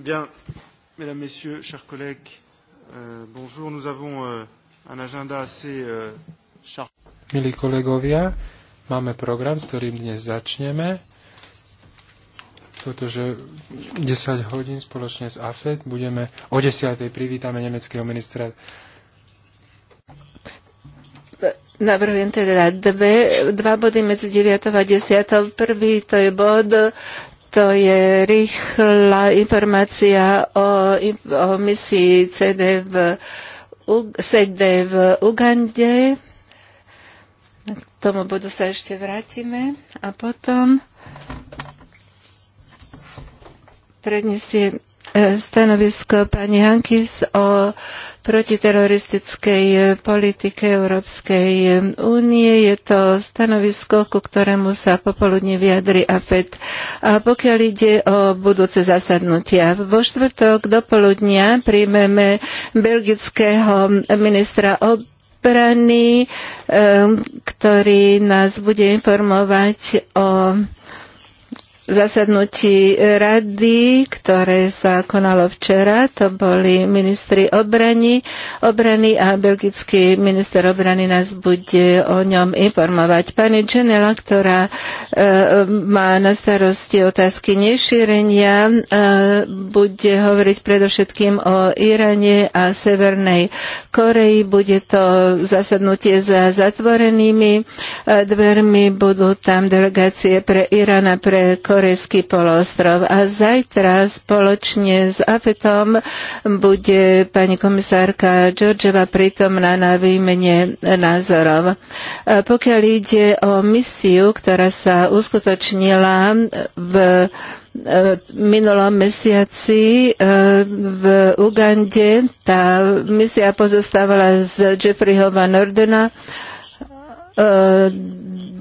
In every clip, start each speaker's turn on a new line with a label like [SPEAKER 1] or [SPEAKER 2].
[SPEAKER 1] Bien, mesdames, messieurs, chers collègues, euh, bonjour. Nous avons euh, un agenda assez euh, chargé. Milí kolegovia, máme program, s ktorým dnes začneme, pretože 10 hodín spoločne s AFED budeme o 10. privítame nemeckého ministra
[SPEAKER 2] Navrhujem teda dve, dva body medzi 9 a 10. Prvý to je bod to je rýchla informácia o, o misii CD v, CD v Ugande. K tomu bodu sa ešte vrátime. A potom predniesie E, stanovisko pani Hankis o protiteroristickej e, politike Európskej e, únie. Je to stanovisko, ku ktorému sa popoludne vyjadri APET. A pokiaľ ide o budúce zasadnutia, vo štvrtok do poludnia príjmeme belgického ministra ob obrany, ktorý nás bude informovať o zasadnutí rady, ktoré sa konalo včera. To boli ministri obrany, obrany a belgický minister obrany nás bude o ňom informovať. Pani Čenela, ktorá e, má na starosti otázky nešírenia, e, bude hovoriť predovšetkým o Iráne a Severnej Koreji. Bude to zasadnutie za zatvorenými e, dvermi. Budú tam delegácie pre Irán a pre Koreju Korejský polostrov. A zajtra spoločne s AFETom bude pani komisárka Georgeva prítomná na výmene názorov. Pokiaľ ide o misiu, ktorá sa uskutočnila v e, minulom mesiaci e, v Ugande. Tá misia pozostávala z Jeffreyho Van Ordena,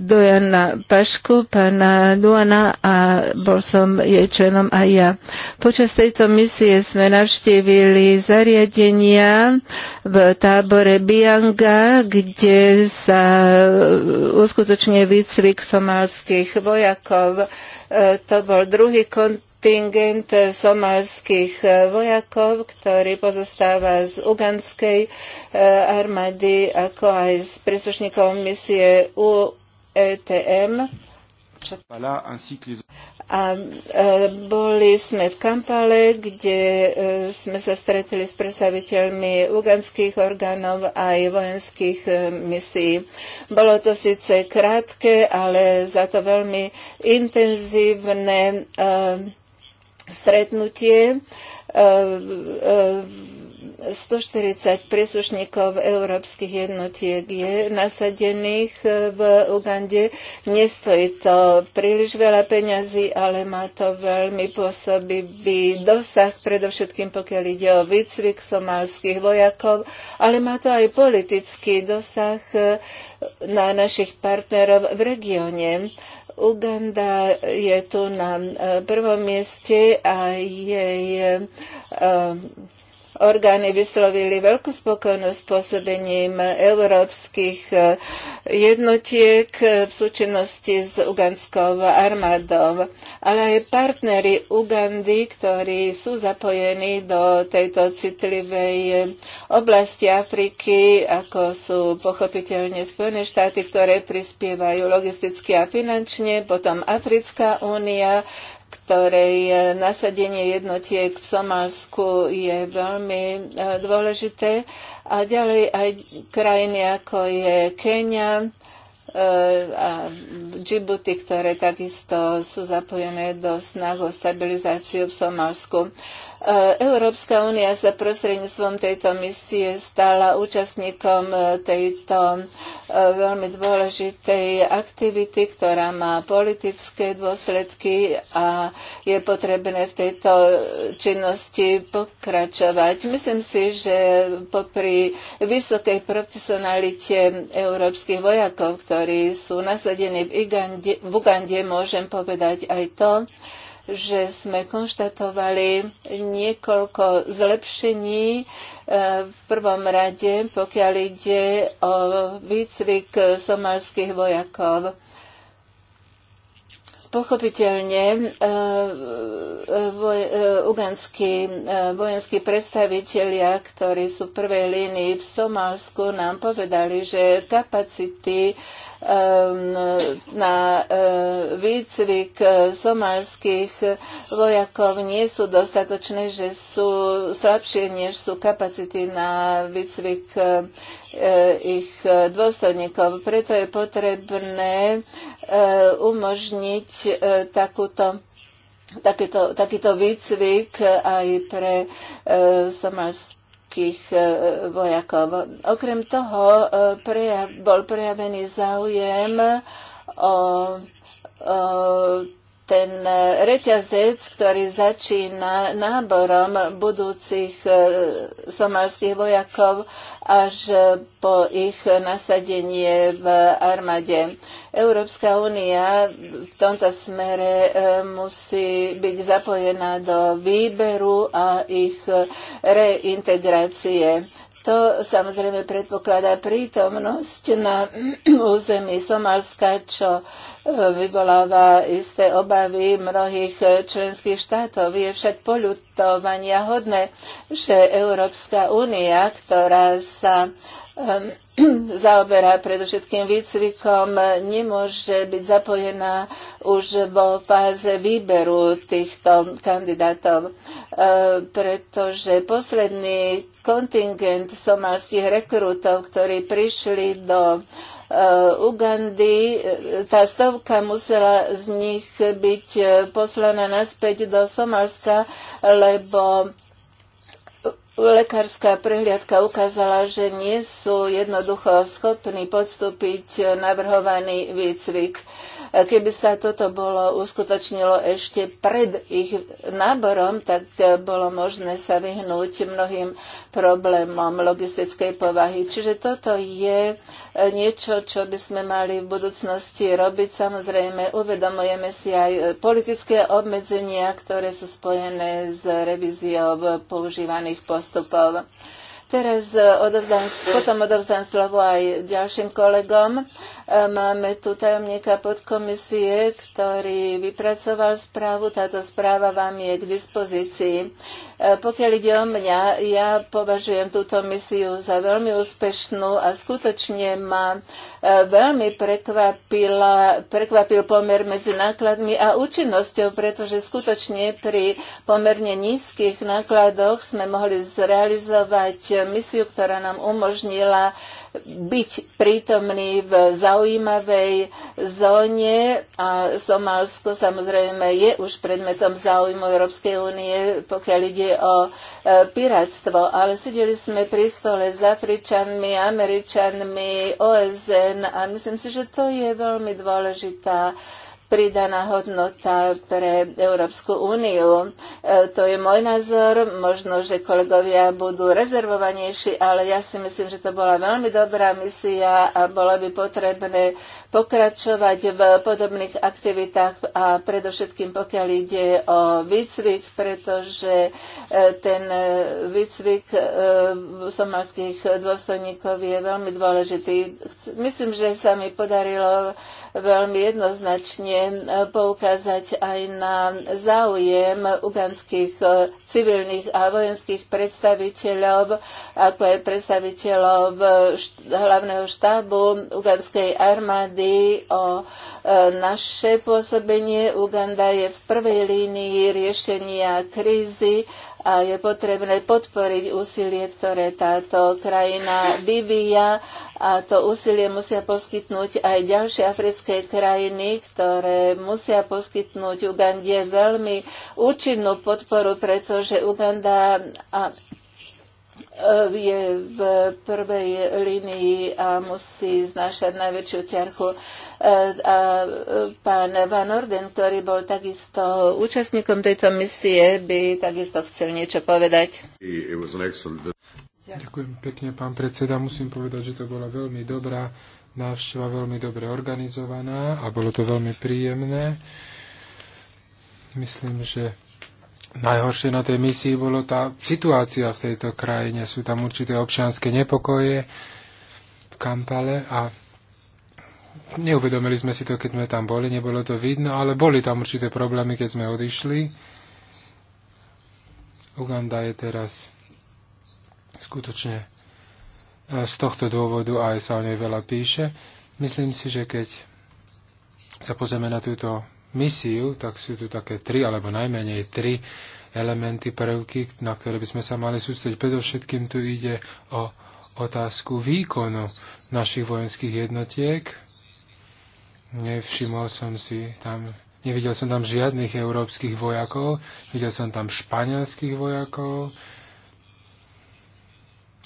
[SPEAKER 2] Dojana Pašku, pána Duana a bol som jej členom aj ja. Počas tejto misie sme navštívili zariadenia v tábore Bianga, kde sa e, uskutočne výcvik somalských vojakov. E, to bol druhý kontakt kontingent somalských e, vojakov, ktorý pozostáva z uganskej e, armády, ako aj z príslušníkov misie e UETM. A boli sme v Kampale, kde sme sa stretli s predstaviteľmi uganských orgánov aj vojenských misií. Bolo to síce krátke, ale za to veľmi intenzívne stretnutie 140 e, e, príslušníkov európskych jednotiek je nasadených e, v Ugande. Nestojí to príliš veľa peňazí, ale má to veľmi pôsobivý dosah, predovšetkým pokiaľ ide o výcvik somalských vojakov, ale má to aj politický dosah na našich partnerov v regióne. Uganda je tu na eh, prvom mieste a jej eh, orgány vyslovili veľkú spokojnosť pôsobením európskych e, jednotiek e, v súčinnosti s ugandskou armádou. Ale aj partnery Ugandy, ktorí sú zapojení do tejto citlivej e, oblasti Afriky, ako sú pochopiteľne Spojené štáty, ktoré prispievajú logisticky a finančne, potom Africká únia, ktorej e, nasadenie jednotiek v Somálsku je veľmi e, dôležité. A ďalej aj krajiny ako je Kenia e, a Džibuti, ktoré takisto sú zapojené do snahu o stabilizáciu v Somálsku. E, Európska únia sa prostredníctvom tejto misie stala účastníkom e, tejto e, veľmi dôležitej aktivity, ktorá má politické dôsledky a je potrebné v tejto činnosti pokračovať. Myslím si, že popri vysokej profesionalite európskych vojakov, ktorí sú nasadení v, Igande, v Ugande, môžem povedať aj to, že sme konštatovali niekoľko zlepšení e, v prvom rade, pokiaľ ide o výcvik somalských vojakov. Pochopiteľne e, voj, e, uganskí vojenskí predstavitelia, ktorí sú v prvej línii v Somálsku, nám povedali, že kapacity na e, výcvik e, somalských vojakov nie sú dostatočné, že sú slabšie, než sú kapacity na výcvik e, ich dôstojníkov. Preto je potrebné umožniť takúto takýto, takýto výcvik aj pre e, somalských amerických e, vojakov. Okrem toho e, prejav, bol prejavený záujem o, o ten reťazec, ktorý začína náborom budúcich e, somalských vojakov až po ich nasadenie v armáde. Európska únia v tomto smere e, musí byť zapojená do výberu a ich reintegrácie. To samozrejme predpokladá prítomnosť na území Somalska, čo e, vyvoláva isté obavy mnohých členských štátov. Je však poľutovania hodné, že Európska únia, ktorá sa Ehm, zaoberá predovšetkým výcvikom, nemôže byť zapojená už vo fáze výberu týchto kandidátov, e, pretože posledný kontingent somalských rekrutov, ktorí prišli do e, Ugandy, e, tá stovka musela z nich byť poslaná naspäť do Somalska, lebo lekárska prehliadka ukázala, že nie sú jednoducho schopní podstúpiť navrhovaný výcvik. Keby sa toto bolo uskutočnilo ešte pred ich náborom, tak eh, bolo možné sa vyhnúť mnohým problémom logistickej povahy. Čiže toto je eh, niečo, čo by sme mali v budúcnosti robiť. Samozrejme, uvedomujeme si aj eh, politické obmedzenia, ktoré sú spojené s revíziou používaných postupov. Teraz odovzdám, potom odovzdám slovo aj ďalším kolegom. Máme tu tajomníka podkomisie, ktorý vypracoval správu. Táto správa vám je k dispozícii. E, pokiaľ ide o mňa, ja považujem túto misiu za veľmi úspešnú a skutočne ma e, veľmi prekvapil pomer medzi nákladmi a účinnosťou, pretože skutočne pri pomerne nízkych nákladoch sme mohli zrealizovať misiu, ktorá nám umožnila byť prítomný v zaujímavej zóne a Somálsko samozrejme je už predmetom záujmu Európskej únie, pokiaľ ide o e, piráctvo, ale sedeli sme pri stole s Afričanmi, Američanmi, OSN a myslím si, že to je veľmi dôležitá pridaná hodnota pre Európsku úniu. E, to je môj názor, možno, že kolegovia budú rezervovanejší, ale ja si myslím, že to bola veľmi dobrá misia a bolo by potrebné pokračovať v podobných aktivitách a predovšetkým pokiaľ ide o výcvik, pretože e, ten e, výcvik somalských dôstojníkov je veľmi dôležitý. Myslím, že sa mi podarilo veľmi jednoznačne E, poukázať aj na záujem ugandských e, civilných a vojenských predstaviteľov, ako aj predstaviteľov e, hlavného štábu uganskej armády o naše pôsobenie. Uganda je v prvej línii riešenia krízy a je potrebné podporiť úsilie, ktoré táto krajina vyvíja a to úsilie musia poskytnúť aj ďalšie africké krajiny, ktoré musia poskytnúť Ugande veľmi účinnú podporu, pretože Uganda a Eh, je v prvej línii a musí znášať najväčšiu ťarchu. Eh, a eh, pán Van Orden, ktorý bol takisto účastníkom tejto misie, by takisto chcel niečo povedať.
[SPEAKER 1] Ďakujem pekne, pán predseda. Musím povedať, že to bola veľmi dobrá návšteva, veľmi dobre organizovaná a bolo to veľmi príjemné. Myslím, že najhoršie na tej misii bolo tá situácia v tejto krajine. Sú tam určité občianské nepokoje v Kampale a neuvedomili sme si to, keď sme tam boli, nebolo to vidno, ale boli tam určité problémy, keď sme odišli. Uganda je teraz skutočne e, z tohto dôvodu aj sa o nej veľa píše. Myslím si, že keď sa pozrieme na túto misiu, tak sú tu také tri, alebo najmenej tri elementy, prvky, na ktoré by sme sa mali sústrediť. Predovšetkým tu ide o otázku výkonu našich vojenských jednotiek. Nevšimol som si tam, nevidel som tam žiadnych európskych vojakov, videl som tam španielských vojakov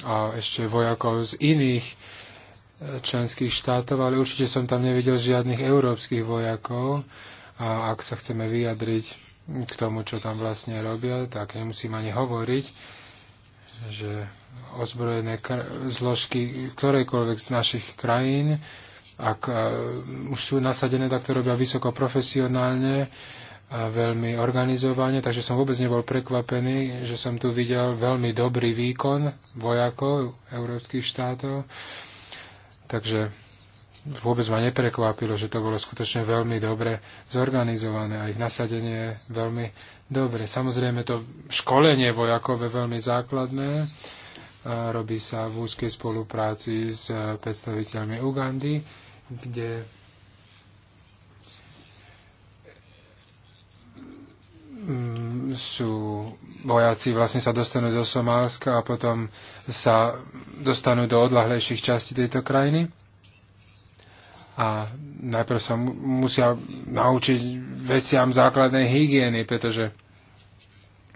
[SPEAKER 1] a ešte vojakov z iných eh, členských štátov, ale určite som tam nevidel žiadnych európskych vojakov. A ak sa chceme vyjadriť k tomu, čo tam vlastne robia, tak nemusím ani hovoriť, že ozbrojené zložky ktorejkoľvek z našich krajín, ak e, už sú nasadené, tak to robia vysoko profesionálne, a veľmi organizovane, takže som vôbec nebol prekvapený, že som tu videl veľmi dobrý výkon vojakov európskych štátov. Takže vôbec ma neprekvapilo, že to bolo skutočne veľmi dobre zorganizované a ich nasadenie je veľmi dobre. Samozrejme to školenie vojakové veľmi základné, robí sa v úzkej spolupráci s e, predstaviteľmi Ugandy, kde sú vojaci vlastne sa dostanú do Somálska a potom sa dostanú do odlahlejších častí tejto krajiny a najprv sa musia naučiť veciam základnej hygieny, pretože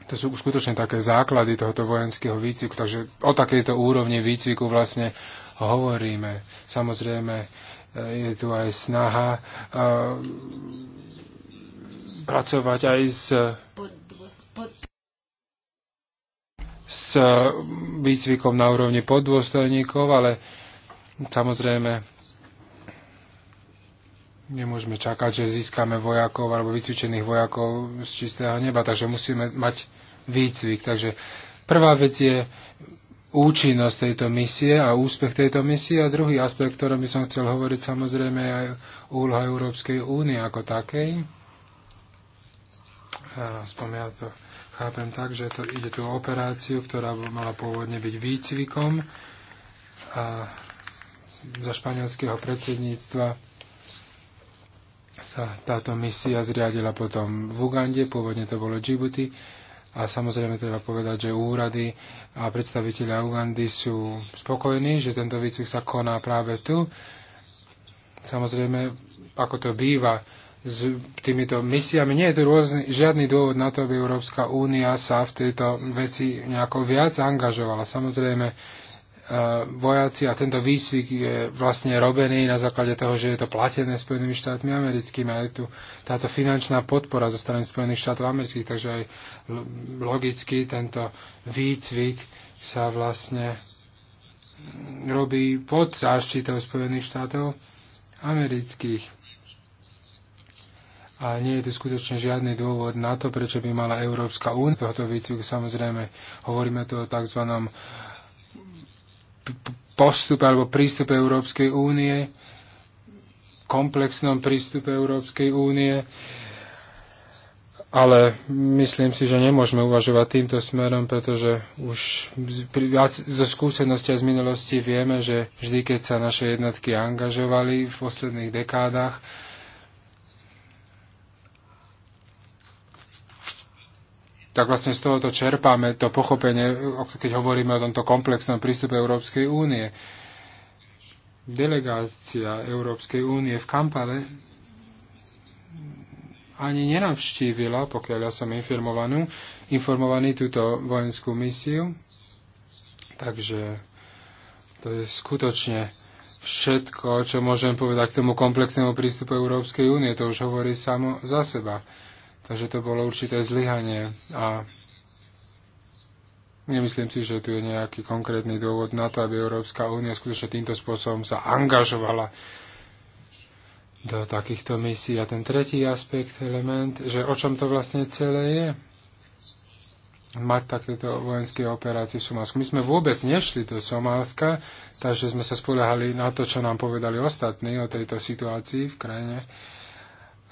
[SPEAKER 1] to sú skutočne také základy tohoto vojenského výcviku, takže o takejto úrovni výcviku vlastne hovoríme. Samozrejme, e, je tu aj snaha uh, pracovať aj s, s výcvikom na úrovni poddôstojníkov, ale samozrejme Nemôžeme čakať, že získame vojakov alebo vycvičených vojakov z čistého neba, takže musíme mať výcvik. Takže prvá vec je účinnosť tejto misie a úspech tejto misie a druhý aspekt, ktorom by som chcel hovoriť samozrejme aj úloha Európskej únie ako takej. ja to, chápem tak, že to, ide tu operáciu, ktorá mala pôvodne byť výcvikom a za španielského predsedníctva sa táto misia zriadila potom v Ugande, pôvodne to bolo Djibouti. A samozrejme treba povedať, že úrady a predstaviteľia Ugandy sú spokojní, že tento výcvik sa koná práve tu. Samozrejme, ako to býva s týmito misiami, nie je tu rôzny, žiadny dôvod na to, aby Európska únia sa v tejto veci nejako viac angažovala. Samozrejme, vojaci a tento výcvik je vlastne robený na základe toho, že je to platené Spojenými štátmi americkými a je tu táto finančná podpora zo strany Spojených štátov amerických, takže aj logicky tento výcvik sa vlastne mm, robí pod záštitou Spojených štátov amerických. A nie je tu skutočne žiadny dôvod na to, prečo by mala Európska únia tohoto výcviku. Samozrejme, hovoríme tu o tzv postup alebo prístup Európskej únie, komplexnom prístupe Európskej únie, ale myslím si, že nemôžeme uvažovať týmto smerom, pretože už zo skúsenosti a z minulosti vieme, že vždy, keď sa naše jednotky angažovali v posledných dekádach, tak vlastne z tohoto čerpáme to pochopenie, keď hovoríme o tomto komplexnom prístupe Európskej únie. Delegácia Európskej únie v Kampale ani nenavštívila, pokiaľ ja som informovaný, informovaný túto vojenskú misiu. Takže to je skutočne všetko, čo môžem povedať k tomu komplexnému prístupu Európskej únie. To už hovorí samo za seba. Takže to bolo určité zlyhanie a nemyslím si, že tu je nejaký konkrétny dôvod na to, aby Európska únia skutočne týmto spôsobom sa angažovala do takýchto misií. A ten tretí aspekt, element, že o čom to vlastne celé je, mať takéto vojenské operácie v Somálsku. My sme vôbec nešli do Somálska, takže sme sa spolehali na to, čo nám povedali ostatní o tejto situácii v krajine.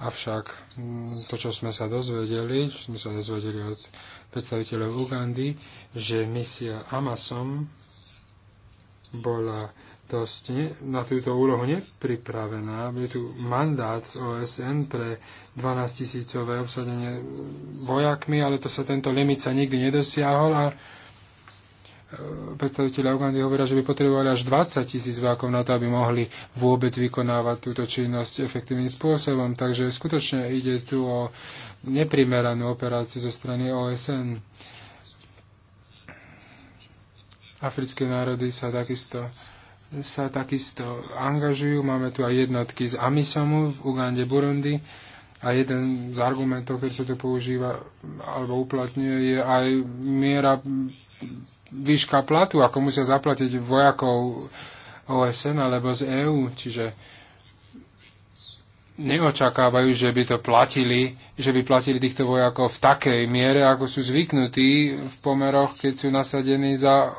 [SPEAKER 1] Avšak mm, to, čo sme sa dozvedeli, sme sa dozvedeli od predstaviteľov Ugandy, že misia Amasom bola dosť ne, na túto úlohu nepripravená. Je tu mandát OSN pre 12 tisícové obsadenie vojakmi, ale to sa tento limit sa nikdy nedosiahol a predstaviteľi Ugandy hovoria, že by potrebovali až 20 tisíc vojakov na to, aby mohli vôbec vykonávať túto činnosť efektívnym spôsobom. Takže skutočne ide tu o neprimeranú operáciu zo strany OSN. Africké národy sa takisto sa takisto angažujú. Máme tu aj jednotky z Amisomu v Ugande, Burundi. A jeden z argumentov, ktorý sa tu používa alebo uplatňuje, je aj miera výška platu, ako musia zaplatiť vojakov OSN alebo z EÚ, čiže neočakávajú, že by to platili, že by platili týchto vojakov v takej miere, ako sú zvyknutí v pomeroch, keď sú nasadení za,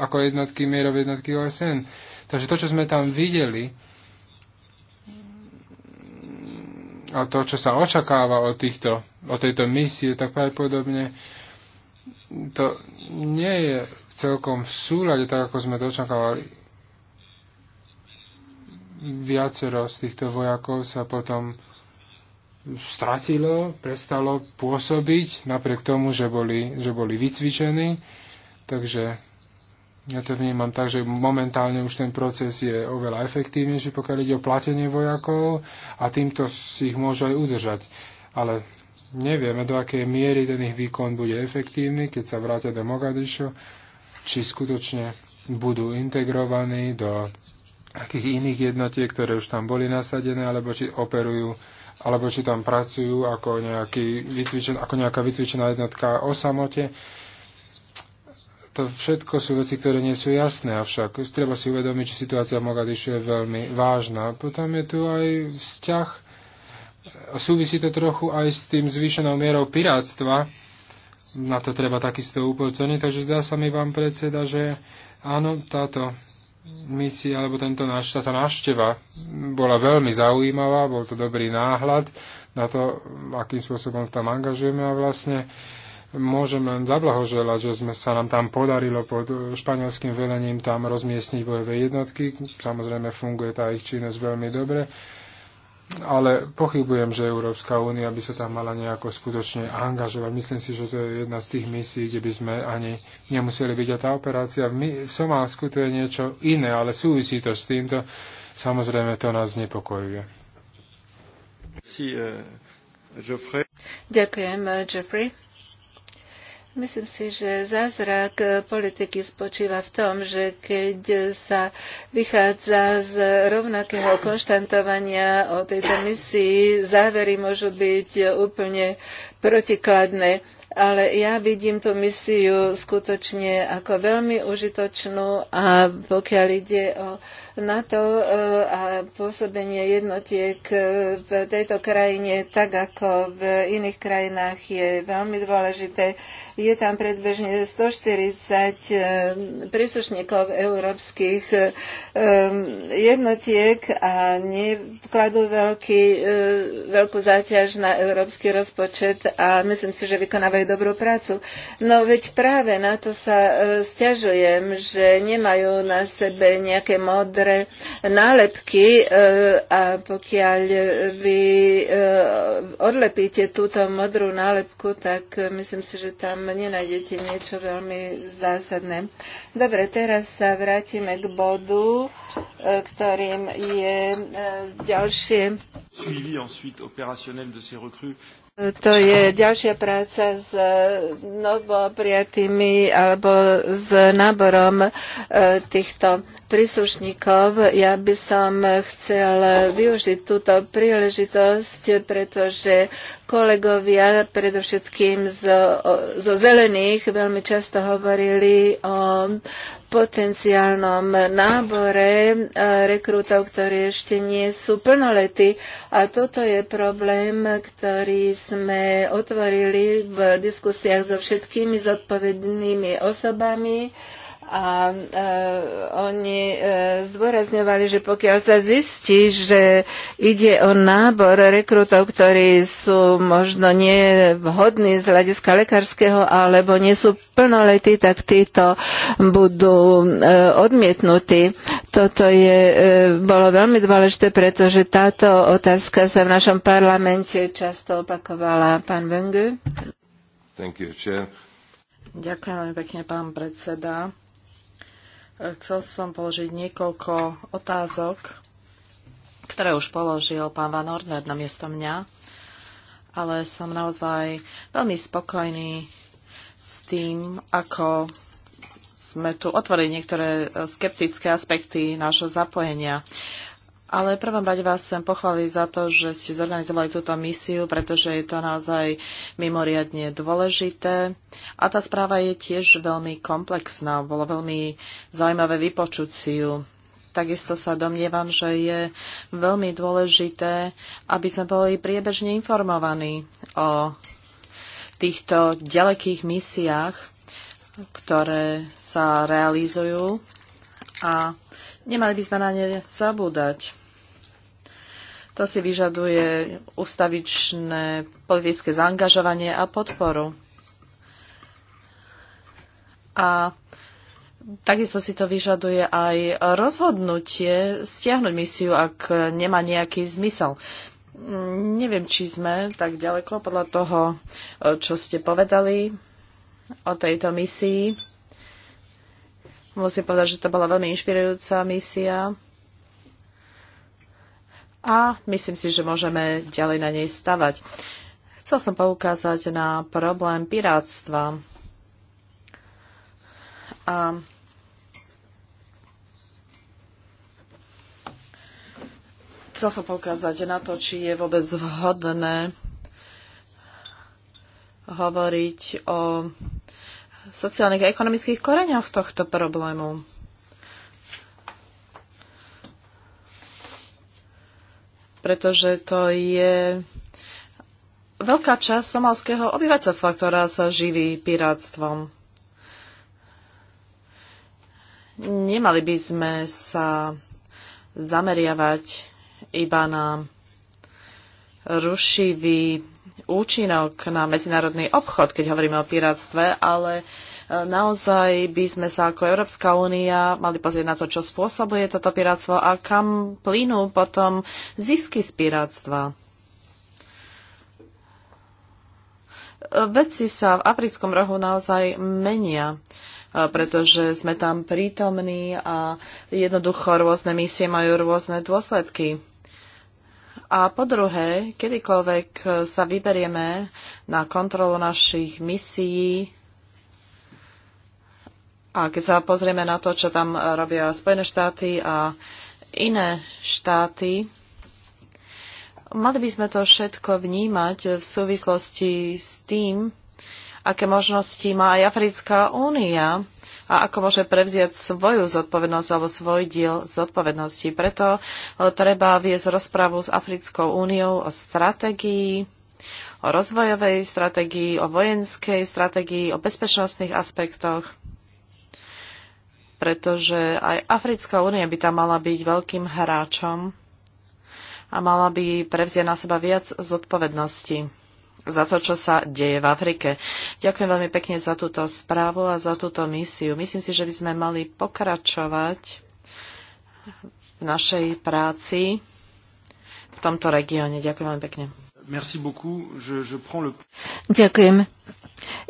[SPEAKER 1] ako jednotky mierov jednotky OSN. Takže to, čo sme tam videli a to, čo sa očakáva od, týchto, od tejto misie, tak aj podobne, to nie je celkom v súľade, tak ako sme to očakávali. Viacero z týchto vojakov sa potom stratilo, prestalo pôsobiť, napriek tomu, že boli, že boli vycvičení. Takže ja to vnímam tak, že momentálne už ten proces je oveľa efektívnejší, pokiaľ ide o platenie vojakov a týmto si ich môžu aj udržať. Ale nevieme, do akej miery ten ich výkon bude efektívny, keď sa vrátia do Mogadišu, či skutočne budú integrovaní do akých iných jednotiek, ktoré už tam boli nasadené, alebo či operujú, alebo či tam pracujú ako, nejaký vycvičen, ako nejaká vycvičená jednotka o samote. To všetko sú veci, ktoré nie sú jasné, avšak treba si uvedomiť, že situácia v Mogadišu je veľmi vážna. Potom je tu aj vzťah súvisí to trochu aj s tým zvýšenou mierou pirátstva. Na to treba takisto upozorniť, takže zdá sa mi vám predseda, že áno, táto misia, alebo tento náš, táto návšteva bola veľmi zaujímavá, bol to dobrý náhľad na to, akým spôsobom tam angažujeme a vlastne môžem len zablahoželať, že sme sa nám tam podarilo pod španielským velením tam rozmiestniť bojové jednotky. Samozrejme funguje tá ich činnosť veľmi dobre ale pochybujem, že Európska únia by sa tam mala nejako skutočne angažovať. Myslím si, že to je jedna z tých misií, kde by sme ani nemuseli byť. A tá operácia v, v Somálsku to je niečo iné, ale súvisí to s týmto. Samozrejme, to nás znepokojuje. Eh,
[SPEAKER 2] Ďakujem, Jeffrey. Eh, Myslím si, že zázrak politiky spočíva v tom, že keď sa vychádza z rovnakého konštantovania o tejto misii, závery môžu byť úplne protikladné ale ja vidím tú misiu skutočne ako veľmi užitočnú a pokiaľ ide o NATO e, a pôsobenie jednotiek v tejto krajine, tak ako v iných krajinách, je veľmi dôležité. Je tam predbežne 140 e, príslušníkov európskych e, jednotiek a nevkladú veľký, veľkú záťaž na európsky rozpočet a myslím si, že vykonávajú robili dobrú prácu. No veď práve na to sa e, stiažujem, že nemajú na sebe nejaké modré nálepky e, a pokiaľ vy e, odlepíte túto modrú nálepku, tak myslím si, že tam nenájdete niečo veľmi zásadné. Dobre, teraz sa vrátime k bodu, ktorým je ďalšie. Suivi ensuite opérationnel de ces recrues to je ďalšia práca s e, novoprijatými alebo s náborom e, týchto príslušníkov. Ja by som chcel využiť túto príležitosť, pretože kolegovia, predovšetkým zo, zo zelených, veľmi často hovorili o potenciálnom nábore e, rekrútov, ktorí ešte nie sú plnolety. A toto je problém, ktorý sme otvorili v diskusiách so všetkými zodpovednými osobami a e, oni e, zdôrazňovali, že pokiaľ sa zistí, že ide o nábor rekrutov, ktorí sú možno nevhodní z hľadiska lekárskeho alebo nie sú plnoletí, tak títo budú e, odmietnutí. Toto je, e, bolo veľmi dôležité, pretože táto otázka sa v našom parlamente často opakovala. Pán Benge.
[SPEAKER 3] Ďakujem veľmi pekne, pán predseda. Chcel som položiť niekoľko otázok, ktoré už položil pán Van Orner na miesto mňa, ale som naozaj veľmi spokojný s tým, ako sme tu otvorili niektoré skeptické aspekty nášho zapojenia. Ale prvom rade vás chcem pochváliť za to, že ste zorganizovali túto misiu, pretože je to naozaj mimoriadne dôležité. A tá správa je tiež veľmi komplexná. Bolo veľmi zaujímavé vypočuť si ju. Takisto sa domnievam, že je veľmi dôležité, aby sme boli priebežne informovaní o týchto ďalekých misiách, ktoré sa realizujú a nemali by sme na ne zabúdať. To si vyžaduje ustavičné politické zaangažovanie a podporu. A takisto si to vyžaduje aj rozhodnutie stiahnuť misiu, ak nemá nejaký zmysel. Neviem, či sme tak ďaleko podľa toho, čo ste povedali o tejto misii. Musím povedať, že to bola veľmi inšpirujúca misia a myslím si, že môžeme ďalej na nej stavať. Chcel som poukázať na problém pirátstva. A chcel som poukázať na to, či je vôbec vhodné hovoriť o sociálnych a ekonomických koreňoch tohto problému. pretože to je veľká časť somalského obyvateľstva, ktorá sa živí pirátstvom. Nemali by sme sa zameriavať iba na rušivý účinok na medzinárodný obchod, keď hovoríme o pirátstve, ale Naozaj by sme sa ako Európska únia mali pozrieť na to, čo spôsobuje toto piráctvo a kam plynú potom zisky z piráctva. Veci sa v africkom rohu naozaj menia eh, pretože sme tam prítomní a jednoducho rôzne misie majú rôzne dôsledky. A po druhé, kedykoľvek sa vyberieme na kontrolu našich misií, a keď sa pozrieme na to, čo tam robia Spojené štáty a iné štáty, mali by sme to všetko vnímať v súvislosti s tým, aké možnosti má aj Africká únia a ako môže prevziať svoju zodpovednosť alebo svoj diel zodpovednosti. Preto e, treba viesť rozprávu s Africkou úniou o stratégii, o rozvojovej stratégii, o vojenskej stratégii, o bezpečnostných aspektoch pretože aj Africká únia by tam mala byť veľkým hráčom a mala by prevziať na seba viac zodpovednosti za to, čo sa deje v Afrike. Ďakujem veľmi pekne za túto správu a za túto misiu. Myslím si, že by sme mali pokračovať v našej práci v tomto regióne. Ďakujem veľmi pekne. Merci beaucoup. Je, je prends le... Ďakujem.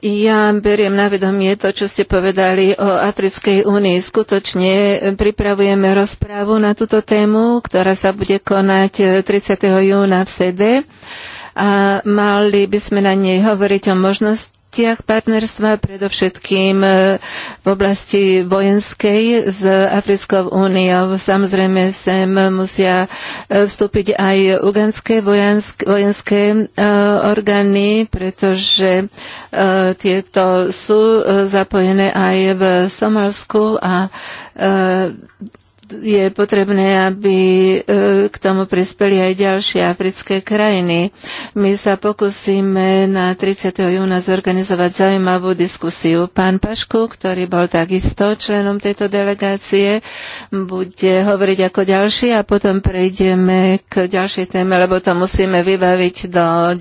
[SPEAKER 2] Ja beriem na vedomie to, čo ste povedali o Africkej únii. Skutočne pripravujeme rozprávu na túto tému, ktorá sa bude konať 30. Eh, júna v Sede a mali by sme na nej hovoriť o možnosti oblastiach partnerstva, predovšetkým e, v oblasti vojenskej s Africkou úniou. Samozrejme, sem musia e, vstúpiť aj uganské vojenské, vojenské orgány, pretože e, tieto sú zapojené aj v Somalsku a je potrebné, aby e, k tomu prispeli aj ďalšie africké krajiny. My sa pokúsime na 30. júna zorganizovať zaujímavú diskusiu. Pán Pašku, ktorý bol takisto členom tejto delegácie, bude hovoriť ako ďalší a potom prejdeme k ďalšej téme, lebo to musíme vybaviť do 10.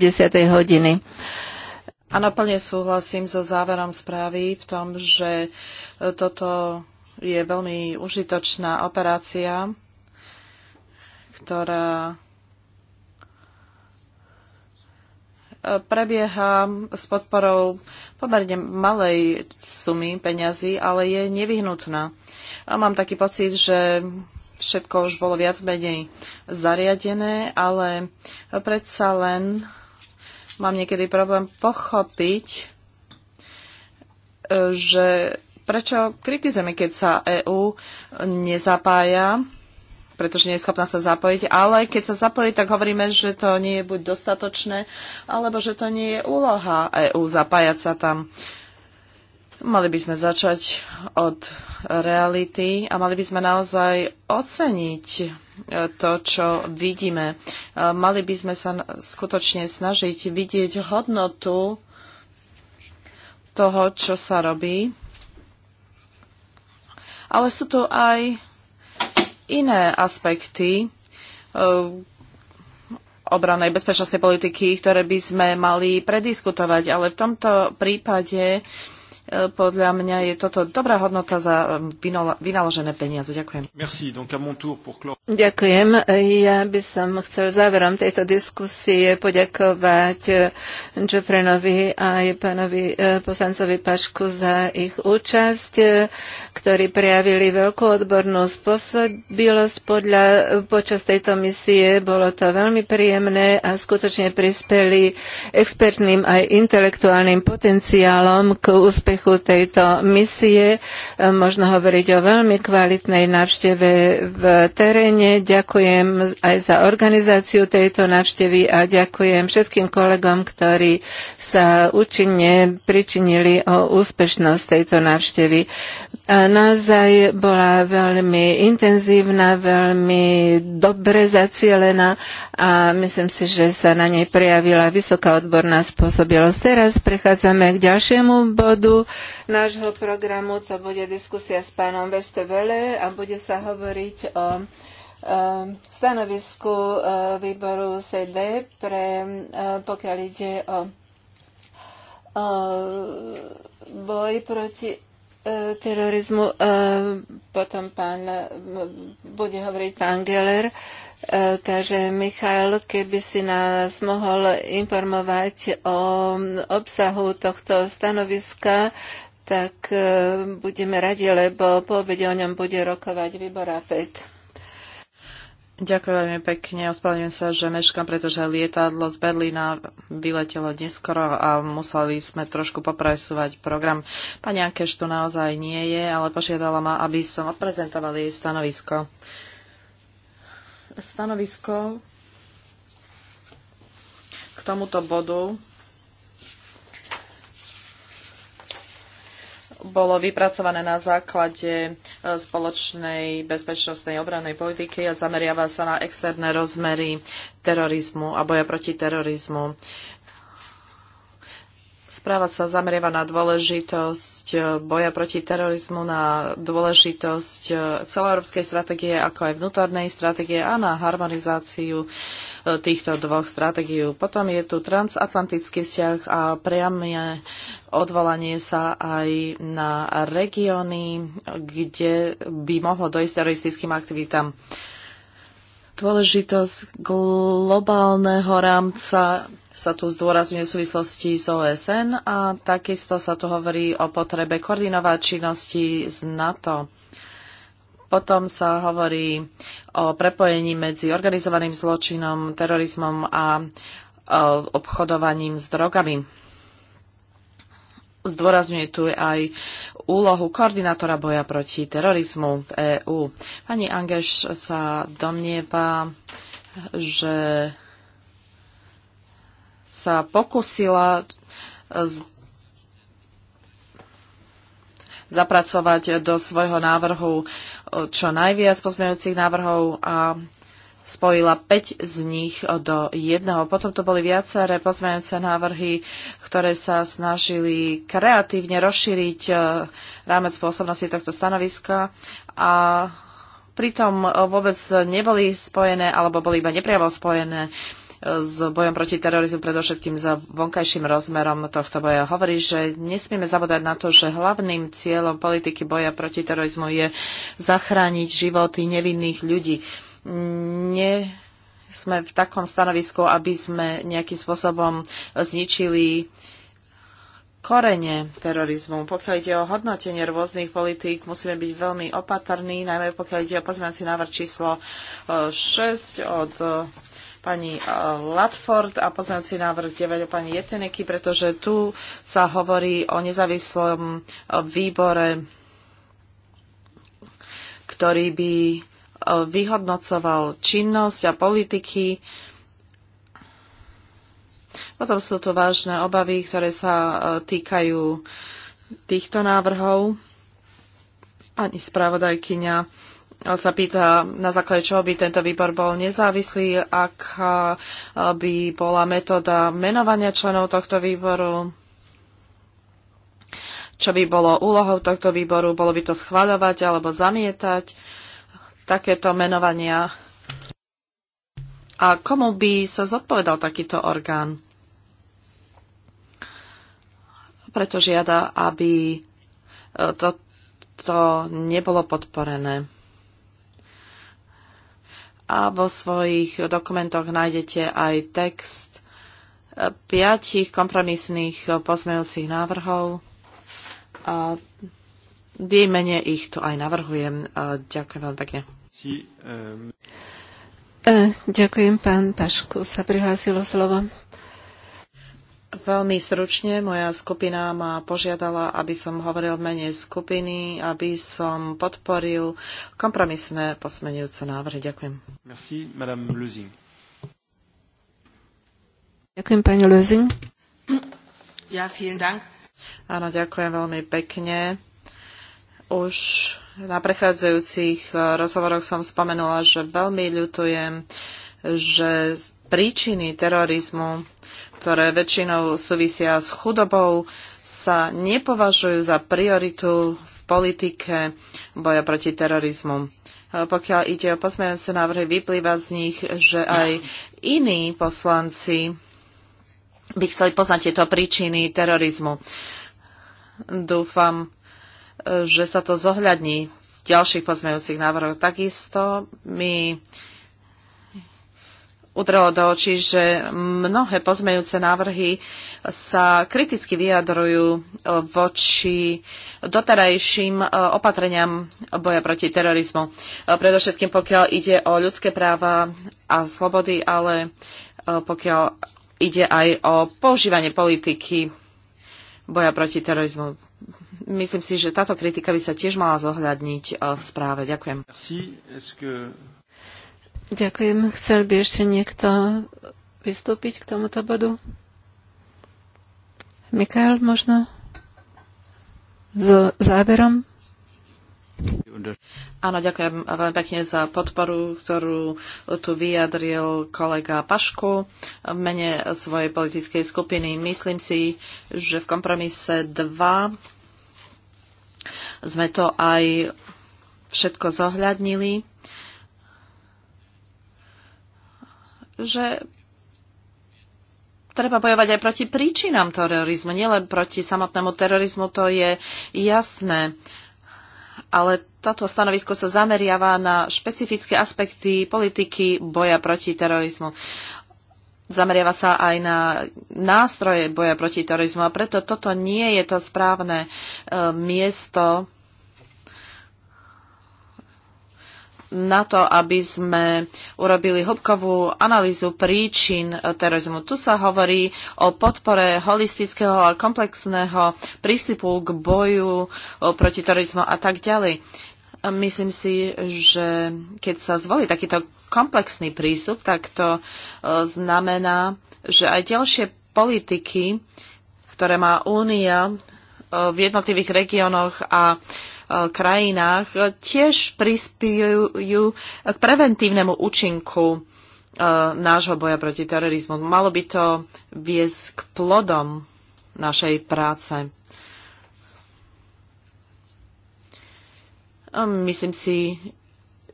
[SPEAKER 2] hodiny.
[SPEAKER 3] A naplne súhlasím so záverom správy v tom, že toto je veľmi užitočná operácia, ktorá e, prebieha s podporou pomerne malej sumy peňazí, ale je nevyhnutná. A mám taký pocit, že všetko už bolo viac menej zariadené, ale predsa len mám niekedy problém pochopiť, e, že prečo kritizujeme, keď sa EÚ nezapája, pretože nie je schopná sa zapojiť, ale keď sa zapojí, tak hovoríme, že to nie je buď dostatočné, alebo že to nie je úloha EÚ zapájať sa tam. Mali by sme začať od reality a mali by sme naozaj oceniť e, to, čo vidíme. E, mali by sme sa skutočne snažiť vidieť hodnotu toho, čo sa robí ale sú tu aj iné aspekty e, obranej bezpečnostnej politiky, ktoré by sme mali prediskutovať, ale v tomto prípade podľa mňa je toto dobrá hodnota za um, vynaložené peniaze. Ďakujem. Merci. Donc à mon tour pour Ďakujem. Ja by som
[SPEAKER 2] chcel záverom tejto diskusie poďakovať Jofrenovi eh, a aj pánovi eh, poslancovi Pašku za ich účasť, eh, ktorí prejavili veľkú odbornú spôsobilosť podľa, počas tejto misie. Bolo to veľmi príjemné a skutočne prispeli expertným aj intelektuálnym potenciálom k úspechu úspechu tejto misie. E, možno hovoriť o veľmi kvalitnej návšteve v teréne. Ďakujem aj za organizáciu tejto návštevy a ďakujem všetkým kolegom, ktorí sa účinne pričinili o úspešnosť tejto návštevy. naozaj bola veľmi intenzívna, veľmi dobre zacielená a myslím si, že sa na nej prejavila vysoká odborná spôsobilosť. Teraz prechádzame k ďalšiemu bodu nášho programu. To bude diskusia s pánom Vestevele a bude sa hovoriť o stanovisku e, výboru CD, pre, e, pokiaľ ide o, o boj proti e, terorizmu. Potom pán, bude hovoriť pán Geller E, takže Michal, keby si nás mohol informovať o obsahu tohto stanoviska, tak e, budeme radi, lebo po obede o ňom bude rokovať výbor AFED.
[SPEAKER 3] Ďakujem veľmi pekne. Ospravedlňujem sa, že meškam, pretože lietadlo z Berlína vyletelo neskoro a museli sme trošku popresúvať program. Pani Ankeš tu naozaj nie je, ale požiadala ma, aby som odprezentoval jej stanovisko stanovisko k tomuto bodu bolo vypracované na základe e, spoločnej bezpečnostnej obranej politiky a zameriava sa na externé rozmery terorizmu a boja proti terorizmu. Správa sa zameriava na dôležitosť eh, boja proti terorizmu, na dôležitosť eh, celoeurópskej stratégie, ako aj vnútornej stratégie a na harmonizáciu eh, týchto dvoch stratégií. Potom je tu transatlantický vzťah a priame odvolanie sa aj na regióny, kde by mohlo dojsť teroristickým aktivitám. Dôležitosť globálneho rámca sa tu zdôrazňuje v súvislosti s OSN a takisto sa tu hovorí o potrebe koordinovať činnosti z NATO. Potom sa hovorí o prepojení medzi organizovaným zločinom, terorizmom a e, obchodovaním s drogami. Zdôrazňuje tu aj úlohu koordinátora boja proti terorizmu v EÚ. Pani Angeš sa domnieva, že sa pokusila e, zapracovať do svojho návrhu e, čo najviac pozmeňujúcich návrhov a spojila 5 z nich do jedného. Potom to boli viaceré pozmeňujúce návrhy, ktoré sa snažili kreatívne rozšíriť e, rámec pôsobnosti tohto stanoviska a pritom vôbec neboli spojené alebo boli iba nepriamo spojené s bojom proti terorizmu, predovšetkým za vonkajším rozmerom tohto boja. Hovorí, že nesmieme zabúdať na to, že hlavným cieľom politiky boja proti terorizmu je zachrániť životy nevinných ľudí. Nie sme v takom stanovisku, aby sme nejakým spôsobom zničili korene terorizmu. Pokiaľ ide o hodnotenie rôznych politík, musíme byť veľmi opatrní, najmä pokiaľ ide o pozmeňací návrh číslo 6 e, od pani eh, Latford a pozmeňujúci návrh 9 o pani Jeteneky, pretože tu sa hovorí o nezávislom eh, výbore, ktorý by eh, vyhodnocoval činnosť a politiky. Potom sú tu vážne obavy, ktoré sa týkajú týchto návrhov. Pani spravodajkyňa sa pýta, na základe čoho by tento výbor bol nezávislý, ak by bola metóda menovania členov tohto výboru, čo by bolo úlohou tohto výboru, bolo by to schváľovať alebo zamietať takéto menovania. A komu by sa zodpovedal takýto orgán? Preto žiada, aby toto nebolo podporené a vo svojich dokumentoch nájdete aj text piatich kompromisných pozmejúcich návrhov a výmene ich tu aj navrhujem. Ďakujem veľmi pekne.
[SPEAKER 2] E, ďakujem, pán Pašku, sa prihlásilo slovo.
[SPEAKER 3] Veľmi sručne moja skupina ma požiadala, aby som hovoril v mene skupiny, aby som podporil kompromisné posmenujúce návrhy. Ďakujem. Merci, Madame Lezing.
[SPEAKER 2] Ďakujem, pani Lezing.
[SPEAKER 3] Ja, vielen Dank. Áno, ďakujem veľmi pekne. Už na prechádzajúcich eh, rozhovoroch som spomenula, že veľmi ľutujem, že príčiny terorizmu ktoré väčšinou súvisia s chudobou, sa nepovažujú za prioritu v politike boja proti terorizmu. E, pokiaľ ide o pozmeňujúce návrhy, vyplýva z nich, že aj iní poslanci by chceli poznať tieto príčiny terorizmu. Dúfam, e, že sa to zohľadní v ďalších pozmeňujúcich návrhoch. Takisto mi udrelo do očí, že mnohé pozmejúce návrhy sa kriticky vyjadrujú voči doterajším e, opatreniam boja proti terorizmu. E, predovšetkým pokiaľ ide o ľudské práva a slobody, ale e, pokiaľ ide aj o používanie politiky boja proti terorizmu. Myslím si, že táto kritika by sa tiež mala zohľadniť v správe. Ďakujem. Merci.
[SPEAKER 2] Ďakujem. Chcel by ešte niekto vystúpiť k tomuto bodu? Mikael možno? S záverom?
[SPEAKER 3] Áno, ďakujem veľmi pekne za podporu, ktorú tu vyjadril kolega Pašku v mene svojej politickej skupiny. Myslím si, že v kompromise 2 sme to aj všetko zohľadnili že treba bojovať aj proti príčinám terorizmu, nielen proti samotnému terorizmu, to je jasné. Ale toto stanovisko sa zameriava na špecifické aspekty politiky boja proti terorizmu. Zameriava sa aj na nástroje boja proti terorizmu a preto toto nie je to správne e, miesto na to, aby sme urobili hĺbkovú analýzu príčin terorizmu. Tu sa hovorí o podpore holistického a komplexného prístupu k boju proti terorizmu a tak ďalej. Myslím si, že keď sa zvolí takýto komplexný prístup, tak to znamená, že aj ďalšie politiky, ktoré má Únia v jednotlivých regiónoch a Eh, krajinách eh, tiež prispiejú k preventívnemu účinku eh, nášho boja proti terorizmu. Malo by to viesť k plodom našej práce. Ehm, myslím si,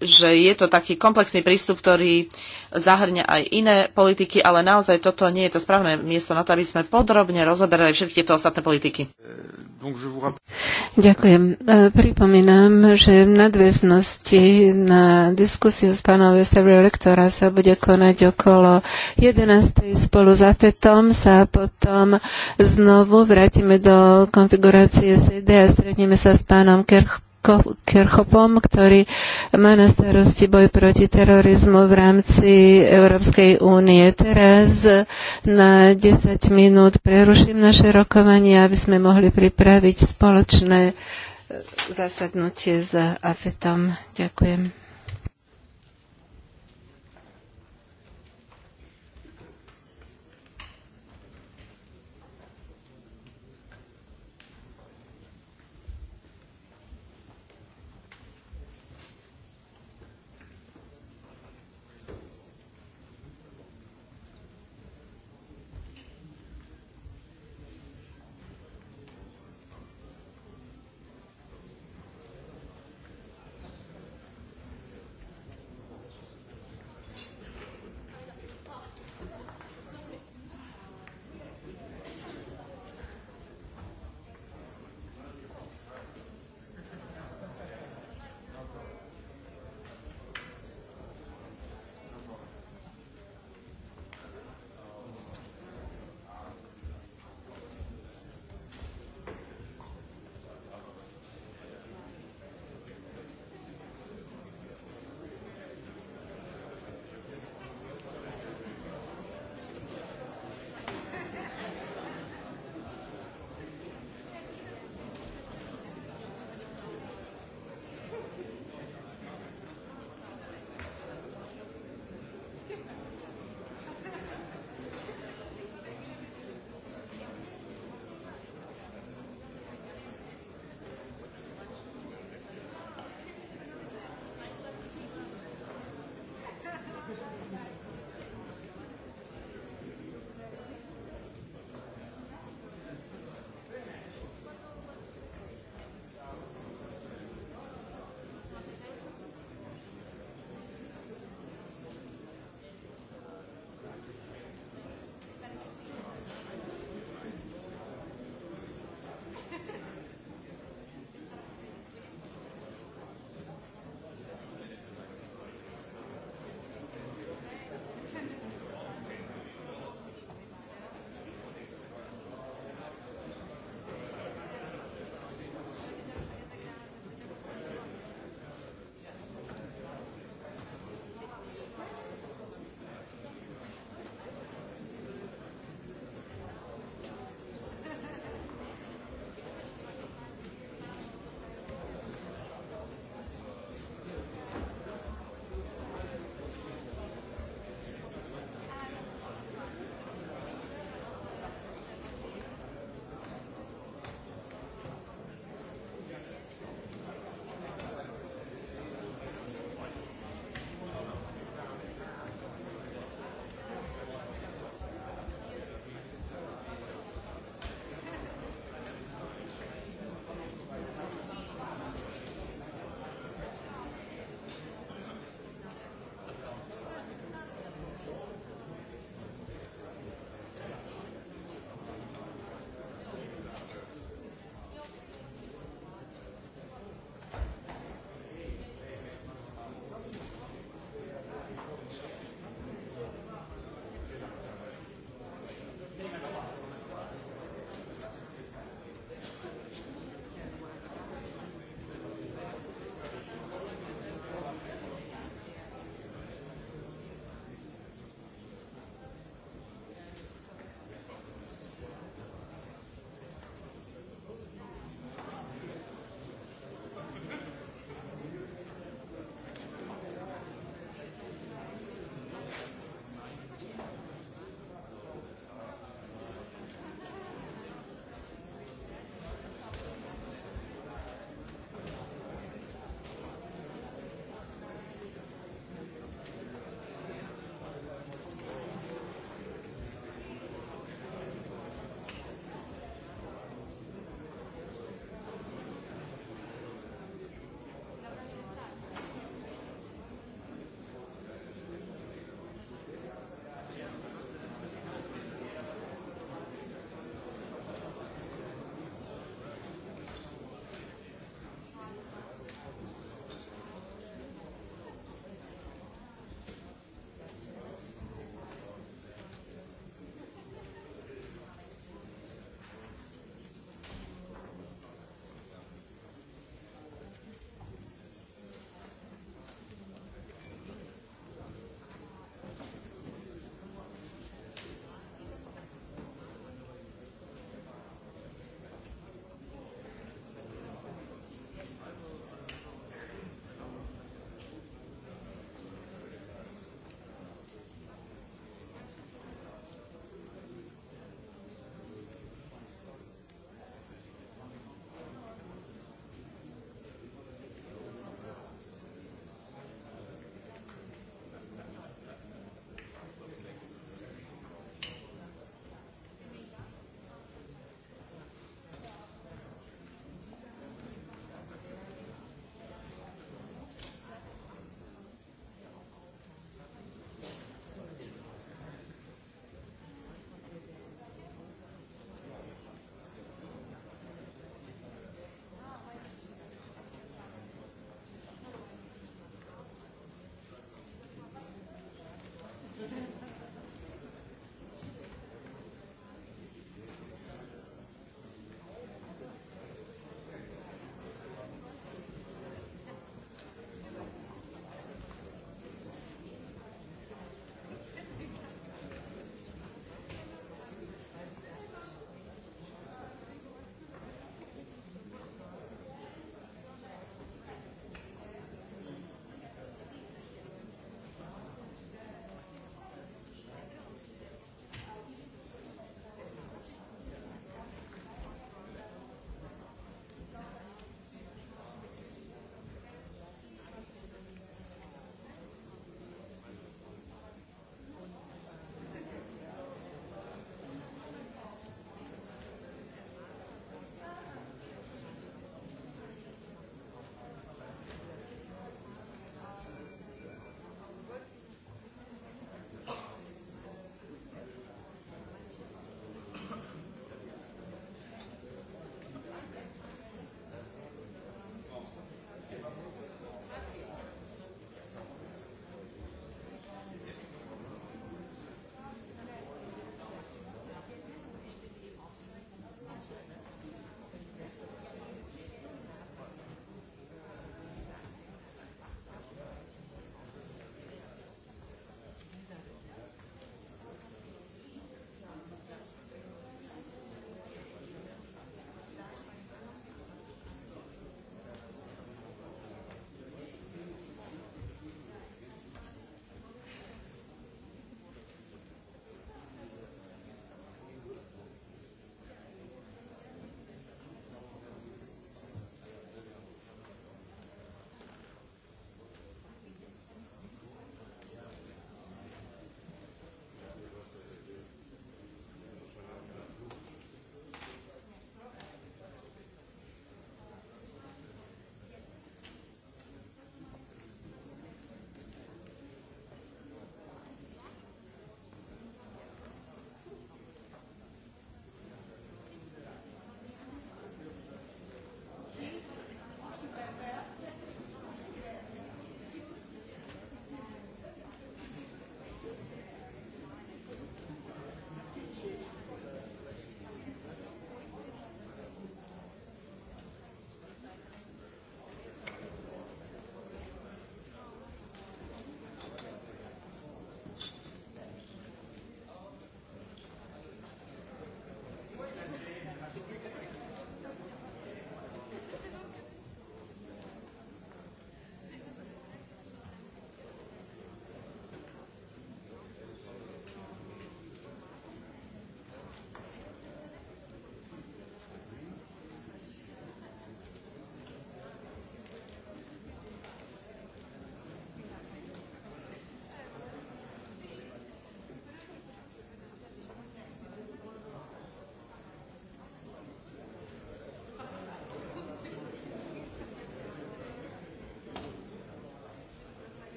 [SPEAKER 3] že je to taký komplexný prístup, ktorý zahrňa aj iné politiky, ale naozaj toto nie je to správne miesto na to, aby sme podrobne rozoberali všetky tieto ostatné politiky.
[SPEAKER 2] Ďakujem. E, pripomínam, že v nadväznosti na diskusiu s pánom Vestavriu lektora sa bude konať okolo 11. spolu s AFETom sa potom znovu vrátime do konfigurácie CD a stretneme sa s pánom Kerch Kirchhoffom, ktorý má na starosti boj proti terorizmu v rámci Európskej únie. Teraz na 10 minút preruším naše rokovanie, aby sme mohli pripraviť spoločné zasadnutie s AFETom. Ďakujem.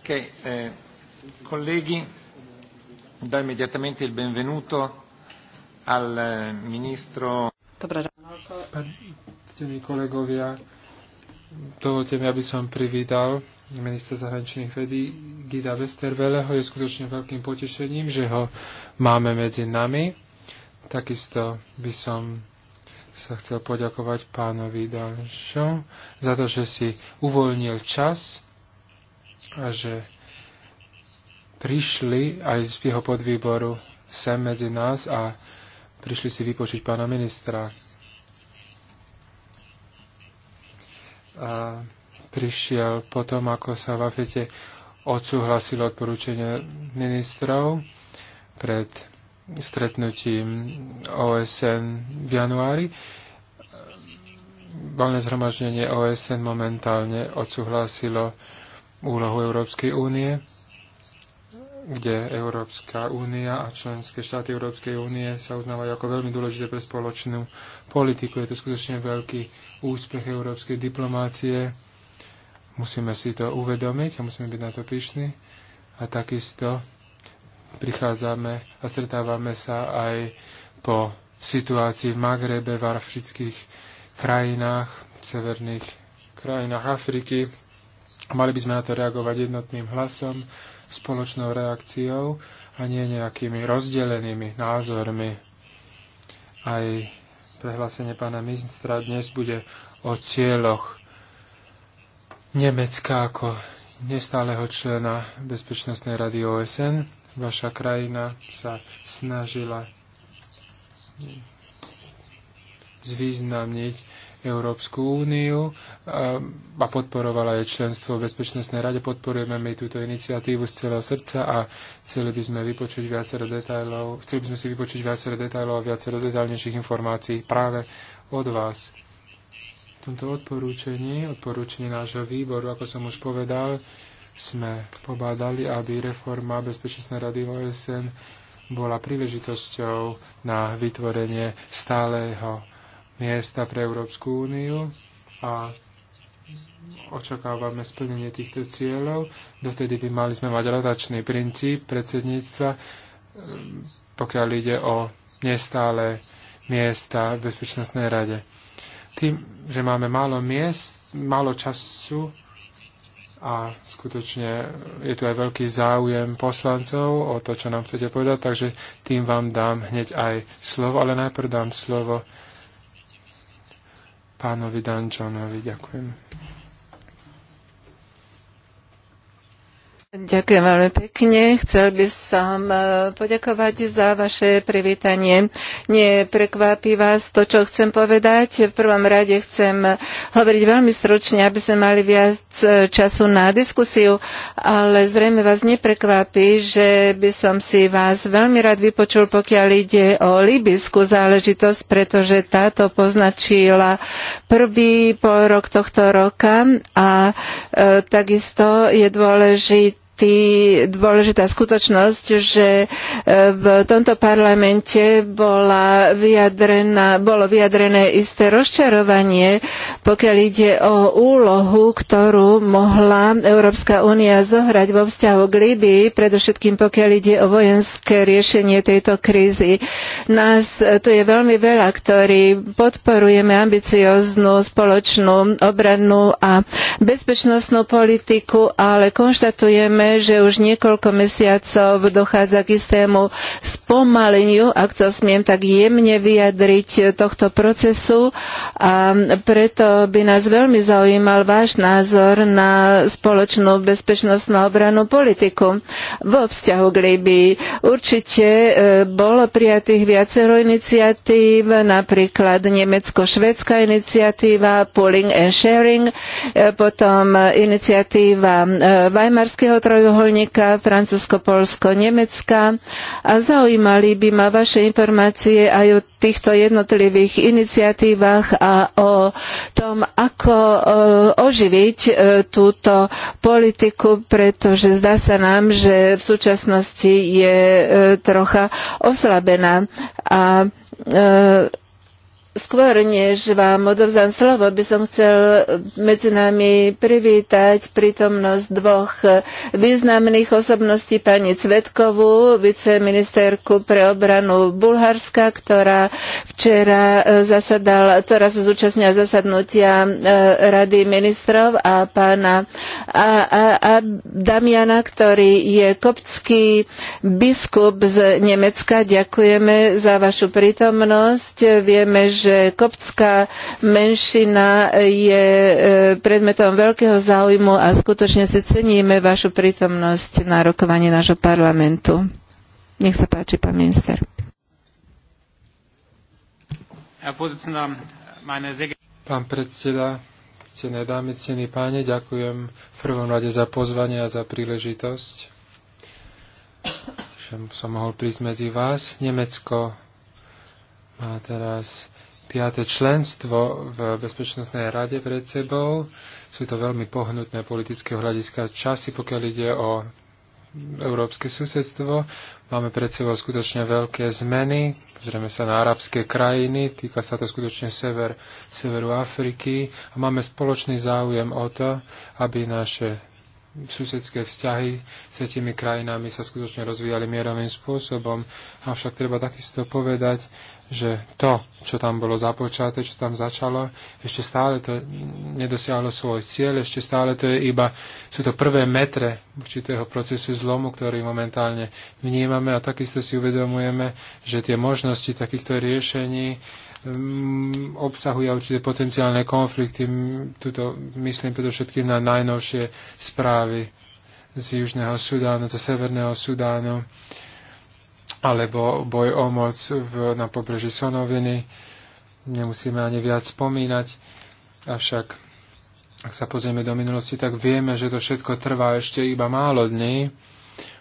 [SPEAKER 1] Ok, eh, colleghi, do immediatamente il benvenuto al eh, ministro. Dobré kolegovia, dovolte mi, aby som privítal ministra zahraničných vedí Gida Westerveleho. Je skutočne veľkým potešením, že ho máme medzi nami. Takisto by som sa chcel poďakovať pánovi Danšo za to, že si uvoľnil čas a že prišli aj z jeho podvýboru sem medzi nás a prišli si vypočuť pána ministra. A prišiel potom, ako sa v Afete odsúhlasilo odporúčanie ministrov pred stretnutím OSN v januári. Valné zhromaždenie OSN momentálne odsúhlasilo úlohu Európskej únie, kde Európska únia a členské štáty Európskej únie sa uznávajú ako veľmi dôležité pre spoločnú politiku. Je to skutočne veľký úspech európskej diplomácie. Musíme si to uvedomiť a musíme byť na to pyšní. A takisto prichádzame a stretávame sa aj po situácii v Magrebe, v afrických krajinách, v severných krajinách Afriky. Mali by sme na to reagovať jednotným hlasom, spoločnou reakciou a nie nejakými rozdelenými názormi. Aj prehlásenie pána ministra dnes bude o cieľoch Nemecka ako nestáleho člena Bezpečnostnej rady OSN vaša krajina sa snažila zvýznamniť Európsku úniu a podporovala jej členstvo v Bezpečnostnej rade. Podporujeme my túto iniciatívu z celého srdca a chceli by sme vypočuť viacero detailov, chceli by sme si vypočuť viacero detailov a viacero detailnejších informácií práve od vás. V tomto odporúčení, odporúčení nášho výboru, ako som už povedal, sme pobádali, aby reforma Bezpečnostnej rady OSN bola príležitosťou na vytvorenie stáleho miesta pre Európsku úniu a očakávame splnenie týchto cieľov. Dotedy by mali sme mať rotačný princíp predsedníctva, e, pokiaľ ide o nestále miesta v Bezpečnostnej rade. Tým, že máme málo miest, málo času, a skutočne je tu aj veľký záujem poslancov o to, čo nám chcete povedať, takže tým vám dám hneď aj slovo, ale najprv dám slovo pánovi Dančanovi.
[SPEAKER 2] Ďakujem. Ďakujem veľmi pekne. Chcel by som e, poďakovať za vaše privítanie. Neprekvapí vás to, čo chcem povedať. V prvom rade chcem e, hovoriť veľmi stručne, aby sme mali viac e, času na diskusiu, ale zrejme vás neprekvápi, že by som si vás veľmi rád vypočul, pokiaľ ide o libyskú záležitosť, pretože táto poznačila prvý pol rok tohto roka a e, takisto je dôležité dôležitý, dôležitá skutočnosť, že e, v tomto parlamente bola vyjadrená, bolo vyjadrené isté rozčarovanie, pokiaľ ide o úlohu, ktorú mohla Európska únia zohrať vo vzťahu k Líbii, predovšetkým pokiaľ ide o vojenské riešenie tejto krízy. Nás e, tu je veľmi veľa, ktorí podporujeme ambicióznu spoločnú obrannú a bezpečnostnú politiku, ale konštatujeme, že už niekoľko mesiacov dochádza k istému spomaleniu, ak to smiem tak jemne vyjadriť, tohto procesu a preto by nás veľmi zaujímal váš názor na spoločnú bezpečnostnú obranú politiku vo vzťahu k Líbii. Určite e, bolo prijatých viacero iniciatív, napríklad Nemecko-Švedská iniciatíva Pooling and Sharing, e, potom iniciatíva e, Weimarského trojku, trojuholníka Francúzsko-Polsko-Nemecka a zaujímali by ma vaše informácie aj o týchto jednotlivých iniciatívach a o tom, ako e, oživiť e, túto politiku, pretože zdá sa nám, že v súčasnosti je e, trocha oslabená a Skôr, než vám odovzdám slovo, by som chcel medzi nami privítať prítomnosť dvoch významných osobností, pani Cvetkovú, viceministerku pre obranu Bulharska, ktorá včera e, zasadala, ktorá sa zúčastnila zasadnutia e, Rady ministrov a pána a, a, a Damiana, ktorý je koptský biskup z Nemecka. Ďakujeme za vašu prítomnosť. Vieme, že že koptská menšina je e, predmetom veľkého záujmu a skutočne si ceníme vašu prítomnosť na rokovanie nášho parlamentu. Nech sa páči, pán minister.
[SPEAKER 1] Pán predseda, cené dámy, cení páne, ďakujem v prvom rade za pozvanie a za príležitosť, že som mohol prísť medzi vás. Nemecko má teraz piate členstvo v Bezpečnostnej rade pred sebou. Sú to veľmi pohnutné politického hľadiska časy, pokiaľ ide o európske susedstvo. Máme pred sebou skutočne veľké zmeny. Pozrieme sa na arabské krajiny, týka sa to skutočne sever, severu Afriky. A máme spoločný záujem o to, aby naše susedské vzťahy s tými krajinami sa skutočne rozvíjali mierovým spôsobom. Avšak treba takisto povedať, že to, čo tam bolo započaté, čo tam začalo, ešte stále to nedosiahlo svoj cieľ, ešte stále to je iba, sú to prvé metre určitého procesu zlomu, ktorý momentálne vnímame a takisto si uvedomujeme, že tie možnosti takýchto riešení mm, obsahuje určité potenciálne konflikty. Tuto myslím predovšetkým na najnovšie správy z Južného Sudánu, zo Severného Sudánu alebo boj o moc v, na pobreží Sonoviny. Nemusíme ani viac spomínať. Avšak, ak sa pozrieme do minulosti, tak vieme, že to všetko trvá ešte iba málo dní.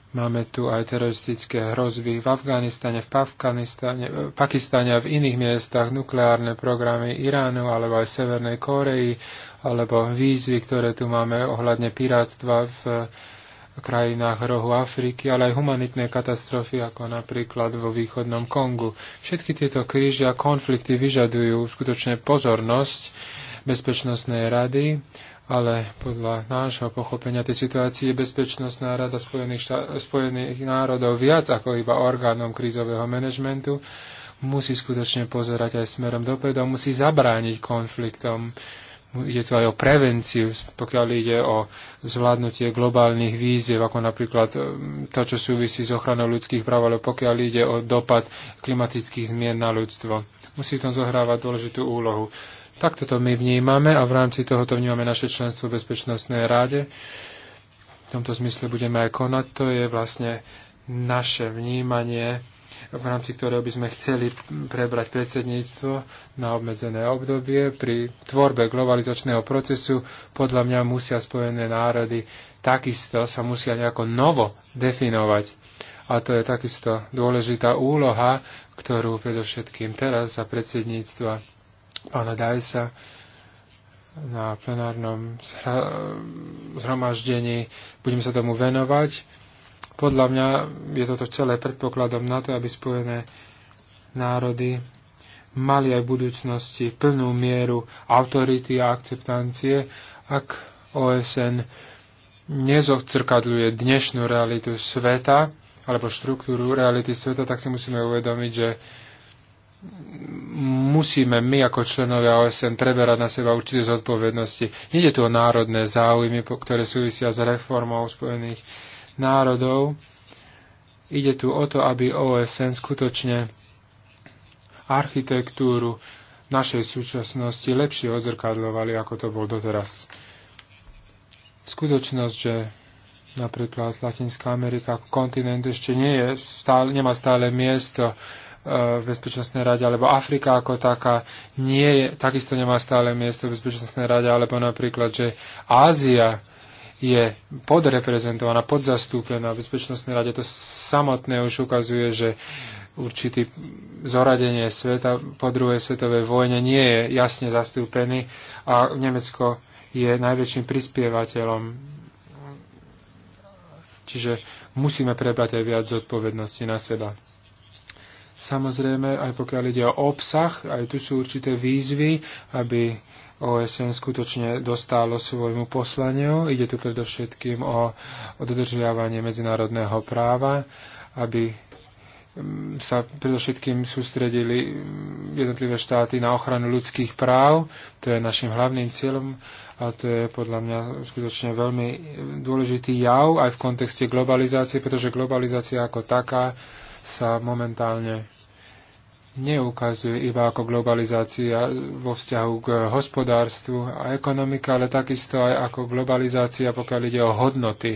[SPEAKER 1] Máme tu aj teroristické hrozby v Afganistane, v Pakistane, v Pakistane a v iných miestach, nukleárne programy Iránu alebo aj Severnej Koreji, alebo výzvy, ktoré tu máme ohľadne pirátstva v krajinách rohu Afriky, ale aj humanitné katastrofy, ako napríklad vo východnom Kongu. Všetky tieto kríže a konflikty vyžadujú skutočne pozornosť Bezpečnostnej rady, ale podľa nášho pochopenia tej situácie je Bezpečnostná rada Spojených, štá- Spojených národov viac ako iba orgánom krízového manažmentu. Musí skutočne pozerať aj smerom dopredu, musí zabrániť konfliktom Ide tu aj o prevenciu, pokiaľ ide o zvládnutie globálnych víziev, ako napríklad um, to, čo súvisí s ochranou ľudských práv, ale pokiaľ ide o dopad klimatických zmien na ľudstvo. Musí v tom zohrávať dôležitú úlohu. Takto to my vnímame a v rámci tohoto vnímame naše členstvo v Bezpečnostnej ráde. V tomto zmysle budeme aj konať. To je vlastne naše vnímanie v rámci ktorého by sme chceli prebrať predsedníctvo na obmedzené obdobie. Pri tvorbe globalizačného procesu podľa mňa musia Spojené národy takisto sa musia nejako novo definovať. A to je takisto dôležitá úloha, ktorú predovšetkým teraz za predsedníctva pána Dajsa na plenárnom zhromaždení budeme sa tomu venovať podľa mňa je toto celé predpokladom na to, aby Spojené národy mali aj v budúcnosti plnú mieru autority a akceptancie, ak OSN nezodcrkadľuje dnešnú realitu sveta alebo štruktúru reality sveta, tak si musíme uvedomiť, že musíme my ako členovia OSN preberať na seba určité zodpovednosti. Nede tu o národné záujmy, ktoré súvisia s reformou Spojených národov. Ide tu o to, aby OSN skutočne architektúru našej súčasnosti lepšie odzrkadlovali, ako to bol doteraz. Skutočnosť, že napríklad Latinská Amerika ako kontinent ešte nie je, stále, nemá stále miesto e, v Bezpečnostnej rade, alebo Afrika ako taká nie je, takisto nemá stále miesto v Bezpečnostnej rade, alebo napríklad, že Ázia je podreprezentovaná, podzastúpená v Bezpečnostnej rade. To samotné už ukazuje, že určitý zoradenie sveta po druhej svetovej vojne nie je jasne zastúpený a Nemecko je najväčším prispievateľom. Čiže musíme prebrať aj viac zodpovednosti na seba. Samozrejme, aj pokiaľ ide o obsah, aj tu sú určité výzvy, aby OSN skutočne dostalo svojmu poslaniu. Ide tu predovšetkým o, o dodržiavanie medzinárodného práva, aby mm, sa predovšetkým sústredili mm, jednotlivé štáty na ochranu ľudských práv. To je našim hlavným cieľom a to je podľa mňa skutočne veľmi dôležitý jav aj v kontexte globalizácie, pretože globalizácia ako taká sa momentálne neukazuje iba ako globalizácia vo vzťahu k hospodárstvu a ekonomike, ale takisto aj ako globalizácia, pokiaľ ide o hodnoty,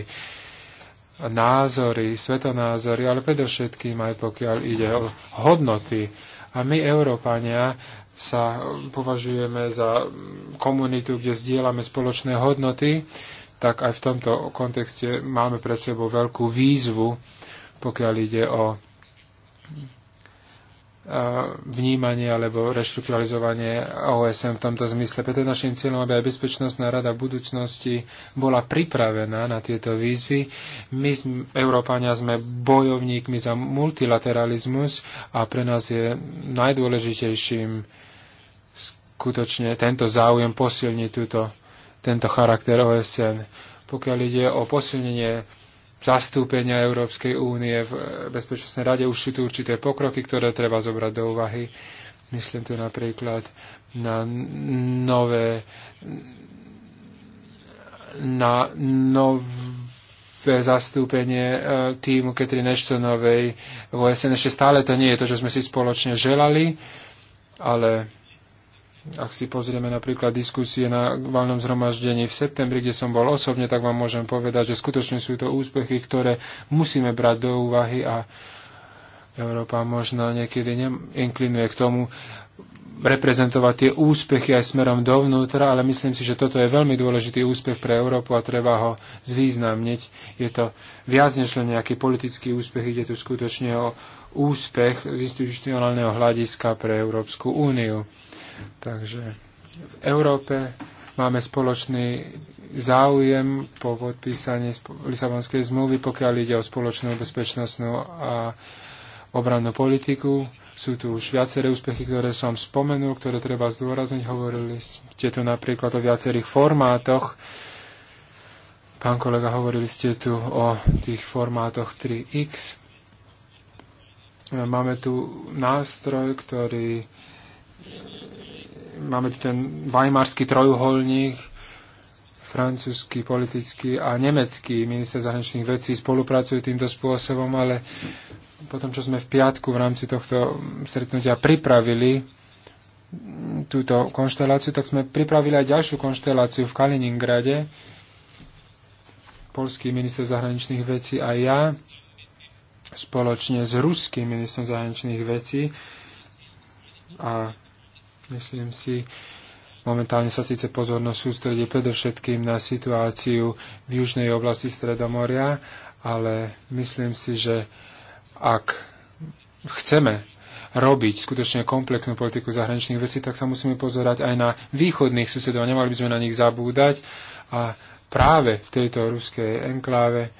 [SPEAKER 1] názory, svetonázory, ale predovšetkým aj pokiaľ ide o hodnoty. A my, Európania, sa považujeme za komunitu, kde zdieľame spoločné hodnoty, tak aj v tomto kontexte máme pred sebou veľkú výzvu, pokiaľ ide o vnímanie alebo reštrukturalizovanie OSM v tomto zmysle. Preto je našim cieľom, aby aj Bezpečnostná rada v budúcnosti bola pripravená na tieto výzvy. My, Európania, sme bojovníkmi za multilateralizmus a pre nás je najdôležitejším skutočne tento záujem posilniť túto, tento charakter OSN. Pokiaľ ide o posilnenie zastúpenia Európskej únie v Bezpečnostnej rade. Už sú tu určité pokroky, ktoré treba zobrať do úvahy. Myslím tu napríklad na nové na nové zastúpenie e, týmu Catherine Eštonovej v OSN. Ešte stále to nie je to, čo sme si spoločne želali, ale ak si pozrieme napríklad diskusie na valnom zhromaždení v septembri, kde som bol osobne, tak vám môžem povedať, že skutočne sú to úspechy, ktoré musíme brať do úvahy a Európa možno niekedy inklinuje k tomu reprezentovať tie úspechy aj smerom dovnútra, ale myslím si, že toto je veľmi dôležitý úspech pre Európu a treba ho zvýznamniť. Je to viac než len nejaký politický úspech, ide tu skutočne o úspech z institucionálneho hľadiska pre Európsku úniu. Takže v Európe máme spoločný záujem po podpísaní Lisabonskej zmluvy, pokiaľ ide o spoločnú bezpečnostnú a obrannú politiku. Sú tu už viaceré úspechy, ktoré som spomenul, ktoré treba zdôrazniť. Hovorili ste tu napríklad o viacerých formátoch. Pán kolega, hovorili ste tu o tých formátoch 3X. Máme tu nástroj, ktorý máme tu ten Weimarský trojuholník, francúzsky, politický a nemecký minister zahraničných vecí spolupracujú týmto spôsobom, ale potom, čo sme v piatku v rámci tohto stretnutia pripravili túto konšteláciu, tak sme pripravili aj ďalšiu konšteláciu v Kaliningrade. Polský minister zahraničných vecí a ja spoločne s ruským ministrom zahraničných vecí a Myslím si, momentálne sa síce pozornosť sústredí predovšetkým na situáciu v južnej oblasti Stredomoria, ale myslím si, že ak chceme robiť skutočne komplexnú politiku zahraničných vecí, tak sa musíme pozerať aj na východných susedov. Nemali by sme na nich zabúdať. A práve v tejto ruskej enkláve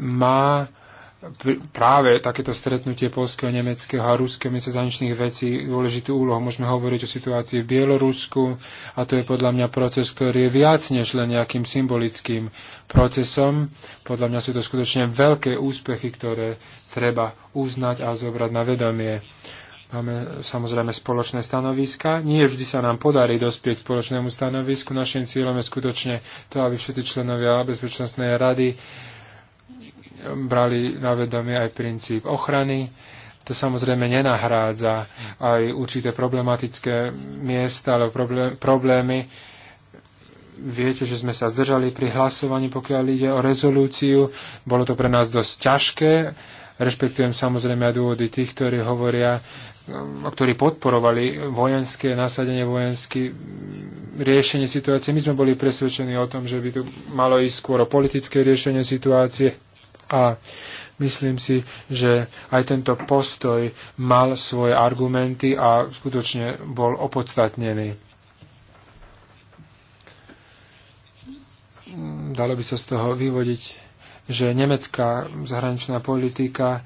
[SPEAKER 1] má práve takéto stretnutie polského, nemeckého a ruského ministra zahraničných vecí dôležitú úlohu. Môžeme hovoriť o situácii v Bielorusku a to je podľa mňa proces, ktorý je viac než len nejakým symbolickým procesom. Podľa mňa sú to skutočne veľké úspechy, ktoré treba uznať a zobrať na vedomie. Máme samozrejme spoločné stanoviska. Nie vždy sa nám podarí dospieť spoločnému stanovisku. Našim cieľom je skutočne to, aby všetci členovia Bezpečnostnej rady brali na vedomie aj princíp ochrany. To samozrejme nenahrádza aj určité problematické miesta alebo problémy. Viete, že sme sa zdržali pri hlasovaní, pokiaľ ide o rezolúciu. Bolo to pre nás dosť ťažké. Rešpektujem samozrejme aj dôvody tých, ktorí hovoria, ktorí podporovali vojenské nasadenie, vojenské riešenie situácie. My sme boli presvedčení o tom, že by tu malo ísť skôr o politické riešenie situácie a myslím si, že aj tento postoj mal svoje argumenty a skutočne bol opodstatnený. Dalo by sa z toho vyvodiť, že nemecká zahraničná politika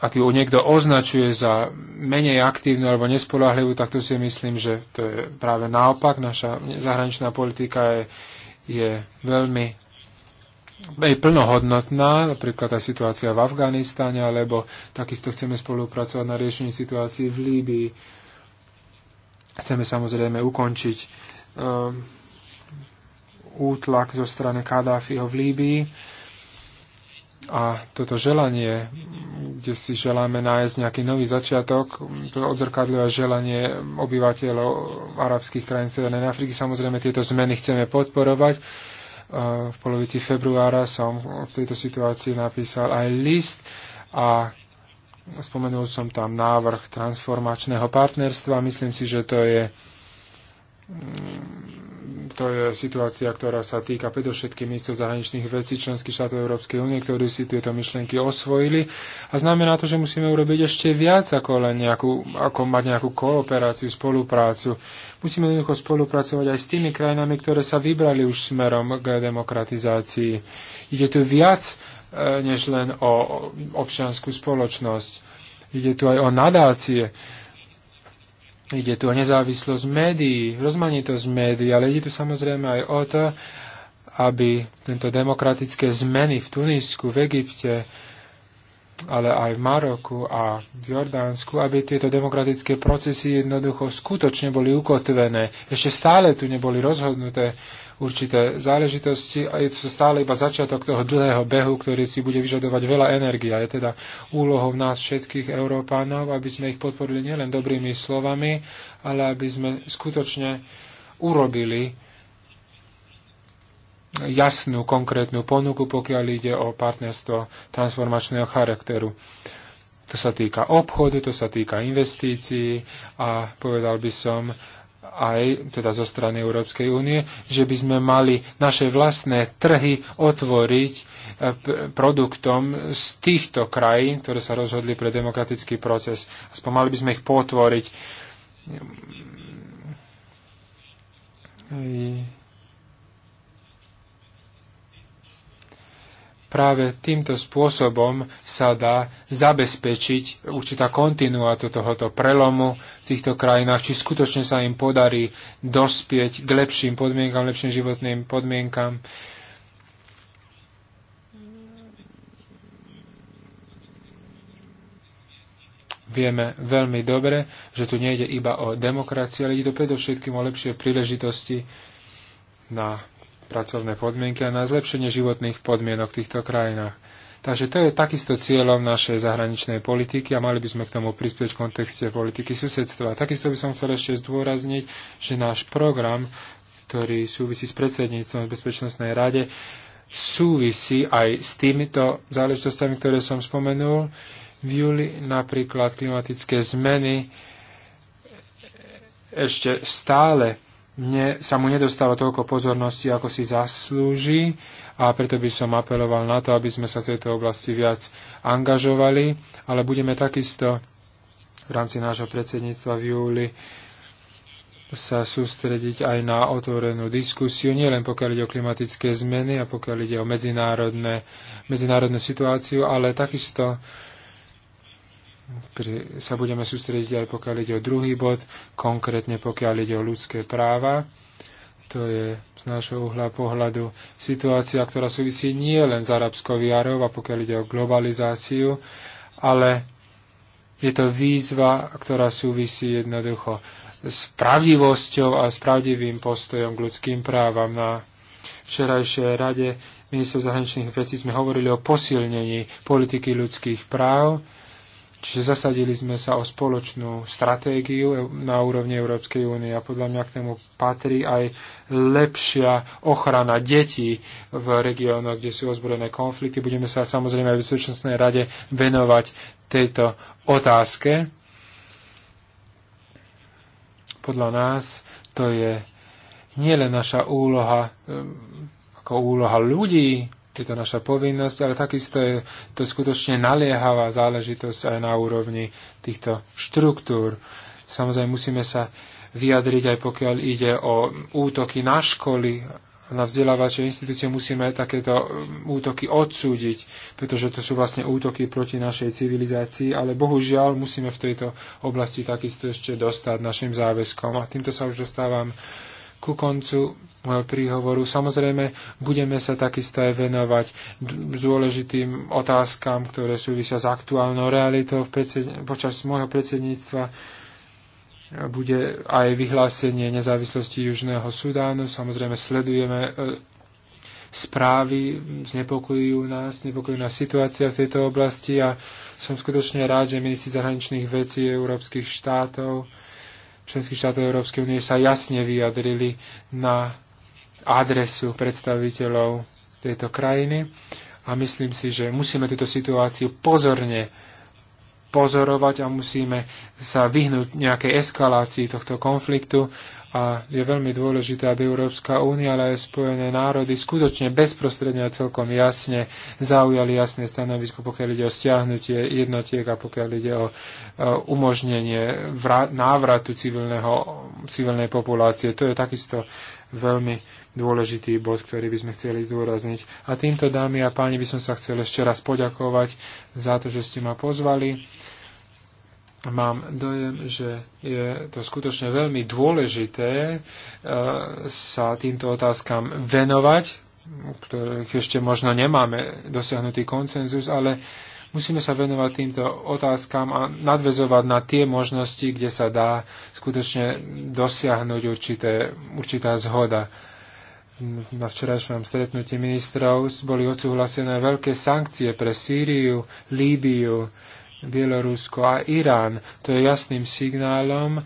[SPEAKER 1] ak ju niekto označuje za menej aktívnu alebo nespolahlivú, tak to si myslím, že to je práve naopak. Naša zahraničná politika je, je veľmi aj plnohodnotná, napríklad tá situácia v Afganistáne, alebo takisto chceme spolupracovať na riešení situácií v Líbii. Chceme samozrejme ukončiť um, útlak zo strany Kadáfiho v Líbii. A toto želanie, kde si želáme nájsť nejaký nový začiatok, to odzrkadľuje želanie obyvateľov arabských krajín Severnej Afriky. Samozrejme, tieto zmeny chceme podporovať v polovici februára som v tejto situácii napísal aj list a spomenul som tam návrh transformačného partnerstva. Myslím si, že to je mm, to je situácia, ktorá sa týka predovšetkým miesto zahraničných vecí členských štátov Európskej únie, ktorí si tieto myšlienky osvojili. A znamená to, že musíme urobiť ešte viac ako len nejakú, ako mať nejakú kooperáciu, spoluprácu. Musíme jednoducho spolupracovať aj s tými krajinami, ktoré sa vybrali už smerom k demokratizácii. Ide tu viac e, než len o občianskú spoločnosť. Ide tu aj o nadácie. Ide tu o nezávislosť médií, rozmanitosť médií, ale ide tu samozrejme aj o to, aby tento demokratické zmeny v Tunisku, v Egypte, ale aj v Maroku a v Jordánsku, aby tieto demokratické procesy jednoducho skutočne boli ukotvené. Ešte stále tu neboli rozhodnuté určité záležitosti a je to stále iba začiatok toho dlhého behu, ktorý si bude vyžadovať veľa energie. Je teda úlohou nás všetkých Európánov, aby sme ich podporili nielen dobrými slovami, ale aby sme skutočne urobili jasnú konkrétnu ponuku, pokiaľ ide o partnerstvo transformačného charakteru. To sa týka obchodu, to sa týka investícií a povedal by som aj teda zo strany Európskej únie, že by sme mali naše vlastné trhy otvoriť e, produktom z týchto krajín, ktoré sa rozhodli pre demokratický proces. Aspoň mali by sme ich potvoriť. E, práve týmto spôsobom sa dá zabezpečiť určitá kontinuáta tohoto prelomu v týchto krajinách, či skutočne sa im podarí dospieť k lepším podmienkam, lepším životným podmienkam. Vieme veľmi dobre, že tu nejde iba o demokraciu, ale ide to predovšetkým o lepšie príležitosti na pracovné podmienky a na zlepšenie životných podmienok v týchto krajinách. Takže to je takisto cieľom našej zahraničnej politiky a mali by sme k tomu prispieť v kontexte politiky susedstva. Takisto by som chcel ešte zdôrazniť, že náš program, ktorý súvisí s predsedníctvom Bezpečnostnej rade, súvisí aj s týmito záležitostami, ktoré som spomenul. V júli napríklad klimatické zmeny ešte stále mne, sa mu nedostalo toľko pozornosti, ako si zaslúži a preto by som apeloval na to, aby sme sa v tejto oblasti viac angažovali, ale budeme takisto v rámci nášho predsedníctva v júli sa sústrediť aj na otvorenú diskusiu, nielen pokiaľ ide o klimatické zmeny a pokiaľ ide o medzinárodné, medzinárodnú situáciu, ale takisto sa budeme sústrediť aj pokiaľ ide o druhý bod, konkrétne pokiaľ ide o ľudské práva. To je z nášho uhla pohľadu situácia, ktorá súvisí nie len s arabskou Viarou a pokiaľ ide o globalizáciu, ale je to výzva, ktorá súvisí jednoducho s pravdivosťou a s pravdivým postojom k ľudským právam. Na včerajšej rade ministrov zahraničných vecí sme hovorili o posilnení politiky ľudských práv Čiže zasadili sme sa o spoločnú stratégiu na úrovni Európskej únie a podľa mňa k tomu patrí aj lepšia ochrana detí v regiónoch, kde sú ozbrojené konflikty. Budeme sa samozrejme aj v súčasnej rade venovať tejto otázke. Podľa nás to je nielen naša úloha ehm, ako úloha ľudí, je to naša povinnosť, ale takisto je to skutočne naliehavá záležitosť aj na úrovni týchto štruktúr. Samozrejme musíme sa vyjadriť aj pokiaľ ide o útoky na školy, na vzdelávacie inštitúcie musíme takéto um, útoky odsúdiť, pretože to sú vlastne útoky proti našej civilizácii, ale bohužiaľ musíme v tejto oblasti takisto ešte dostať našim záväzkom. A týmto sa už dostávam ku koncu môjho príhovoru. Samozrejme, budeme sa takisto aj venovať s dôležitým otázkam, ktoré súvisia s aktuálnou realitou. Počas môjho predsedníctva bude aj vyhlásenie nezávislosti Južného Sudánu. Samozrejme, sledujeme e, správy, znepokojujú nás, znepokojujú nás situácia v tejto oblasti a som skutočne rád, že ministri zahraničných vecí európskych štátov členských štátov Európskej únie sa jasne vyjadrili na adresu predstaviteľov tejto krajiny a myslím si, že musíme túto situáciu pozorne pozorovať a musíme sa vyhnúť nejakej eskalácii tohto konfliktu a je veľmi dôležité, aby Európska únia, ale aj Spojené národy skutočne bezprostredne a celkom jasne zaujali jasné stanovisko, pokiaľ ide o stiahnutie jednotiek a pokiaľ ide o e, umožnenie návratu civilného, civilnej populácie. To je takisto veľmi dôležitý bod, ktorý by sme chceli zdôrazniť. A týmto, dámy a páni, by som sa chcel ešte raz poďakovať za to, že ste ma pozvali mám dojem, že je to skutočne veľmi dôležité e, sa týmto otázkam venovať, ktorých ešte možno nemáme dosiahnutý koncenzus, ale musíme sa venovať týmto otázkam a nadvezovať na tie možnosti, kde sa dá skutočne dosiahnuť určité, určitá zhoda. Na včerajšom stretnutí ministrov boli odsúhlasené veľké sankcie pre Sýriu, Líbiu, Bielorusko a Irán. To je jasným signálom,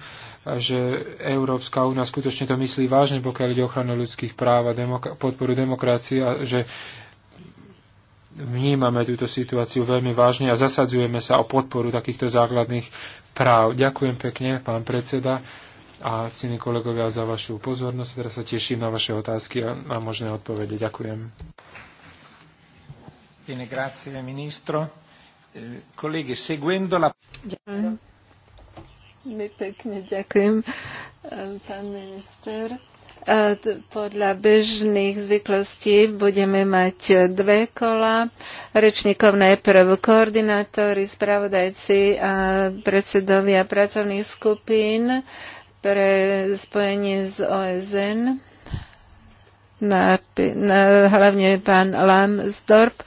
[SPEAKER 1] že Európska únia skutočne to myslí vážne, pokiaľ ide ochranu ľudských práv a demok- podporu demokracie a že vnímame túto situáciu veľmi vážne a zasadzujeme sa o podporu takýchto základných práv. Ďakujem pekne, pán predseda a ctení kolegovia za vašu pozornosť. Teraz sa teším na vaše otázky a, na možné odpovede. Ďakujem. grazie, ministro. Kolegy, eh, seguendo la...
[SPEAKER 2] Ďakujem. pekne ďakujem, eh, pán minister. Eh, podľa bežných zvyklostí budeme mať dve kola. Rečníkov najprv koordinátori, spravodajci a predsedovia pracovných skupín pre spojenie s OSN na, na, hlavne pán Lambsdorp. E,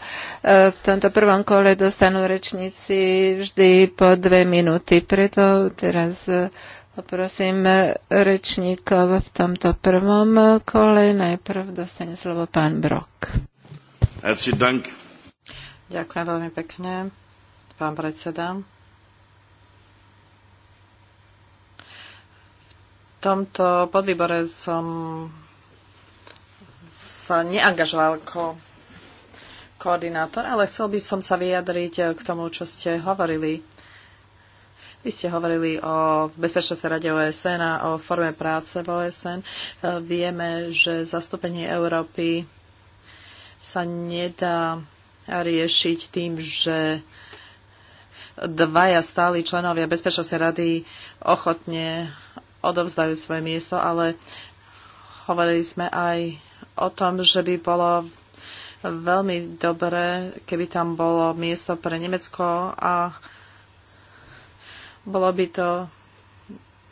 [SPEAKER 2] v tomto prvom kole dostanú rečníci vždy po dve minúty. Preto teraz e, poprosím rečníkov v tomto prvom kole. Najprv dostane slovo pán Brok.
[SPEAKER 3] Ďakujem veľmi pekne, pán predseda. V tomto podvýbore som sa neangažoval ako koordinátor, ale chcel by som sa vyjadriť eh, k tomu, čo ste hovorili. Vy ste hovorili o Bezpečnostnej rade OSN a o forme práce v OSN. Eh, vieme, že zastúpenie Európy sa nedá riešiť tým, že dvaja stáli členovia Bezpečnostnej rady ochotne odovzdajú svoje miesto, ale hovorili sme aj o tom, že by bolo veľmi dobré, keby tam bolo miesto pre Nemecko a bolo by to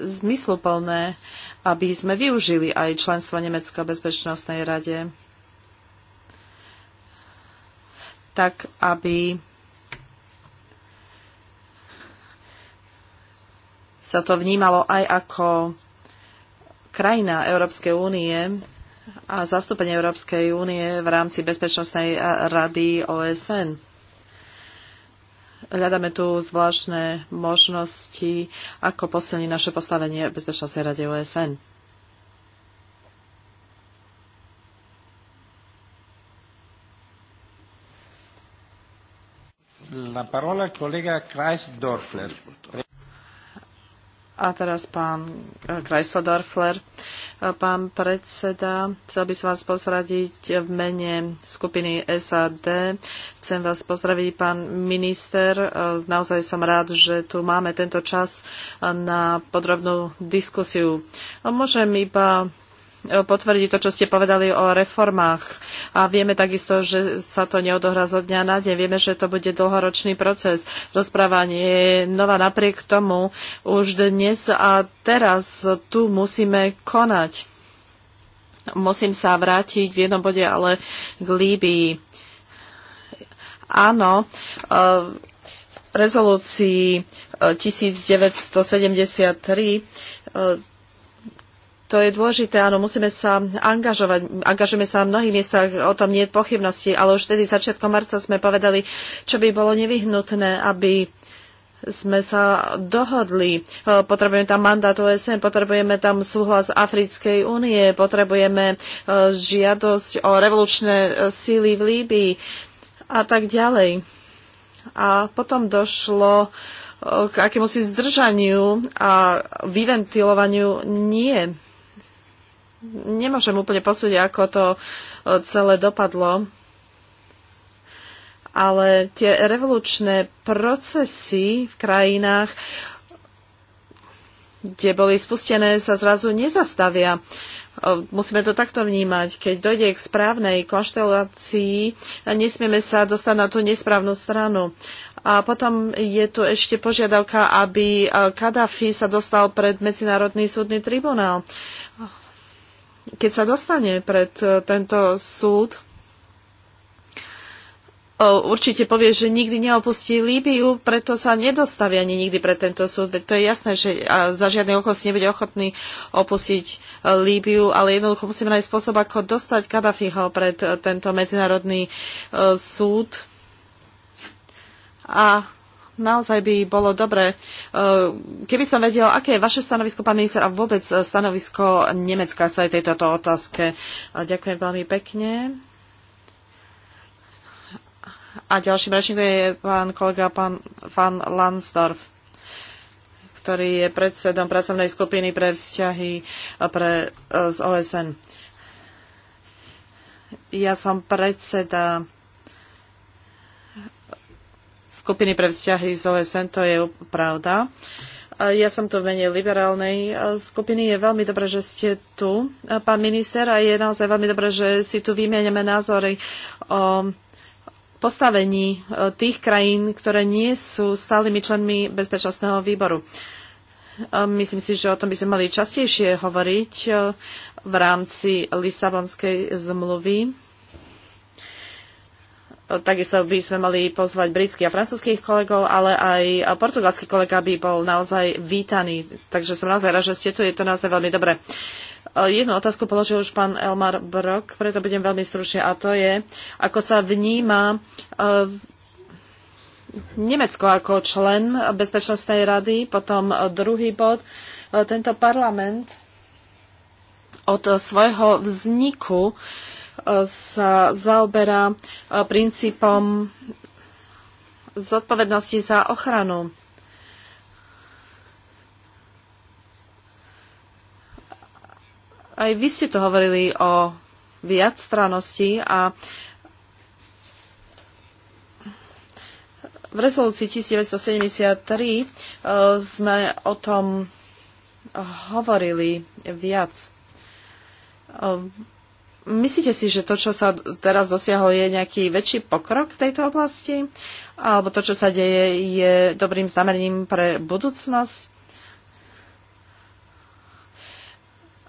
[SPEAKER 3] zmysluplné, aby sme využili aj členstvo Nemecka v Bezpečnostnej rade, tak aby sa to vnímalo aj ako krajina Európskej únie, a zastúpenie Európskej únie v rámci Bezpečnostnej rady OSN. Hľadáme tu zvláštne možnosti, ako posilniť naše postavenie v Bezpečnostnej rade OSN.
[SPEAKER 1] La parola kolega Kreisdorfler.
[SPEAKER 3] A teraz pán Kreisler-Dorfler. Eh, eh, pán predseda, chcel by som vás pozradiť v mene skupiny SAD. Chcem vás pozdraviť, pán minister. Eh, naozaj som rád, že tu máme tento čas na podrobnú diskusiu. Môžem iba E, potvrdiť to, čo ste povedali o reformách. A vieme takisto, že sa to neodohrá zo dňa na deň. Vieme, že to bude dlhoročný proces. Rozprávanie je nová napriek tomu. Už dnes a teraz tu musíme konať. Musím sa vrátiť v jednom bode, ale k Líbii. Áno, e, rezolúcii 1973 e, to je dôležité, áno, musíme sa angažovať. Angažujeme sa na mnohých miestach, o tom nie je pochybnosti, ale už vtedy začiatkom marca sme povedali, čo by bolo nevyhnutné, aby sme sa dohodli. E, potrebujeme tam mandát OSN, potrebujeme tam súhlas Africkej únie, potrebujeme e, žiadosť o revolučné e, síly v Líbii a tak ďalej. A potom došlo k akémusi zdržaniu a vyventilovaniu nie nemôžem úplne posúdiť, ako to e, celé dopadlo, ale tie revolučné procesy v krajinách, kde boli spustené, sa zrazu nezastavia. E, musíme to takto vnímať. Keď dojde k správnej konštelácii, nesmieme sa dostať na tú nesprávnu stranu. A potom je tu ešte požiadavka, aby e, Kadafi sa dostal pred Medzinárodný súdny tribunál keď sa dostane pred e, tento súd, e, určite povie, že nikdy neopustí Líbiu, preto sa nedostavia ani nikdy pre tento súd. to je jasné, že za žiadny okolnosti nebude ochotný opustiť e, Líbiu, ale jednoducho musíme nájsť spôsob, ako dostať Kadafiho pred tento medzinárodný súd. A naozaj by bolo dobre, e, keby som vedel, aké je vaše stanovisko, pán minister, a vôbec stanovisko Nemecka sa aj tejto otázke. Ďakujem veľmi pekne. A ďalším rečníkom je pán kolega pán, pán Lansdorf ktorý je predsedom pracovnej skupiny pre vzťahy pre, e, z OSN. Ja som predseda skupiny pre vzťahy z OSN, to je pravda. Ja som to menej liberálnej skupiny. Je veľmi dobré, že ste tu, pán minister, a je naozaj veľmi dobré, že si tu vymieňame názory o postavení tých krajín, ktoré nie sú stálymi členmi Bezpečnostného výboru. Myslím si, že o tom by sme mali častejšie hovoriť v rámci Lisabonskej zmluvy Takisto by sme mali pozvať britských a francúzských kolegov, ale aj portugalský kolega by bol naozaj vítaný. Takže som naozaj rád, že ste tu, je to naozaj veľmi dobré. E, jednu otázku položil už pán Elmar Brok, preto budem veľmi stručný, a to je, ako sa vníma e, Nemecko ako člen Bezpečnostnej rady, potom druhý bod. E, tento parlament od svojho vzniku uh, sa zaoberá e, princípom zodpovednosti za ochranu. Aj vy ste to hovorili o viacstranosti a v rezolúcii 1973 e, sme o tom hovorili viac e, Myslíte si, že to, čo sa teraz dosiahlo, je nejaký väčší pokrok v tejto oblasti? Alebo to, čo sa deje, je dobrým znamením pre budúcnosť?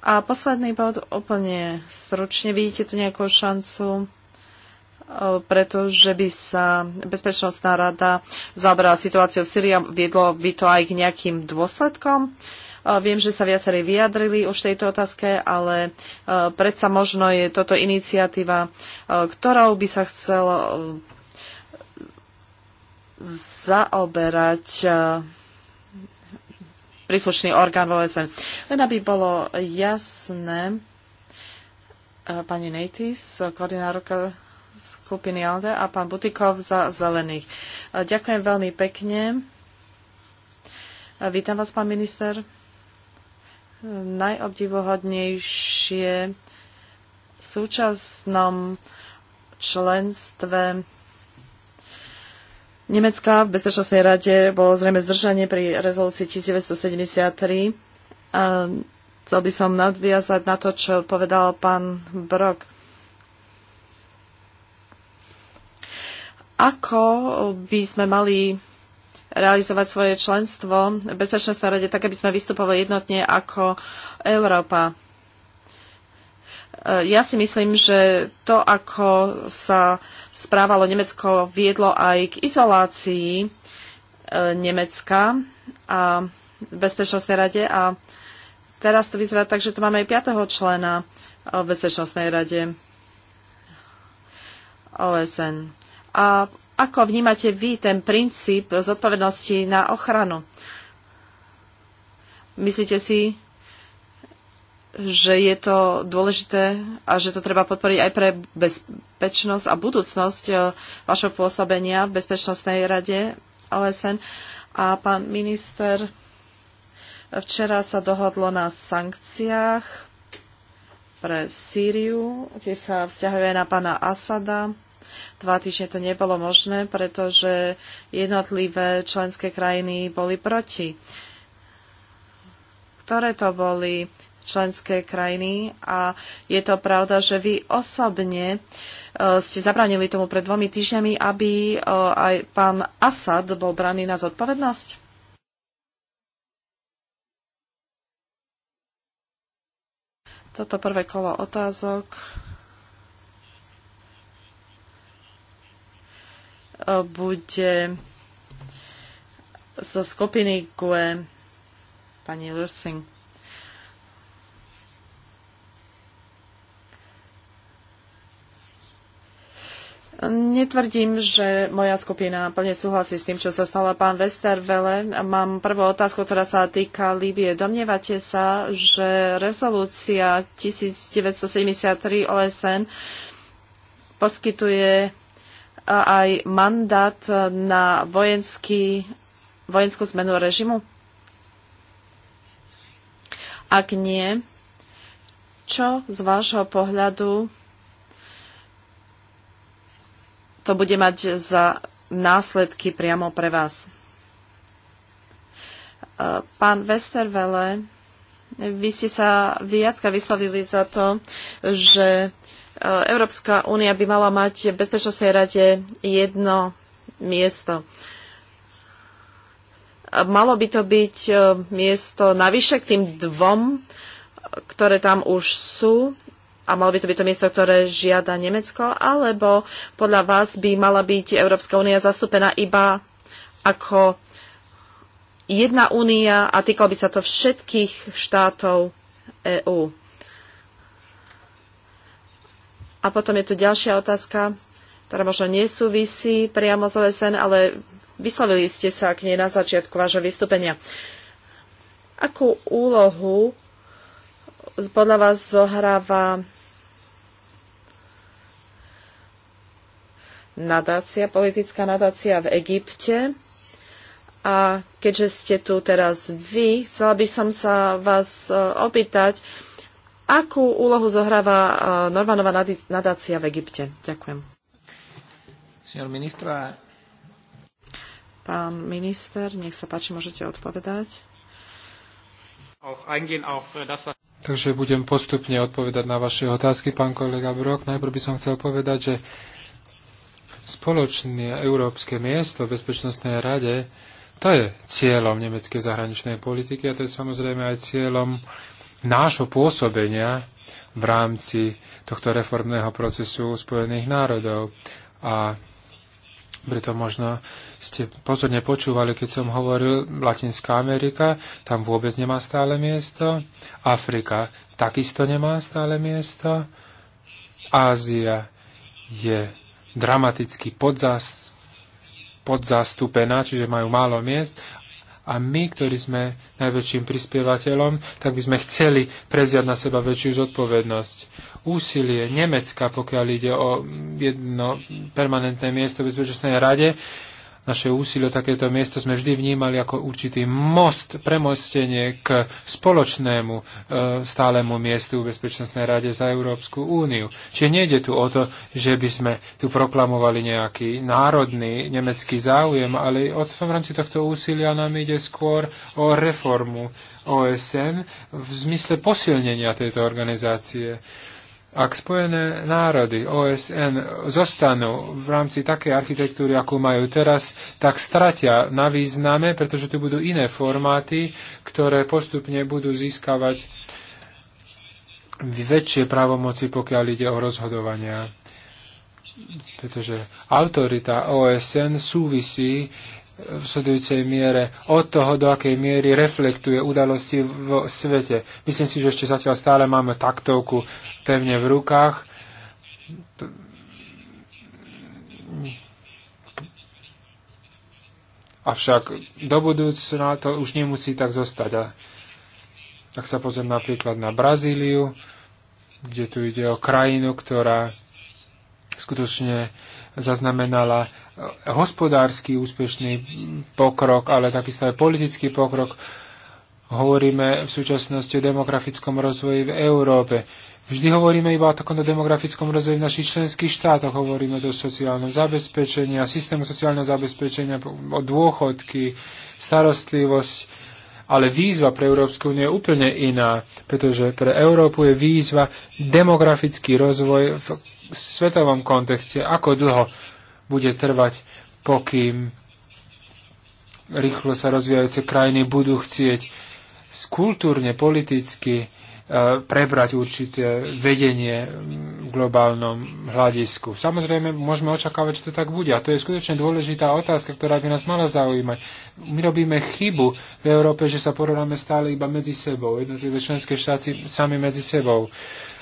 [SPEAKER 3] A posledný bod úplne stručne. Vidíte tu nejakú šancu, pretože by sa Bezpečnostná rada zabrala situáciou v Syrii a viedlo by to aj k nejakým dôsledkom? Uh, Viem, že sa viacerí vyjadrili už tejto otázke, ale e, predsa možno je toto iniciatíva, e, ktorou by sa chcel e, zaoberať príslušný orgán vo OSN. Len aby bolo jasné, pani Nejtis, koordinárka skupiny ALDE a pán Butikov za zelených. Ďakujem veľmi pekne. Vítam vás, pán minister najobdivohodnejšie v súčasnom členstve Nemecka v Bezpečnostnej rade bolo zrejme zdržanie pri rezolúcii 1973. A chcel by som nadviazať na to, čo povedal pán Brok. Ako by sme mali realizovať svoje členstvo v Bezpečnostnej rade tak, aby sme vystupovali jednotne ako Európa. E, ja si myslím, že to, ako sa správalo Nemecko, viedlo aj k izolácii e, Nemecka a v Bezpečnostnej rade a teraz to vyzerá tak, že tu máme aj piatého člena e, v Bezpečnostnej rade OSN. A ako vnímate vy ten princíp zodpovednosti na ochranu? Myslíte si, že je to dôležité a že to treba podporiť aj pre bezpečnosť a budúcnosť eh, vašho pôsobenia v Bezpečnostnej rade OSN. A pán minister, včera sa dohodlo na sankciách pre Sýriu, tie sa vzťahuje na pána Asada dva týždne to nebolo možné, pretože jednotlivé členské krajiny boli proti. Ktoré to boli členské krajiny a je to pravda, že vy osobne e, ste zabránili tomu pred dvomi týždňami, aby e, aj pán Asad bol braný na zodpovednosť? Toto prvé kolo otázok bude zo skupiny GUE pani Lursing. Netvrdím, že moja skupina plne súhlasí s tým, čo sa stalo pán Westervele. Mám prvú otázku, ktorá sa týka Líbie. Domnievate sa, že rezolúcia 1973 OSN poskytuje aj mandát na vojenský, vojenskú zmenu režimu? Ak nie, čo z vášho pohľadu to bude mať za následky priamo pre vás? Pán Westervele, vy ste sa viacka vyslovili za to, že E, Európska únia by mala mať v Bezpečnostnej rade jedno miesto. E, malo by to byť e, miesto navyše k tým dvom, ktoré tam už sú a malo by to byť to miesto, ktoré žiada Nemecko, alebo podľa vás by mala byť Európska únia zastúpená iba ako jedna únia a týkalo by sa to všetkých štátov EÚ. A potom je tu ďalšia otázka, ktorá možno nesúvisí priamo z OSN, ale vyslovili ste sa k nej na začiatku vášho vystúpenia. Akú úlohu podľa vás zohráva nadácia, politická nadácia v Egypte. A keďže ste tu teraz vy, chcela by som sa vás e, opýtať, Akú úlohu zohráva e, Normanová nadácia v Egypte? Ďakujem. Pán minister, nech sa páči, môžete odpovedať.
[SPEAKER 1] Äh, Takže budem postupne odpovedať na vaše otázky, pán kolega Brok. Najprv by som chcel povedať, že spoločné európske miesto v Bezpečnostnej rade, to je cieľom nemeckej zahraničnej politiky a to je samozrejme aj cieľom nášho pôsobenia v rámci tohto reformného procesu Spojených národov. A preto možno ste pozorne počúvali, keď som hovoril Latinská Amerika, tam vôbec nemá stále miesto. Afrika takisto nemá stále miesto. Ázia je dramaticky podzas, podzastúpená, čiže majú málo miest a my, ktorí sme najväčším prispievateľom, tak by sme chceli preziať na seba väčšiu zodpovednosť. Úsilie Nemecka, pokiaľ ide o jedno permanentné miesto v Bezpečnostnej rade, naše úsilie o takéto miesto sme vždy vnímali ako určitý most, premostenie k spoločnému e, stálemu miestu v Bezpečnostnej rade za Európsku úniu. Čiže nejde tu o to, že by sme tu proklamovali nejaký národný nemecký záujem, ale od, v rámci tohto úsilia nám ide skôr o reformu OSN v zmysle posilnenia tejto organizácie. Ak Spojené národy, OSN, zostanú v rámci takej architektúry, akú majú teraz, tak stratia na význame, pretože tu budú iné formáty, ktoré postupne budú získavať väčšie právomoci, pokiaľ ide o rozhodovania. Pretože autorita OSN súvisí v sledujúcej miere od toho, do akej miery reflektuje udalosti v svete. Myslím si, že ešte zatiaľ stále máme taktovku pevne v rukách. Avšak do budúcna to už nemusí tak zostať. A ak sa pozriem napríklad na Brazíliu, kde tu ide o krajinu, ktorá skutočne zaznamenala hospodársky úspešný pokrok, ale takisto aj politický pokrok. Hovoríme v súčasnosti o demografickom rozvoji v Európe. Vždy hovoríme iba o takomto demografickom rozvoji v našich členských štátoch. Hovoríme o sociálnom zabezpečení a systému sociálneho zabezpečenia, o dôchodky, starostlivosť. Ale výzva pre Európsku úniu je úplne iná, pretože pre Európu je výzva demografický rozvoj v svetovom kontexte. Ako dlho bude trvať, pokým rýchlo sa rozvíjajúce krajiny budú chcieť kultúrne, politicky e, prebrať určité vedenie v globálnom hľadisku. Samozrejme, môžeme očakávať, že to tak bude. A to je skutočne dôležitá otázka, ktorá by nás mala zaujímať. My robíme chybu v Európe, že sa porovnáme stále iba medzi sebou. Jednotlivé členské štáty sami medzi sebou. Uh,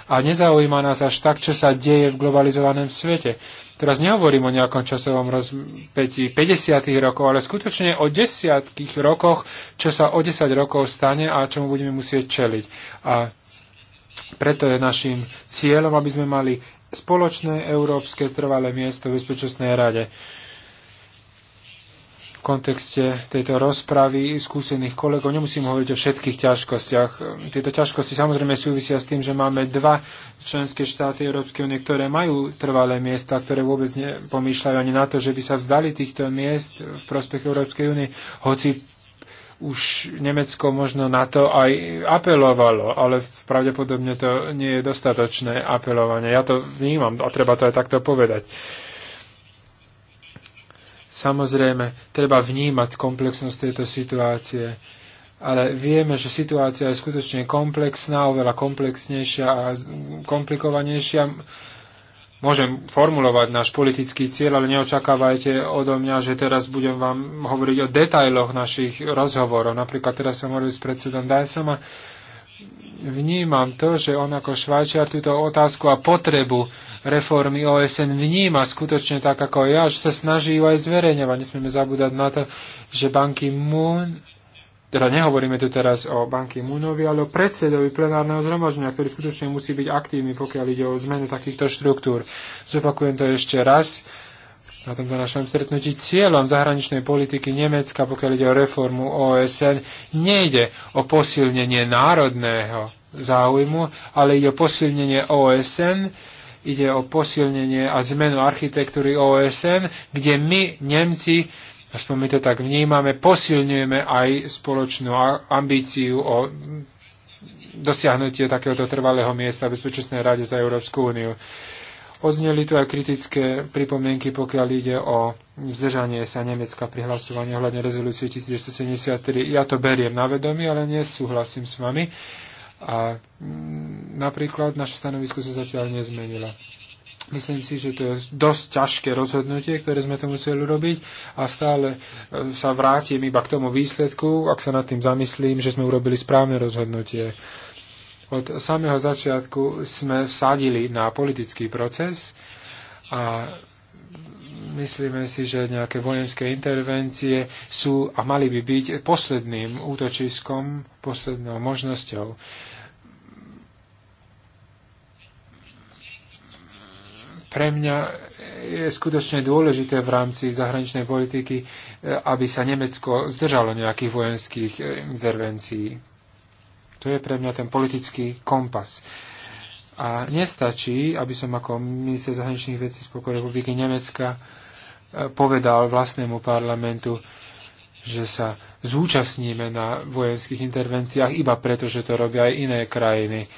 [SPEAKER 1] a nezaujíma nás až tak, čo sa deje v globalizovanom svete. Teraz nehovorím o nejakom časovom rozpetí 50. rokov, ale skutočne o desiatkých rokoch, čo sa o 10 rokov stane a čomu budeme musieť čeliť. A preto je našim cieľom, aby sme mali spoločné európske trvalé miesto v Bezpečnostnej rade kontexte tejto rozpravy skúsených kolegov. Nemusím hovoriť o všetkých ťažkostiach. Tieto ťažkosti samozrejme súvisia s tým, že máme dva členské štáty Európskej únie, ktoré majú trvalé miesta, ktoré vôbec nepomýšľajú ani na to, že by sa vzdali týchto miest v prospech Európskej únie, hoci už Nemecko možno na to aj apelovalo, ale pravdepodobne to nie je dostatočné apelovanie. Ja to vnímam a treba to aj takto povedať. Uh, Samozrejme, treba vnímať komplexnosť tejto situácie, ale vieme, že situácia je skutočne komplexná, oveľa komplexnejšia a komplikovanejšia. Môžem formulovať náš politický cieľ, ale neočakávajte odo mňa, že teraz budem vám hovoriť o detailoch našich rozhovorov. Napríklad teraz som hovoril s predsedom Dysom a vnímam to, že on ako Švajčiar túto otázku a potrebu reformy OSN vníma skutočne tak ako ja, že sa snaží ju aj zverejňovať. Nesmieme zabúdať na to, že banky Moon teda nehovoríme tu teraz o banky Munovi, ale o predsedovi plenárneho zhromaždenia, ktorý skutočne musí byť aktívny, pokiaľ ide o zmenu takýchto štruktúr. Zopakujem to ešte raz na tomto našom stretnutí cieľom zahraničnej politiky Nemecka, pokiaľ ide o reformu OSN, nejde o posilnenie národného záujmu, ale ide o posilnenie OSN, ide o posilnenie a zmenu architektúry OSN, kde my, Nemci, aspoň my to tak vnímame, posilňujeme aj spoločnú ambíciu o dosiahnutie takéhoto trvalého miesta v Bezpečnostnej rade za Európsku úniu. Odzneli tu aj kritické pripomienky, pokiaľ ide o zdržanie sa Nemecka pri hlasovaní ohľadne rezolúcie 1973. Ja to beriem na vedomie, ale nesúhlasím s vami. A mm, napríklad naše stanovisko sa zatiaľ nezmenilo. Myslím si, že to je dosť ťažké rozhodnutie, ktoré sme to museli urobiť a stále e, sa vrátim iba k tomu výsledku, ak sa nad tým zamyslím, že sme urobili správne rozhodnutie. Od samého začiatku sme vsadili na politický proces a myslíme si, že nejaké vojenské intervencie sú a mali by byť posledným útočiskom, poslednou možnosťou. Pre mňa je skutočne dôležité v rámci zahraničnej politiky, aby sa Nemecko zdržalo nejakých vojenských intervencií. To je pre mňa ten politický kompas. A nestačí, aby som ako minister zahraničných vecí Spolkovej republiky Nemecka e, povedal vlastnému parlamentu, že sa zúčastníme na vojenských intervenciách iba preto, že to robia aj iné krajiny.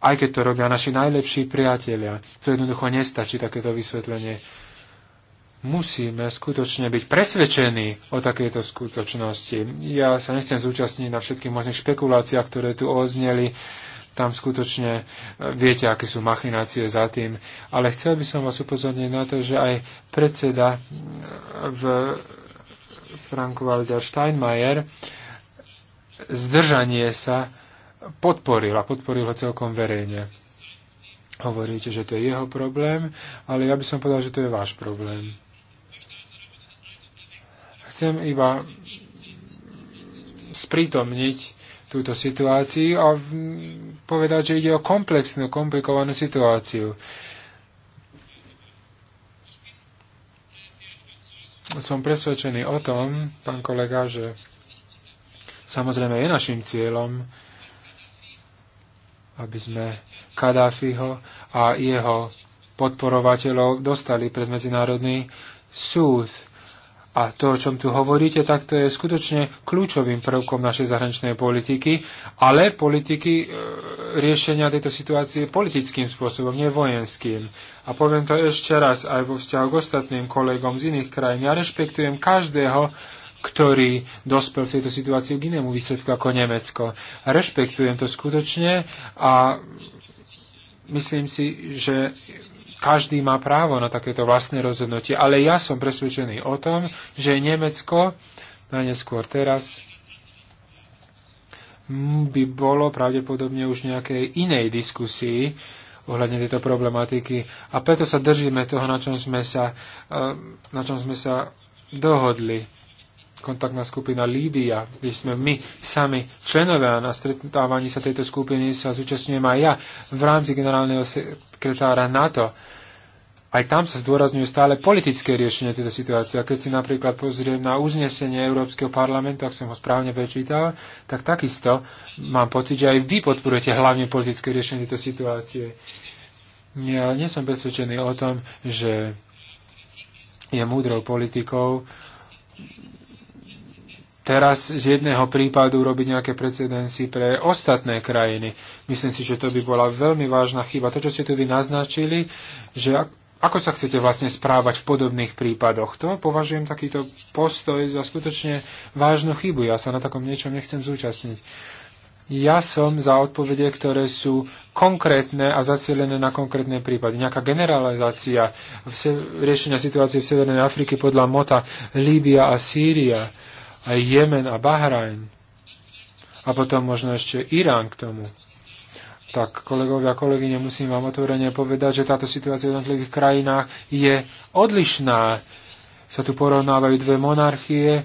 [SPEAKER 1] Aj keď to robia naši najlepší priatelia. To jednoducho nestačí, takéto vysvetlenie musíme skutočne byť presvedčení o takejto skutočnosti. Ja sa nechcem zúčastniť na všetkých možných špekuláciách, ktoré tu ozneli. Tam skutočne e, viete, aké sú machinácie za tým. Ale chcel by som vás upozorniť na to, že aj predseda e, v Frank-Walter Steinmeier zdržanie sa podporil a podporil ho celkom verejne. Hovoríte, že to je jeho problém, ale ja by som povedal, že to je váš problém. Chcem iba sprítomniť túto situáciu a povedať, že ide o komplexnú, komplikovanú situáciu. Som presvedčený o tom, pán kolega, že samozrejme je našim cieľom, aby sme Kadáfiho a jeho podporovateľov dostali pred Medzinárodný súd. A to, o čom tu hovoríte, tak to je skutočne kľúčovým prvkom našej zahraničnej politiky, ale politiky e, riešenia tejto situácie politickým spôsobom, nie vojenským. A poviem to ešte raz aj vo vzťahu k ostatným kolegom z iných krajín. Ja rešpektujem každého, ktorý dospel v tejto situácii k inému výsledku ako Nemecko. rešpektujem to skutočne a myslím si, že každý má právo na takéto vlastné rozhodnutie, ale ja som presvedčený o tom, že Nemecko najneskôr teraz by bolo pravdepodobne už nejakej inej diskusii ohľadne tejto problematiky. A preto sa držíme toho, na čom sme sa, eh, na čom sme sa dohodli. Kontaktná skupina Líbia, kde sme my sami členovia na stretávaní sa tejto skupiny sa zúčastňujem aj ja v rámci generálneho sekretára NATO aj tam sa zdôrazňuje stále politické riešenie tejto situácie. A keď si napríklad pozriem na uznesenie Európskeho parlamentu, ak som ho správne prečítal, tak takisto mám pocit, že aj vy podporujete hlavne politické riešenie tejto situácie. Ja nie som presvedčený o tom, že je múdrou politikou teraz z jedného prípadu robiť nejaké precedenci pre ostatné krajiny. Myslím si, že to by bola veľmi vážna chyba. To, čo ste tu vy naznačili, že ako sa chcete vlastne správať v podobných prípadoch? To považujem takýto postoj za skutočne vážnu chybu. Ja sa na takom niečom nechcem zúčastniť. Ja som za odpovede, ktoré sú konkrétne a zacielené na konkrétne prípady. Nejaká generalizácia riešenia situácie v Severnej Afrike podľa Mota, Líbia a Sýria, a Jemen a Bahrajn. A potom možno ešte Irán k tomu tak kolegovia a kolegy, musím vám otvorene povedať, že táto situácia v jednotlivých krajinách je odlišná. Sa tu porovnávajú dve monarchie,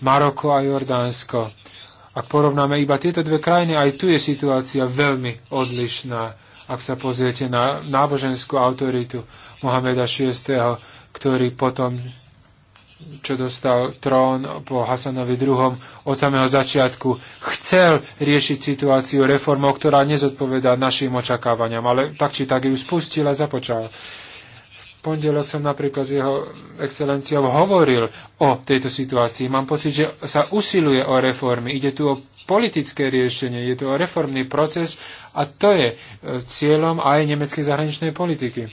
[SPEAKER 1] Maroko a Jordánsko. Ak porovnáme iba tieto dve krajiny, aj tu je situácia veľmi odlišná. Ak sa pozriete na náboženskú autoritu Mohameda VI, ktorý potom čo dostal trón po Hasanovi II. od samého začiatku, chcel riešiť situáciu reformou, ktorá nezodpovedá našim očakávaniam, ale tak či tak ju spustil a započal. V pondelok som napríklad s jeho excelenciou hovoril o tejto situácii. Mám pocit, že sa usiluje o reformy. Ide tu o politické riešenie, je to reformný proces a to je e, cieľom aj nemeckej zahraničnej politiky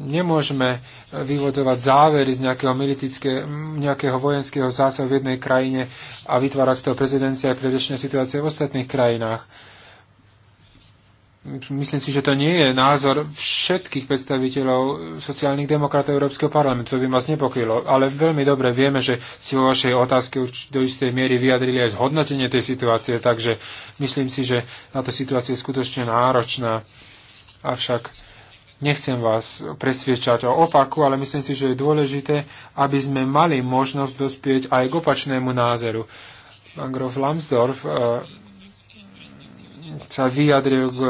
[SPEAKER 1] nemôžeme e, vyvodzovať závery z nejakého, nejakého vojenského zásahu v jednej krajine a vytvárať z toho prezidencia aj predešné situácie v ostatných krajinách. Myslím si, že to nie je názor všetkých predstaviteľov sociálnych demokratov Európskeho parlamentu. To by ma znepokojilo. Ale veľmi dobre vieme, že si vo vašej otázke do istej miery vyjadrili aj zhodnotenie tej situácie, takže myslím si, že táto situácia je skutočne náročná. Avšak Nechcem vás presviečať o opaku, ale myslím si, že je dôležité, aby sme mali možnosť dospieť aj k opačnému názoru. Pán Grof Lambsdorff eh, sa vyjadril k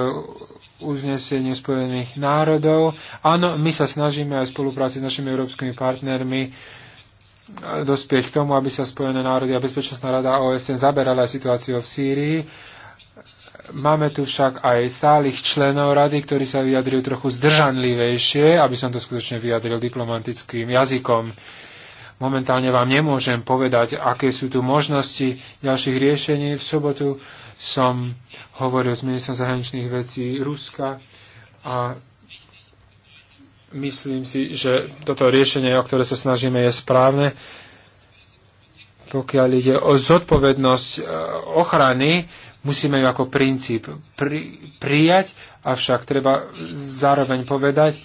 [SPEAKER 1] uzneseniu Spojených národov. Áno, my sa snažíme aj v spolupráci s našimi európskymi partnermi eh, dospieť k tomu, aby sa Spojené národy a Bezpečnostná rada OSN zaberala aj situáciu v Sýrii Máme tu však aj stálych členov rady, ktorí sa vyjadrili trochu zdržanlivejšie, aby som to skutočne vyjadril diplomatickým jazykom. Momentálne vám nemôžem povedať, aké sú tu možnosti ďalších riešení. V sobotu som hovoril s ministrom zahraničných vecí Ruska a myslím si, že toto riešenie, o ktoré sa snažíme, je správne. Pokiaľ ide o zodpovednosť eh, ochrany, Musíme ju ako princíp pri, prijať, avšak treba zároveň povedať,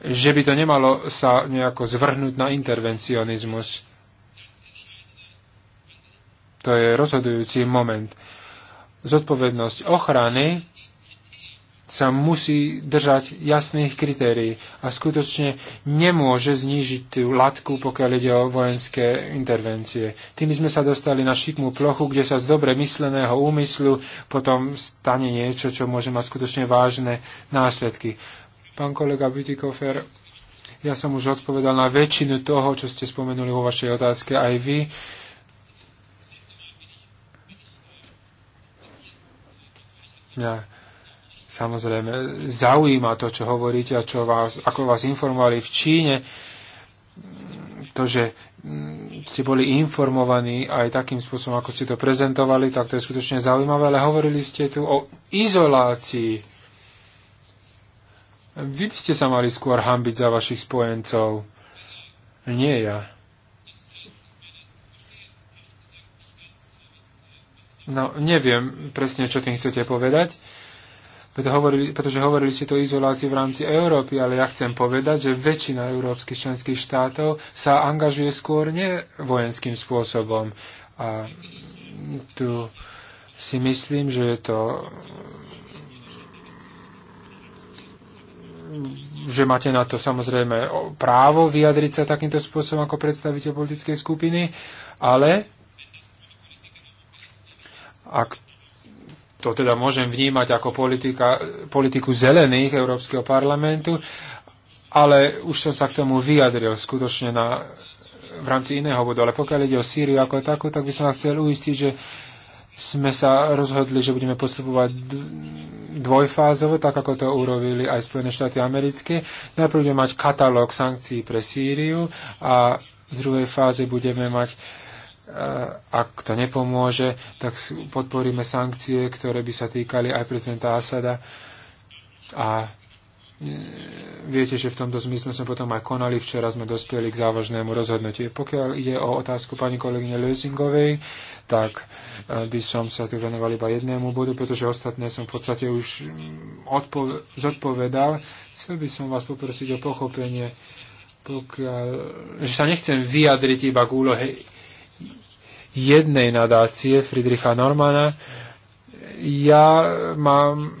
[SPEAKER 1] že by to nemalo sa nejako zvrhnúť na intervencionizmus. To je rozhodujúci moment. Zodpovednosť ochrany sa musí držať jasných kritérií a skutočne nemôže znížiť tú latku, pokiaľ ide o vojenské intervencie. Tým sme sa dostali na šikmú plochu, kde sa z dobre mysleného úmyslu potom stane niečo, čo môže mať skutočne vážne následky. Pán kolega Bytikofer, ja som už odpovedal na väčšinu toho, čo ste spomenuli vo vašej otázke aj vy. Ja samozrejme zaujíma to, čo hovoríte a čo vás, ako vás informovali v Číne. To, že mm, ste boli informovaní aj takým spôsobom, ako ste to prezentovali, tak to je skutočne zaujímavé, ale hovorili ste tu o izolácii. Vy by ste sa mali skôr hambiť za vašich spojencov. Nie ja. No, neviem presne, čo tým chcete povedať preto hovorili, pretože hovorili ste o izolácii v rámci Európy, ale ja chcem povedať, že väčšina európskych členských štátov sa angažuje skôr vojenským spôsobom. A tu si myslím, že je to že máte na to samozrejme právo vyjadriť sa takýmto spôsobom ako predstaviteľ politickej skupiny, ale ak to teda môžem vnímať ako politika, politiku zelených Európskeho parlamentu, ale už som sa k tomu vyjadril skutočne na, v rámci iného bodu. Ale pokiaľ ide o Sýriu ako takú, tak by som chcel uistiť, že sme sa rozhodli, že budeme postupovať dvojfázovo, tak ako to urobili aj Spojené štáty americké. Najprv budeme mať katalóg sankcií pre Sýriu a v druhej fáze budeme mať ak to nepomôže, tak podporíme sankcie, ktoré by sa týkali aj prezidenta Asada. A e, viete, že v tomto zmysle sme potom aj konali. Včera sme dospeli k závažnému rozhodnutiu. Pokiaľ ide o otázku pani kolegyne Lösingovej, tak e, by som sa tu venoval iba jednému bodu, pretože ostatné som v podstate už mm, zodpovedal. Chcel by som vás poprosiť o pochopenie pokiaľ, že sa nechcem vyjadriť iba k úlohe jednej nadácie Friedricha Normana. Ja mám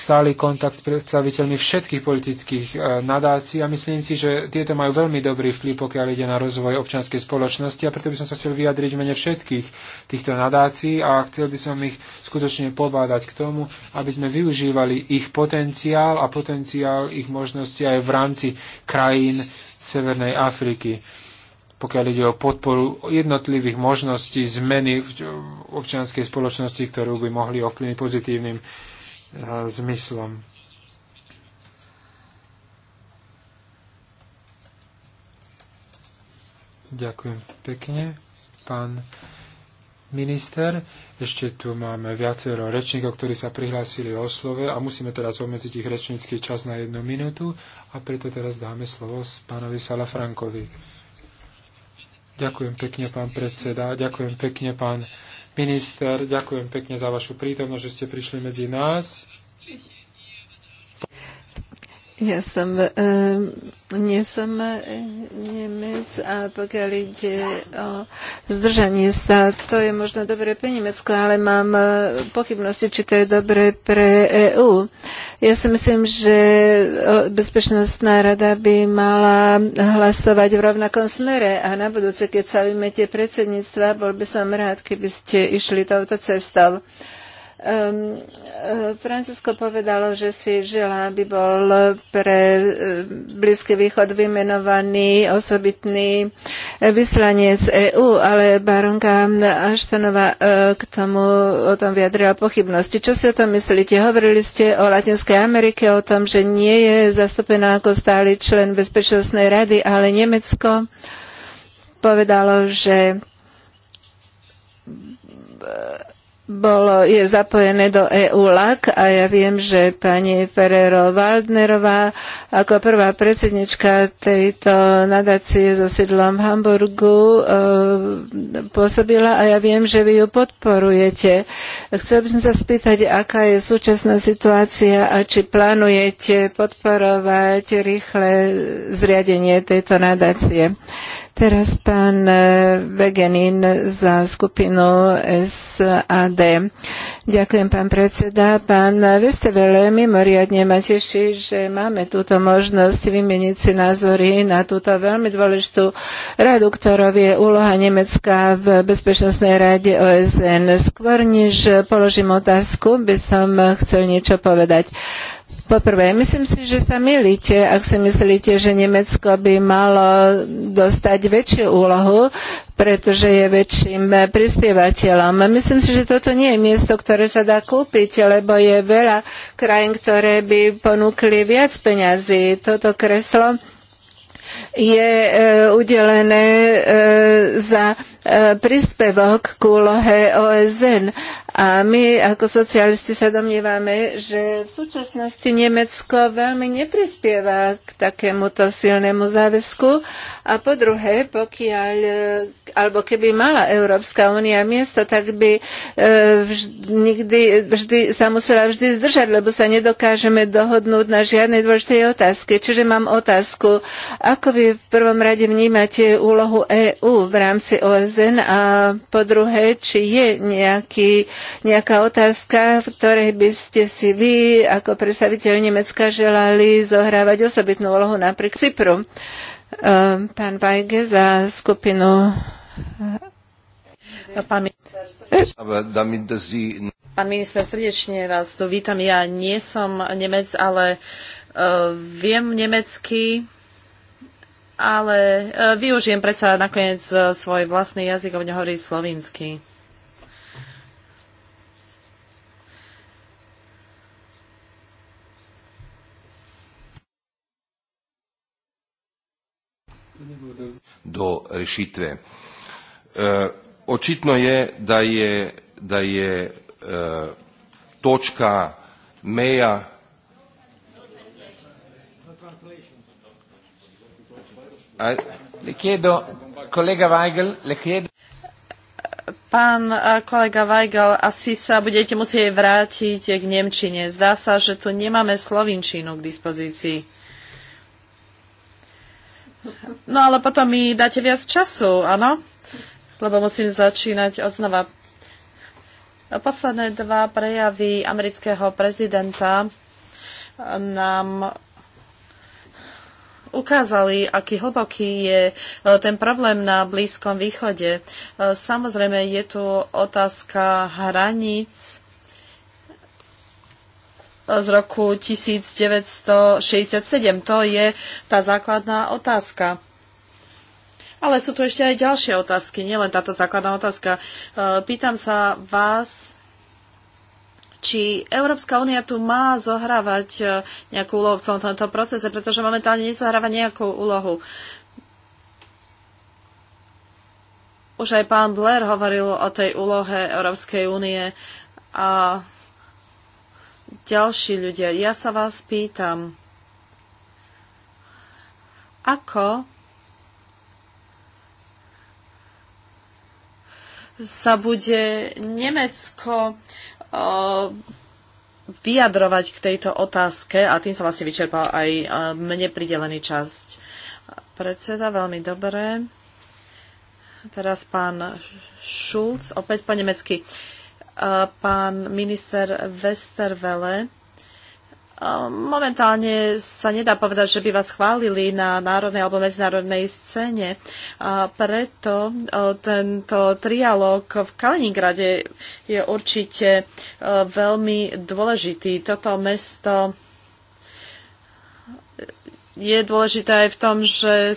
[SPEAKER 1] stály kontakt s predstaviteľmi všetkých politických e, nadácií a myslím si, že tieto majú veľmi dobrý vplyv, pokiaľ ide na rozvoj občianskej spoločnosti a preto by som sa chcel vyjadriť v mene všetkých týchto nadácií a chcel by som ich skutočne pobádať k tomu, aby sme využívali ich potenciál a potenciál ich možnosti aj v rámci krajín Severnej Afriky pokiaľ ide o podporu jednotlivých možností zmeny v občianskej spoločnosti, ktorú by mohli ovplyvniť pozitívnym e, zmyslom. Ďakujem pekne, pán minister. Ešte tu máme viacero rečníkov, ktorí sa prihlásili o slove a musíme teraz obmedziť ich rečnícky čas na jednu minútu a preto teraz dáme slovo pánovi Salafrankovi. Ďakujem pekne, pán predseda, ďakujem pekne, pán minister, ďakujem pekne za vašu prítomnosť, že ste prišli medzi nás.
[SPEAKER 2] Ja som, e, nie som Nemec a pokiaľ ide o zdržanie sa, to je možno dobre pre Nemecko, ale mám e, pochybnosti, či to je dobre pre EÚ. Ja si myslím, že e, Bezpečnostná rada by mala hlasovať v rovnakom smere a na budúce, keď sa vymete predsedníctva, bol by som rád, keby ste išli touto cestou. Um, Francúzsko povedalo, že si žila, aby bol pre eh, Blízky východ vymenovaný osobitný eh, vyslanec EÚ, ale baronka Aštanová k tomu o tom vyjadrila pochybnosti. Čo si o tom myslíte? Hovorili ste o Latinskej Amerike, o tom, že nie je zastúpená ako stály člen Bezpečnostnej rady, ale Nemecko povedalo, že bolo, je zapojené do EU-LAC a ja viem, že pani Ferrero Waldnerová ako prvá predsednička tejto nadácie so sídlom v Hamburgu e, pôsobila a ja viem, že vy ju podporujete. Chcela by som sa spýtať, aká je súčasná situácia a či plánujete podporovať rýchle zriadenie tejto nadácie. E, Teraz pán e, Vegenin za skupinu SAD. Ďakujem, pán predseda. Pán Vestevele, mimoriadne ma teší, že máme túto možnosť vymeniť si názory na túto veľmi dôležitú radu, ktorou je úloha Nemecka v Bezpečnostnej rade OSN. Skôr než položím otázku, by som chcel niečo povedať. Poprvé, myslím si, že sa milíte, ak si myslíte, že Nemecko by malo dostať väčšiu úlohu, pretože je väčším eh, prispievateľom. Myslím si, že toto nie je miesto, ktoré sa dá kúpiť, lebo je veľa krajín, ktoré by ponúkli viac peňazí. Toto kreslo je e, udelené e, za E, príspevok k úlohe OSN. A my ako socialisti sa domnievame, že v súčasnosti Nemecko veľmi neprispieva k takémuto silnému záväzku. A po druhé, pokiaľ, e, alebo keby mala Európska únia miesto, tak by e, vždy, nikdy, vždy, sa musela vždy zdržať, lebo sa nedokážeme dohodnúť na žiadnej dôležitej otázke. Čiže mám otázku, ako vy v prvom rade vnímate úlohu EÚ v rámci OSN? odrazen a po druhé, či je nejaký, nejaká otázka, v ktorej by ste si vy ako predstaviteľ Nemecka želali zohrávať osobitnú úlohu napríklad Cypru. Um, pán Vajge za skupinu
[SPEAKER 3] no, Pán minister, srdečne... Pán minister, srdečne vás tu vítam. Ja nie som Nemec, ale uh, viem nemecky ale e, využijem predsa nakoniec e, svoj vlastný jazyk a hovorí hovoriť slovinsky.
[SPEAKER 1] do rešitve. E,
[SPEAKER 3] očitno je da je, da je e, točka meja
[SPEAKER 2] Le chiedo,
[SPEAKER 1] Weigel, le chiedo...
[SPEAKER 3] Pán eh, kolega Weigel, asi sa budete musieť vrátiť k Nemčine. Zdá sa, že tu nemáme slovinčinu k dispozícii. No ale potom mi dáte viac času, áno? Lebo musím začínať od znova. Posledné dva prejavy amerického prezidenta nám ukázali, aký hlboký je e, ten problém na Blízkom východe. E, samozrejme, je tu otázka hraníc e, z roku 1967. To je tá základná otázka. Ale sú tu ešte aj ďalšie otázky, nielen táto základná otázka. Pýtam sa vás, či Európska únia tu má zohrávať e, nejakú úlohu v celom tomto procese, pretože momentálne nezohráva nejakú úlohu. Už aj pán Blair hovoril o tej úlohe Európskej únie a ďalší ľudia. Ja sa vás pýtam, ako sa bude Nemecko Eh, vyjadrovať k tejto otázke a tým sa vlastne vyčerpal aj eh, mne pridelený časť. Predseda, veľmi dobré. Teraz pán Schulz, opäť po nemecky. Eh, pán minister Westerwelle Momentálne sa nedá povedať, že by vás chválili na národnej alebo medzinárodnej scéne. A preto tento trialog v Kaliningrade je určite veľmi dôležitý. Toto mesto je dôležité aj v tom, že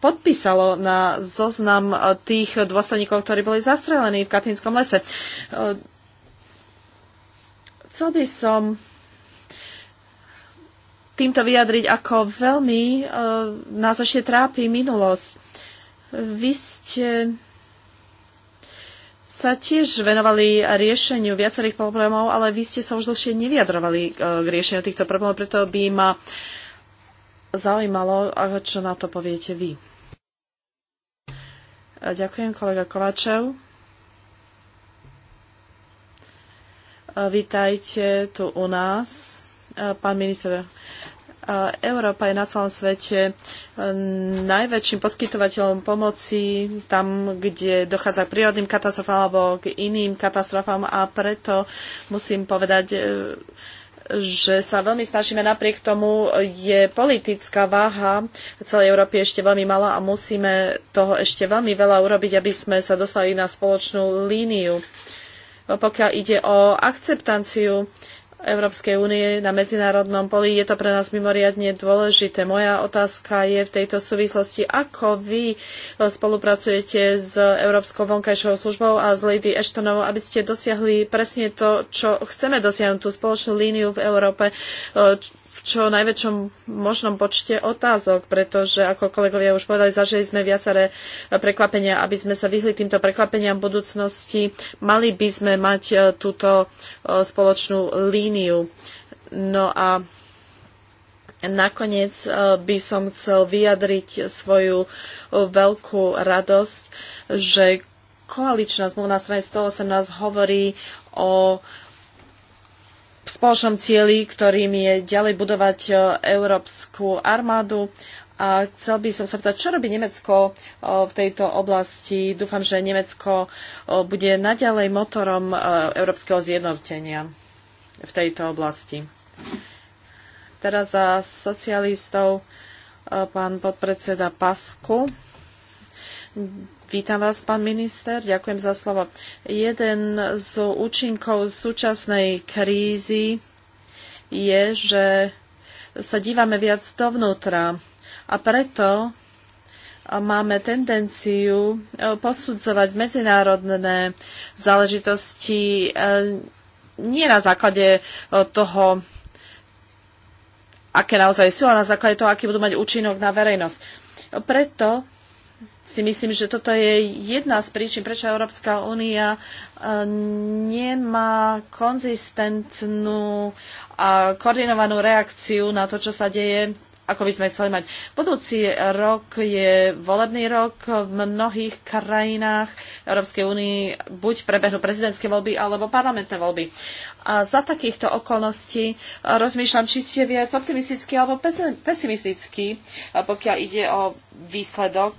[SPEAKER 3] podpísalo na zoznam tých dôstojníkov, ktorí boli zastrelení v Katinskom lese. Chcel by som týmto vyjadriť, ako veľmi uh, nás ešte trápi minulosť. Vy ste sa tiež venovali riešeniu viacerých problémov, ale vy ste sa už dlhšie nevyjadrovali uh, k riešeniu týchto problémov, preto by ma zaujímalo, čo na to poviete vy. E, ďakujem, kolega Kovačev. Vítajte tu u nás. E, pán minister. E, Európa je na celom svete e, najväčším poskytovateľom pomoci tam, kde dochádza k prírodným katastrofám alebo k iným katastrofám a preto musím povedať, že sa veľmi snažíme, napriek tomu je politická váha celej Európy ešte veľmi malá a musíme toho ešte veľmi veľa urobiť, aby sme sa dostali na spoločnú líniu. Pokiaľ ide o akceptanciu Európskej únie na medzinárodnom poli. Je to pre nás mimoriadne dôležité. Moja otázka je v tejto súvislosti, ako vy spolupracujete s Európskou vonkajšou službou a s Lady Ashtonovou, aby ste dosiahli presne to, čo chceme dosiahnuť, tú spoločnú líniu v Európe, v čo najväčšom možnom počte otázok, pretože, ako kolegovia už povedali, zažili sme viaceré prekvapenia. Aby sme sa vyhli týmto prekvapeniam v budúcnosti, mali by sme mať e, túto e, spoločnú líniu. No a nakoniec e, by som chcel vyjadriť svoju veľkú radosť, že koaličná zmluva na strane 118 hovorí o spoločnom cieli, ktorým je ďalej budovať e, európsku armádu. A chcel by som sa pýtať, čo robí Nemecko e, v tejto oblasti. Dúfam, že Nemecko e, bude naďalej motorom európskeho zjednotenia v tejto oblasti. Teraz za socialistov pán podpredseda Pasku. Vítam vás, pán minister, ďakujem za slovo. Jeden z účinkov súčasnej krízy je, že sa dívame viac dovnútra a preto máme tendenciu e, posudzovať medzinárodné záležitosti e, nie na základe e, toho, aké naozaj sú, ale na základe toho, aký budú mať účinok na verejnosť. Preto si myslím, že toto je jedna z príčin, prečo Európska únia e, nemá konzistentnú a koordinovanú reakciu na to, čo sa deje ako by sme chceli mať. Budúci rok je volebný rok v mnohých krajinách Európskej únii buď prebehnú prezidentské voľby alebo parlamentné voľby. A za takýchto okolností e, rozmýšľam, či ste viac optimistický alebo pesimistický, pokiaľ ide o výsledok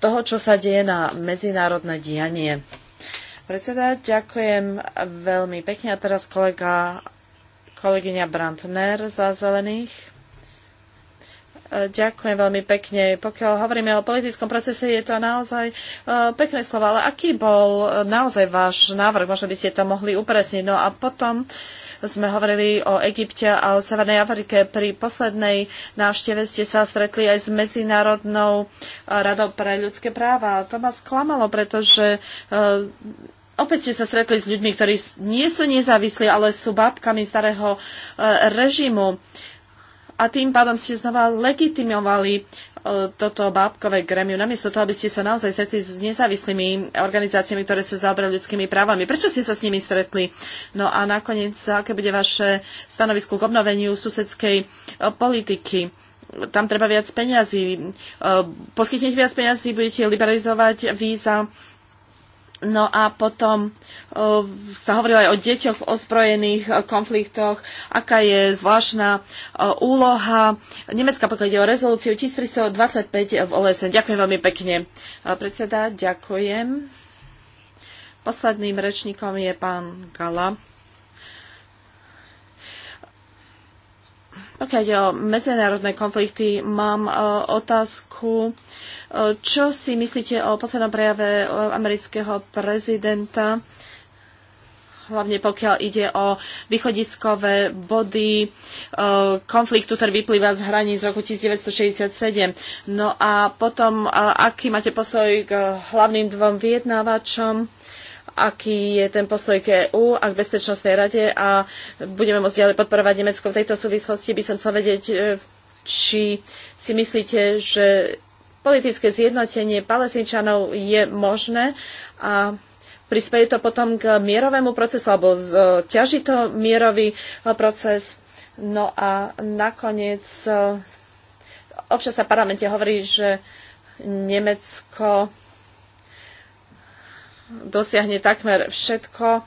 [SPEAKER 3] toho, čo sa deje na medzinárodné dianie. Predseda, ďakujem veľmi pekne. A teraz kolega, kolegyňa Brandner za zelených. Ďakujem veľmi pekne. Pokiaľ hovoríme o politickom procese, je to naozaj e, pekné slovo, ale aký bol naozaj váš návrh? Možno by ste to mohli upresniť. No a potom sme hovorili o Egypte a o Severnej Afrike. Pri poslednej návšteve ste sa stretli aj s Medzinárodnou e, radou pre ľudské práva. To ma sklamalo, pretože e, opäť ste sa stretli s ľuďmi, ktorí nie sú nezávislí, ale sú bábkami starého režimu a tým pádom ste znova legitimovali e, toto bábkové gremiu, namiesto toho, aby ste sa naozaj stretli s nezávislými organizáciami, ktoré sa zaoberajú ľudskými právami. Prečo ste sa s nimi stretli? No a nakoniec, aké bude vaše stanovisko k obnoveniu susedskej e, politiky? Tam treba viac peňazí. E, poskytnete viac peňazí, budete liberalizovať víza No a potom sa hovorilo aj o deťoch v ozbrojených konfliktoch, aká je zvláštna úloha Nemecka, pokiaľ ide o rezolúciu 1325 v OSN. Ďakujem veľmi pekne. predseda, ďakujem. Posledným rečníkom je pán Gala. Pokiaľ ide o medzinárodné konflikty, mám otázku. Čo si myslíte o poslednom prejave amerického prezidenta? hlavne pokiaľ ide o východiskové body e, konfliktu, ktorý vyplýva z hraní z roku 1967. No a potom, a e, aký máte postoj k hlavným dvom vyjednávačom, aký je ten postoj k EÚ a k Bezpečnostnej rade a budeme môcť ďalej podporovať Nemecko. V tejto súvislosti by som chcel vedieť, e, či si myslíte, že politické zjednotenie palestinčanov je možné a prispieje to potom k mierovému procesu alebo e, ťaží to mierový e, proces. No a nakoniec e, občas sa v parlamente hovorí, že Nemecko dosiahne takmer všetko,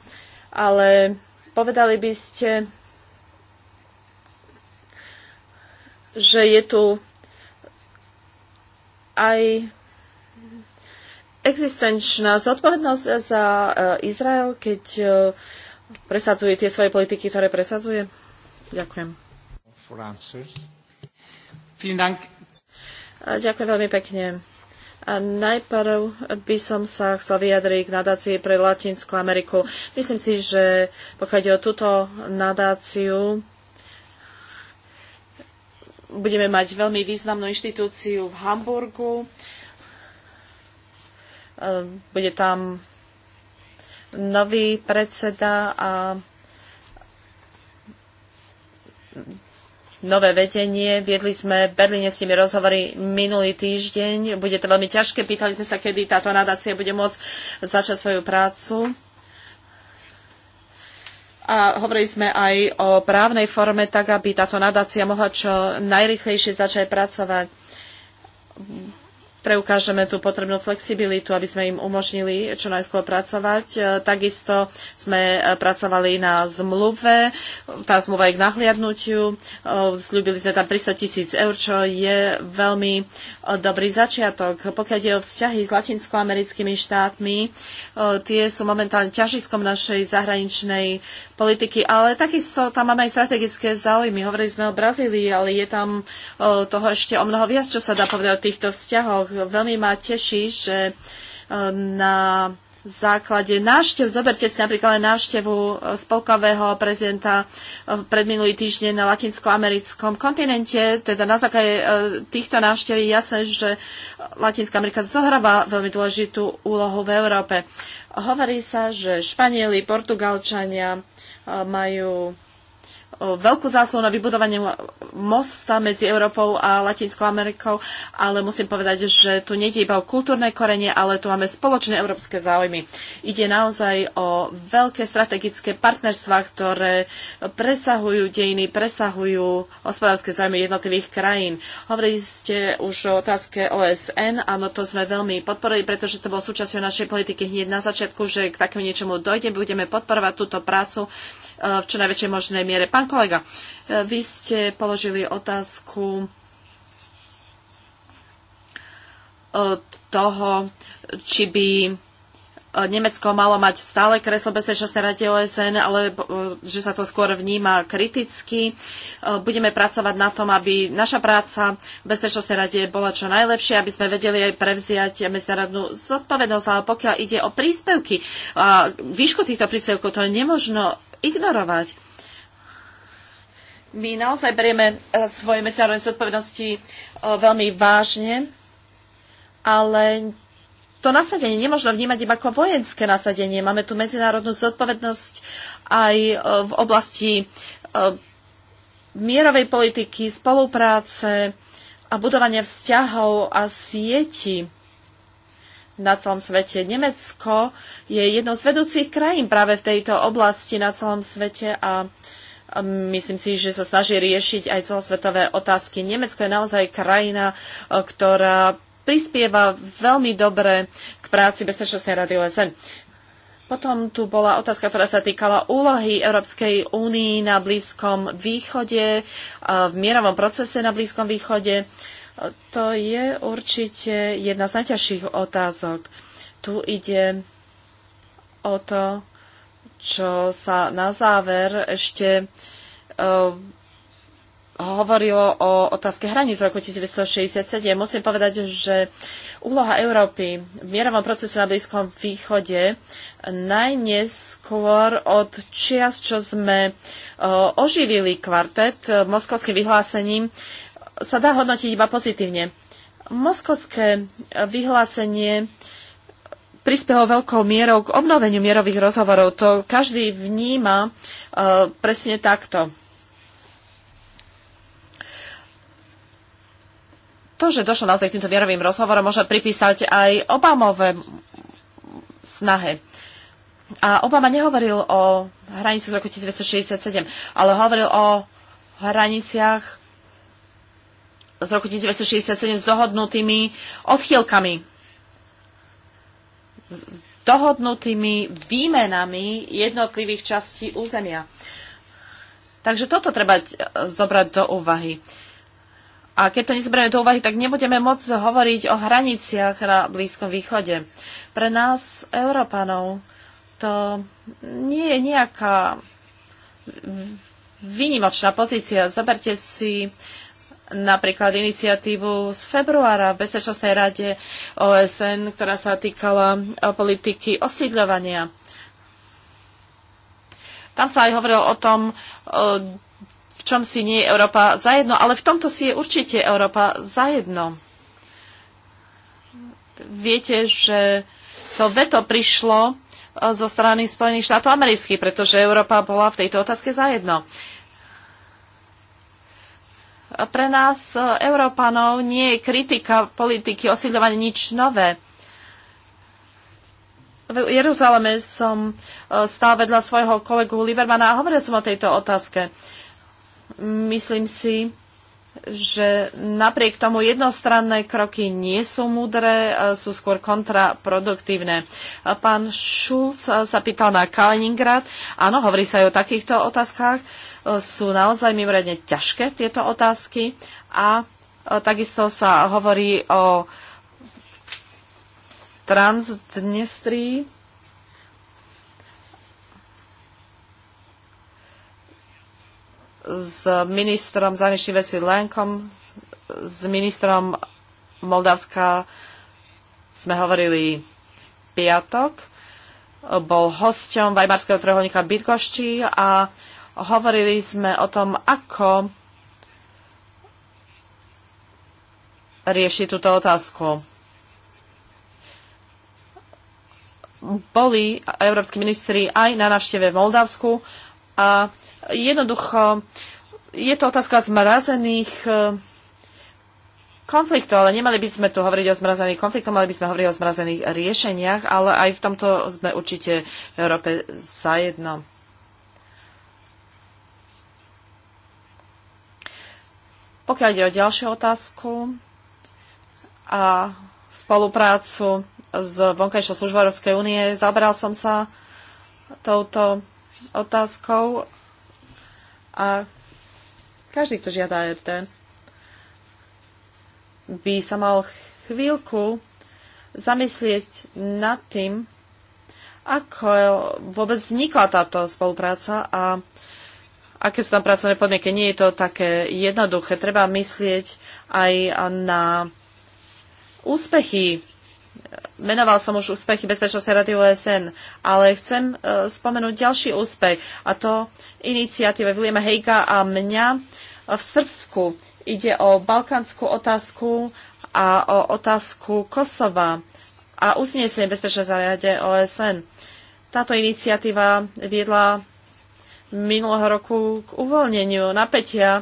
[SPEAKER 3] ale povedali by ste, že je tu aj existenčná zodpovednosť za eh, Izrael, keď eh, presadzuje tie svoje politiky, ktoré presadzuje? Ďakujem. Ďakujem veľmi pekne. A najprv by som sa chcel vyjadriť k nadácii pre Latinskú Ameriku. Myslím si, že pokiaľ ide o túto nadáciu, budeme mať veľmi významnú inštitúciu v Hamburgu. Ehm, bude tam nový predseda a nové vedenie. Viedli sme v Berlíne s nimi rozhovory minulý týždeň. Bude to veľmi ťažké. Pýtali sme sa, kedy táto nadácia bude môcť začať svoju prácu a hovorili sme aj o právnej forme, tak aby táto nadácia mohla čo najrychlejšie začať pracovať preukážeme tú potrebnú flexibilitu, aby sme im umožnili čo najskôr pracovať. E, takisto sme e, pracovali na zmluve, tá zmluva je k nahliadnutiu, slúbili e, sme tam 300 tisíc eur, čo je veľmi dobrý začiatok. Pokiaľ ide o vzťahy s latinskoamerickými štátmi, tie sú momentálne ťažiskom našej zahraničnej politiky, ale takisto tam máme aj strategické záujmy. Hovorili sme o Brazílii, ale je tam toho ešte o mnoho viac, čo sa dá povedať o týchto vzťahoch. Veľmi ma teší, že e, na základe návštev, zoberte si napríklad návštevu e, spolkového prezidenta e, pred minulý týždeň na latinskoamerickom kontinente, teda na základe týchto návštev je jasné, že Latinská Amerika zohráva veľmi dôležitú úlohu v Európe. Hovorí sa, že Španieli, Portugalčania majú veľkú zásluhu na vybudovanie mosta medzi Európou a Latinskou Amerikou, ale musím povedať, že tu nejde iba o kultúrne korenie, ale tu máme spoločné európske záujmy. Ide naozaj o veľké strategické partnerstvá, ktoré presahujú dejiny, presahujú hospodárske záujmy jednotlivých krajín. Hovorili ste už o otázke OSN, áno, to sme veľmi podporili, pretože to bolo súčasťou našej politiky hneď na začiatku, že k takému niečomu dojde, budeme podporovať túto prácu e, v čo najväčšej možnej miere. Pán Pán kolega, e, vy ste položili otázku toho, či by e, Nemecko malo mať stále kreslo Bezpečnostnej rade OSN, ale e, že sa to skôr vníma kriticky. Budeme pracovať na tom, aby naša práca v Bezpečnostnej rade bola čo najlepšia, aby sme vedeli aj prevziať medzinárodnú zodpovednosť, ale pokiaľ ide o príspevky, a výšku týchto príspevkov to je nemožno ignorovať my naozaj berieme e, svoje medzinárodné zodpovednosti e, veľmi vážne, ale to nasadenie nemôžno vnímať iba ako vojenské nasadenie. Máme tu medzinárodnú zodpovednosť aj e, v oblasti mierovej politiky, spolupráce a budovania vzťahov a sieti na celom svete. Nemecko je jednou z vedúcich krajín práve v tejto oblasti na celom svete a uh, Myslím si, že sa snaží riešiť aj celosvetové otázky. Nemecko je naozaj krajina, e, ktorá prispieva veľmi dobre k práci Bezpečnostnej rady OSN. Potom tu bola otázka, ktorá sa týkala úlohy Európskej únii na Blízkom východe, e, v mierovom procese na Blízkom východe. E, to je určite jedna z najťažších otázok. Tu ide o to, čo sa na záver ešte e, hovorilo o otázke hraníc z roku 1967. Musím povedať, že úloha Európy v mierovom procese na Blízkom východe najneskôr od čias, čo sme e, oživili kvartet e, moskovským vyhlásením, sa dá hodnotiť iba pozitívne. Moskovské vyhlásenie uh, prispelo veľkou mierou k obnoveniu mierových rozhovorov. To každý vníma e, presne takto. To, že došlo naozaj k týmto mierovým rozhovorom, môže pripísať aj Obamové snahe. A Obama nehovoril o hranici z roku 1967, ale hovoril o hraniciach z roku 1967 s dohodnutými odchýlkami dohodnutými výmenami jednotlivých častí územia. Takže toto treba zobrať do úvahy. A keď to nezoberieme do úvahy, tak nebudeme môcť hovoriť o hraniciach na Blízkom východe. Pre nás, Európanov, to nie je nejaká výnimočná pozícia. Zoberte si napríklad iniciatívu z februára v Bezpečnostnej rade OSN, ktorá sa týkala eh, politiky osídľovania. Tam sa aj hovorilo o tom, eh, v čom si nie je Európa zajedno, ale v tomto si je určite Európa zajedno. Viete, že to veto prišlo eh, zo strany Spojených štátov amerických, pretože Európa bola v tejto otázke zajedno. jedno pre nás, e, Európanov, nie je kritika politiky osídľovania nič nové. V Jeruzaleme som e, stál vedľa svojho kolegu Libermana a hovoril som o tejto otázke. Myslím si, že napriek tomu jednostranné kroky nie sú múdre, e, sú skôr kontraproduktívne. Pán Šulc sa pýtal na Kaliningrad. Áno, hovorí sa aj o takýchto otázkach sú naozaj mimoriadne ťažké tieto otázky a e, takisto sa hovorí o Transdnestrii, s ministrom zahraničných vecí Lenkom, s ministrom Moldavska sme hovorili piatok. Bol hosťom Vajmarského trojholníka Bydgošti a Hovorili sme o tom, ako riešiť túto otázku. Boli európsky ministri aj na návšteve v Moldavsku a jednoducho je to otázka zmrazených eh, konfliktov, ale nemali by sme tu hovoriť o zmrazených konfliktoch, mali by sme hovoriť o zmrazených riešeniach, ale aj v tomto sme určite v Európe zajedno. Pokiaľ ide o ďalšiu otázku a spoluprácu s vonkajšou službou Európskej únie, zabral som sa touto otázkou a každý, kto žiada e RT, by sa mal chvíľku zamyslieť nad tým, ako vôbec vznikla táto spolupráca a aké sú tam pracovné podmienky. Nie je to také jednoduché. Treba myslieť aj na úspechy. Menoval som už úspechy Bezpečnostnej rady OSN, ale chcem e, spomenúť ďalší úspech a to iniciatíve Williama Hejka a mňa v Srbsku. Ide o balkánsku otázku a o otázku Kosova a uznesenie Bezpečnostnej rade OSN. Táto iniciatíva viedla minulého roku k uvoľneniu napätia e,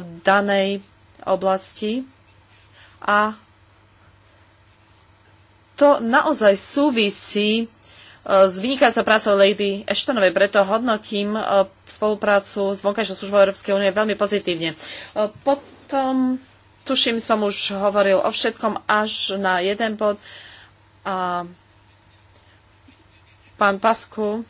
[SPEAKER 3] v danej oblasti. A to naozaj súvisí e, s vynikajúcou prácou Lady Ashtonovej, preto hodnotím e, spoluprácu s vonkajšou službou Európskej únie veľmi pozitívne. Potom, tuším, som už hovoril o všetkom až na jeden bod. A pán Pasku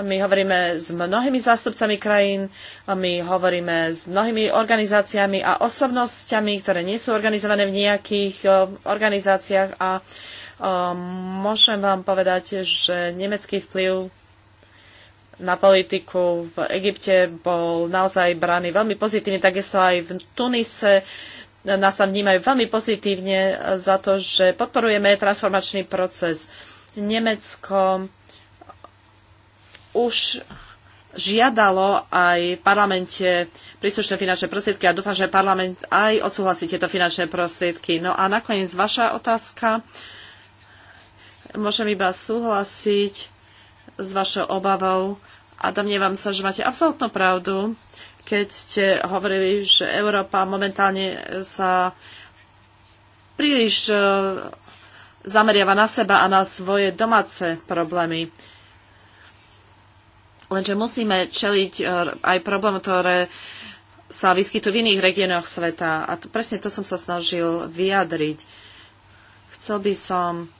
[SPEAKER 3] my hovoríme s mnohými zástupcami krajín, my hovoríme s mnohými organizáciami a osobnosťami, ktoré nie sú organizované v nejakých e, organizáciách a e, môžem vám povedať, že nemecký vplyv na politiku v Egypte bol naozaj braný veľmi pozitívne, takisto aj v Tunise nás sa vnímajú veľmi pozitívne za to, že podporujeme transformačný proces. Nemecko už žiadalo aj v parlamente príslušné finančné prostriedky a dúfam, že parlament aj odsúhlasí tieto finančné prostriedky. No a nakoniec vaša otázka. Môžem iba súhlasiť s vašou obavou a domnievam sa, že máte absolútnu pravdu, keď ste hovorili, že Európa momentálne sa príliš e, zameriava na seba a na svoje domáce problémy Lenže musíme čeliť e, aj problém, ktoré sa vyskytujú v iných regiónoch sveta. A to, presne to som sa snažil vyjadriť. Chcel by som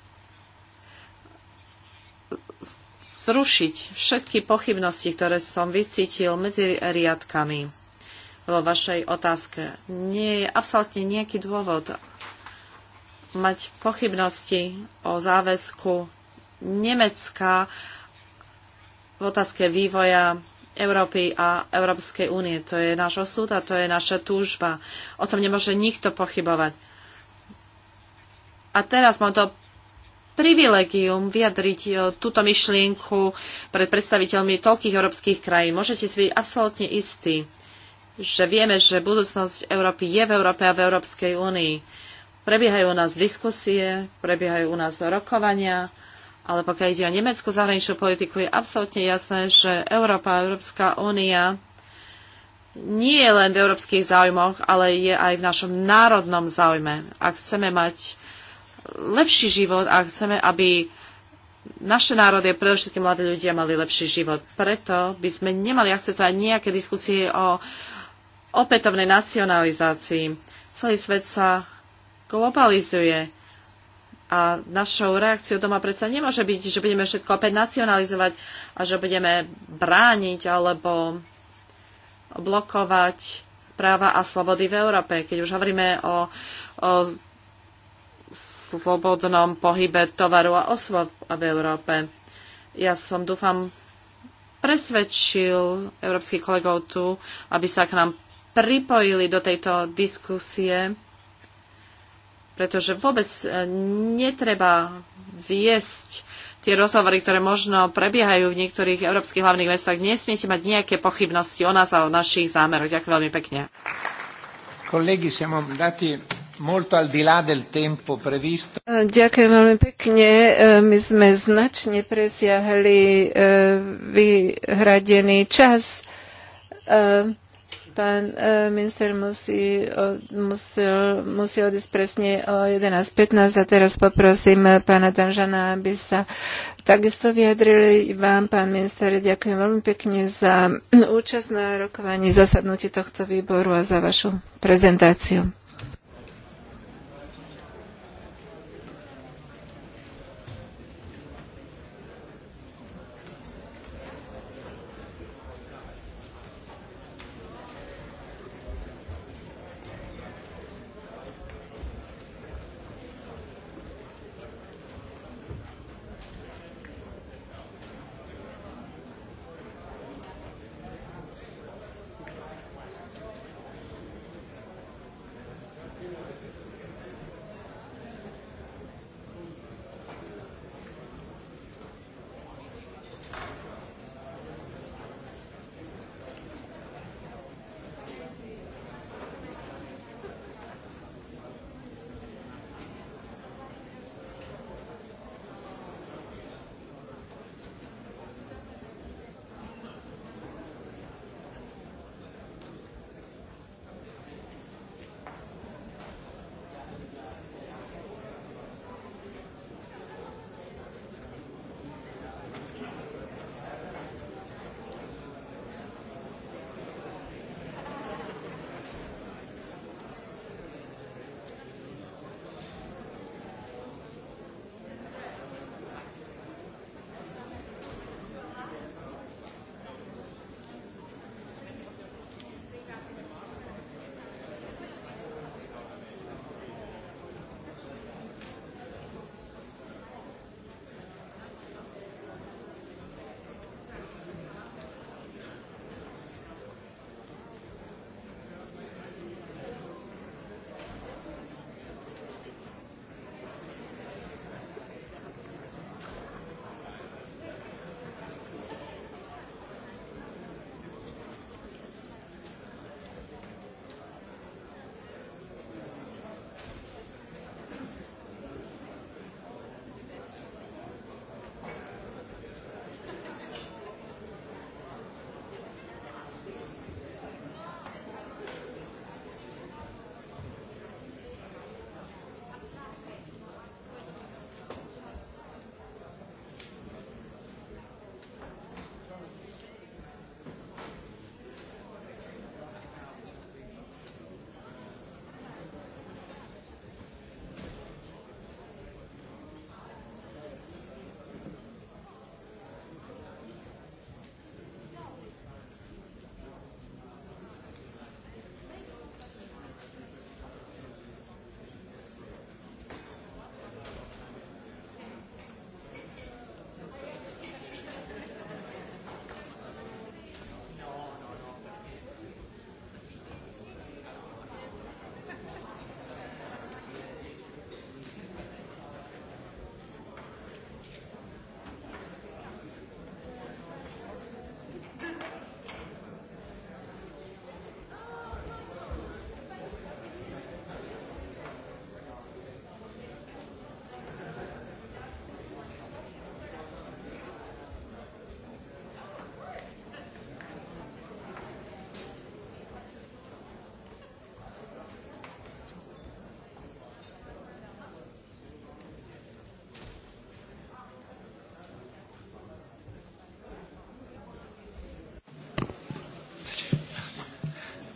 [SPEAKER 3] zrušiť všetky pochybnosti, ktoré som vycítil medzi riadkami vo vašej otázke. Nie je absolútne nejaký dôvod mať pochybnosti o záväzku Nemecka v otázke vývoja Európy a Európskej únie. To je náš osud a to je naša túžba. O tom nemôže nikto pochybovať. A teraz mám to privilegium vyjadriť e, túto myšlienku pred predstaviteľmi toľkých európskych krajín. Môžete si byť absolútne istí, že vieme, že budúcnosť Európy je v Európe a v Európskej únii. Prebiehajú u nás diskusie, prebiehajú u nás rokovania, ale pokiaľ ide o nemeckú zahraničnú politiku, je absolútne jasné, že Európa, Európska únia nie je len v európskych záujmoch, ale je aj v našom národnom záujme. Ak chceme mať lepší život a chceme, aby naše národy a predovšetkým mladí ľudia mali lepší život. Preto by sme nemali akceptovať nejaké diskusie o opätovnej nacionalizácii. Celý svet sa globalizuje a našou reakciou doma predsa nemôže byť, že budeme všetko opäť nacionalizovať a že budeme brániť alebo blokovať práva a slobody v Európe. Keď už hovoríme o, o slobodnom pohybe tovaru a osôb v Európe. Ja som, dúfam, presvedčil európskych kolegov tu, aby sa k nám pripojili do tejto diskusie pretože vôbec e, netreba viesť tie rozhovory, ktoré možno prebiehajú v niektorých európskych hlavných mestách. Nesmiete mať nejaké pochybnosti o nás a o našich zámeroch. Ďakujem veľmi pekne. Kolegi, siamo dati molto al di là del tempo previsto.
[SPEAKER 2] E, ďakujem veľmi pekne. E, my sme značne presiahli vyhradený čas. Uh, Pán e, minister musí, musel, musí odísť presne o 11.15 a teraz poprosím pána Danžana, aby sa takisto vyjadrili vám, pán minister. Ďakujem veľmi pekne za účasť na rokovaní zasadnutí tohto výboru a za vašu prezentáciu.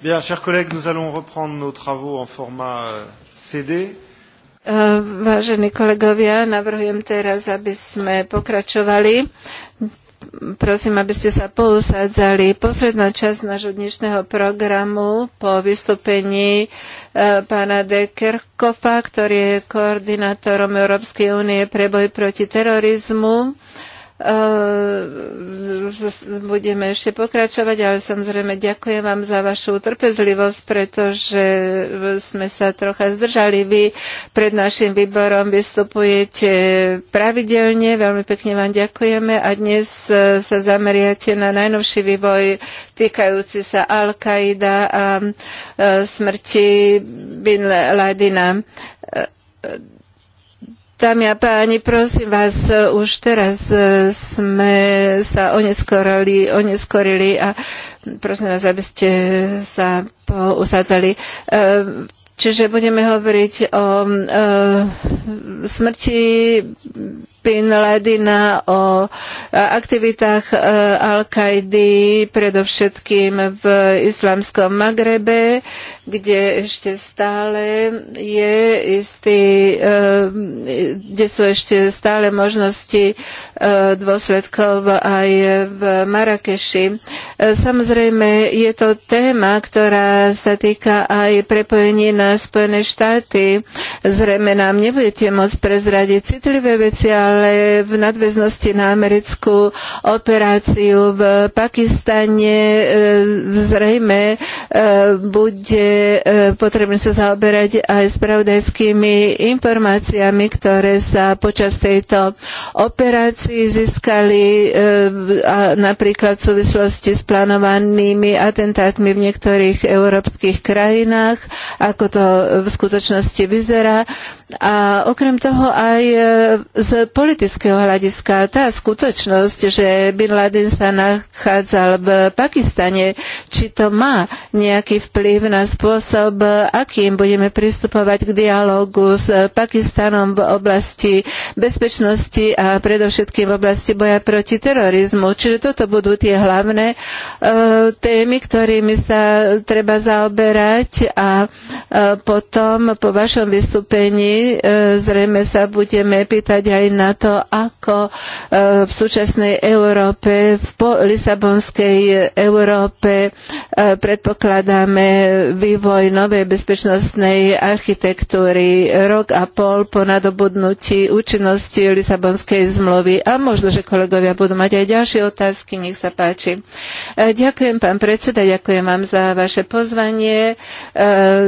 [SPEAKER 1] Bien, chers collègues, nous allons reprendre nos travaux en format euh, CD.
[SPEAKER 2] Eh, vážení kolegovia, navrhujem teraz, aby sme pokračovali. Prosím, aby ste sa pousádzali. Posledná časť nášho dnešného programu po vystúpení eh, pána De Kerkofa, ktorý je koordinátorom Európskej únie pre boj proti terorizmu eh, budeme ešte pokračovať, ale samozrejme ďakujem vám za vašu trpezlivosť, pretože sme sa trocha zdržali. Vy pred našim výborom vystupujete pravidelne, veľmi pekne vám ďakujeme a dnes e, sa zameriate na najnovší vývoj týkajúci sa Al-Qaida a e, smrti Bin Ladina e, Dámy a páni, prosím vás, e, už teraz e, sme sa oneskorili, oneskorili a prosím vás, aby ste sa usádzali. E, čiže budeme hovoriť o smrti Bin Ladina o e, aktivitách e, al kaidi predovšetkým v islamskom Magrebe, kde ešte stále je istý, e, kde sú ešte stále možnosti dôsledkov aj v Marakeši. Samozrejme, je to téma, ktorá sa týka aj prepojení na Spojené štáty. Zrejme nám nebudete môcť prezradiť citlivé veci, ale ale v nadväznosti na americkú operáciu v Pakistane e, zrejme e, bude e, potrebné sa zaoberať aj spravodajskými informáciami, ktoré sa počas tejto operácii získali napríklad v súvislosti s plánovanými atentátmi v niektorých európskych krajinách, ako to v skutočnosti vyzerá. A okrem toho aj e, z politického hľadiska tá skutočnosť, že Bin Laden sa nachádzal v Pakistane, či to má nejaký vplyv na spôsob, akým budeme pristupovať k dialogu s Pakistanom v oblasti bezpečnosti a predovšetkým v oblasti boja proti terorizmu. Čiže toto budú tie hlavné uh, témy, ktorými sa treba zaoberať a uh, potom po vašom vystúpení my e, zrejme sa budeme pýtať aj na to, ako e, v súčasnej Európe, v Lisabonskej Európe e, predpokladáme vývoj novej bezpečnostnej architektúry rok a pol po nadobudnutí účinnosti Lisabonskej zmluvy. A možno, že kolegovia budú mať aj ďalšie otázky, nech sa páči. Ďakujem, pán predseda, ďakujem vám za vaše pozvanie.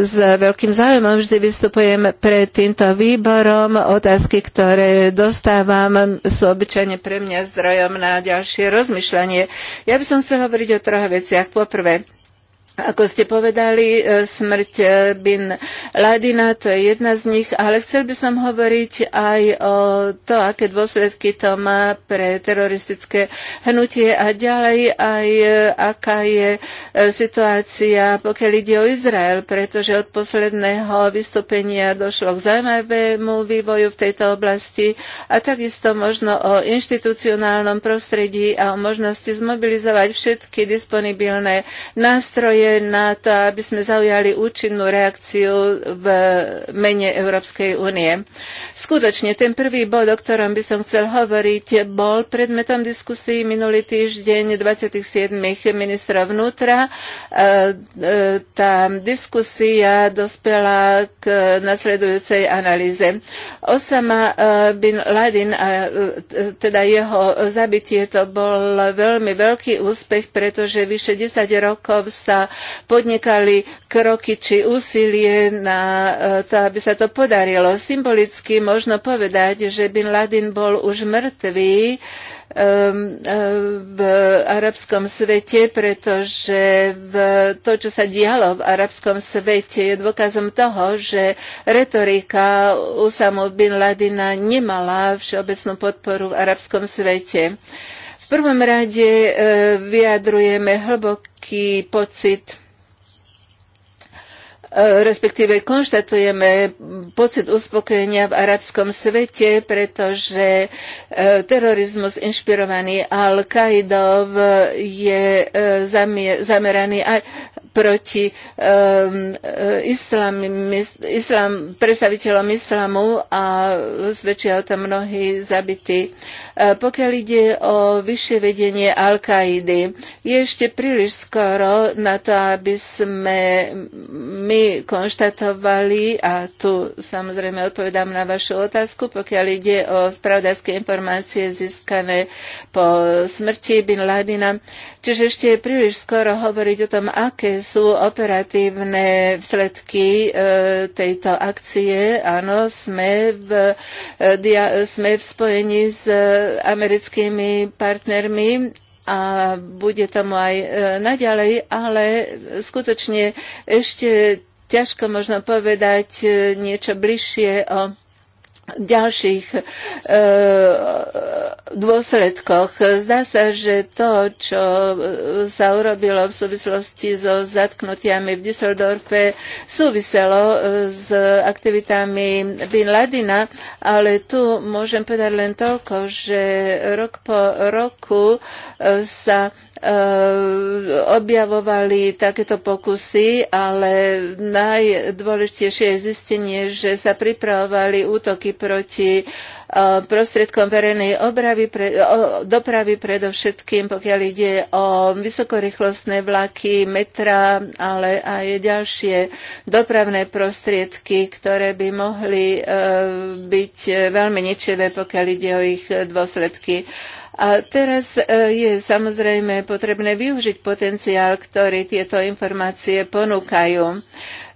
[SPEAKER 2] S veľkým záujmom vždy vystupujem pred týmto týmto výborom. Otázky, ktoré dostávam, sú obyčajne pre mňa zdrojom na ďalšie rozmýšľanie. Ja by som chcela hovoriť o troch veciach. Poprvé, ako ste povedali, e, smrť e, Bin Ladina, to je jedna z nich, ale chcel by som hovoriť aj o to, aké dôsledky to má pre teroristické hnutie a ďalej aj e, aká je situácia, pokiaľ ide o Izrael, pretože od posledného vystúpenia došlo k zaujímavému vývoju v tejto oblasti a takisto možno o inštitucionálnom prostredí a o možnosti zmobilizovať všetky disponibilné nástroje, je na to, aby sme zaujali účinnú reakciu v mene Európskej únie. Skutočne, ten prvý bod, o ktorom by som chcel hovoriť, bol predmetom diskusí minulý týždeň 27 ministra vnútra. E, e, tá diskusia dospela k nasledujúcej analýze. Osama e, bin Laden, a teda jeho zabitie, to bol veľmi veľký úspech, pretože vyše 10 rokov sa podnikali kroky či úsilie na e, to, aby sa to podarilo. Symbolicky možno povedať, že Bin Laden bol už mŕtvý, e, v arabskom svete, pretože v to, čo sa dialo v arabskom svete, je dôkazom toho, že retorika Usamu bin Ladina nemala všeobecnú podporu v arabskom svete. Uh, prvom rade e, vyjadrujeme hlboký pocit e, respektíve konštatujeme pocit uspokojenia v arabskom svete, pretože e, terorizmus inšpirovaný Al-Qaidov je zameraný aj proti ehm, e, islám, islám, predstaviteľom islamu a zväčšia o tom mnohí zabití. E, pokiaľ ide o vyššie vedenie Al-Kaidy, je ešte príliš skoro na to, aby sme my konštatovali, a tu samozrejme odpovedám na vašu otázku, pokiaľ ide o spravodajské informácie získané po smrti Bin Ladina. Čiže ešte je príliš skoro hovoriť o tom, aké sú operatívne vsledky e, tejto akcie. Áno, sme v, e, dia, sme v spojení s e, americkými partnermi a bude tomu aj naďalej, ale skutočne ešte ťažko možno povedať niečo bližšie o ďalších e, dôsledkoch. Zdá sa, že to, čo sa urobilo v súvislosti so zatknutiami v Düsseldorfe, súviselo e, s aktivitami Bin Ladina, ale tu môžem povedať len toľko, že rok po roku e, sa e, Eh, objavovali takéto pokusy, ale najdôležitejšie je zistenie, že sa pripravovali útoky proti eh, prostriedkom verejnej obravy, pre, dopravy predovšetkým, pokiaľ ide o vysokorýchlostné vlaky, metra, ale aj ďalšie dopravné prostriedky, ktoré by mohli eh, byť veľmi ničivé, pokiaľ ide o ich dôsledky. A teraz e, je samozrejme potrebné využiť potenciál, ktorý tieto informácie ponúkajú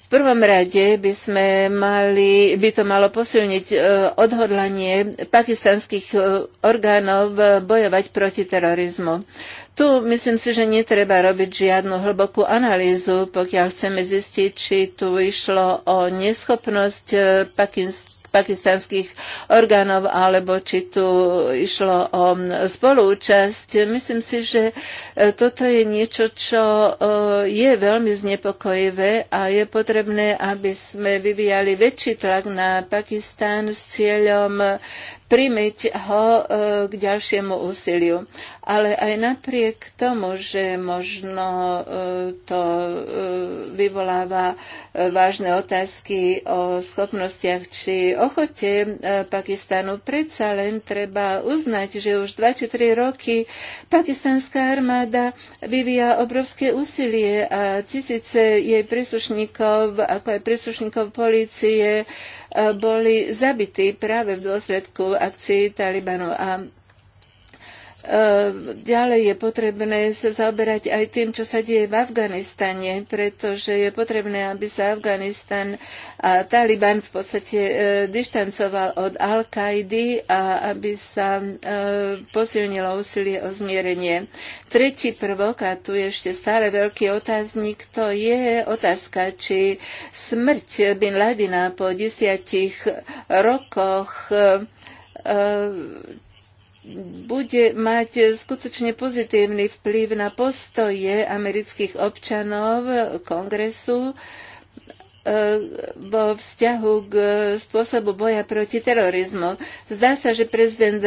[SPEAKER 2] V prvom rade by sme mali, by to malo posilniť e, odhodlanie pakistanských e, orgánov bojovať proti terorizmu. Tu myslím si, že netreba robiť žiadnu hlbokú analýzu, pokiaľ chceme zistiť, či tu išlo o neschopnosť pakistanských pakistanských orgánov, alebo či tu išlo o spolúčasť. Myslím si, že e, toto je niečo, čo e, je veľmi znepokojivé a je potrebné, aby sme vyvíjali väčší tlak na Pakistan s cieľom primiť ho e, k ďalšiemu úsiliu. Ale aj napriek tomu, že možno e, to e, vyvoláva vážne otázky o schopnostiach či ochote Pakistanu, predsa len treba uznať, že už 2 či 3 roky pakistanská armáda vyvíja obrovské úsilie a tisíce jej príslušníkov, ako aj príslušníkov policie, boli zabití práve v dôsledku akcií Talibanov. A Eh, ďalej je potrebné sa zaoberať aj tým, čo sa deje v Afganistane, pretože je potrebné, aby sa Afganistan a Taliban v podstate eh, dištancoval od Al-Kaidy a aby sa eh, posilnilo úsilie o zmierenie. Tretí prvok, a tu je ešte stále veľký otáznik, to je otázka, či smrť Bin Ladina po desiatich rokoch bude mať skutočne pozitívny vplyv na postoje amerických občanov kongresu e, vo vzťahu k spôsobu boja proti terorizmu. Zdá sa, že prezident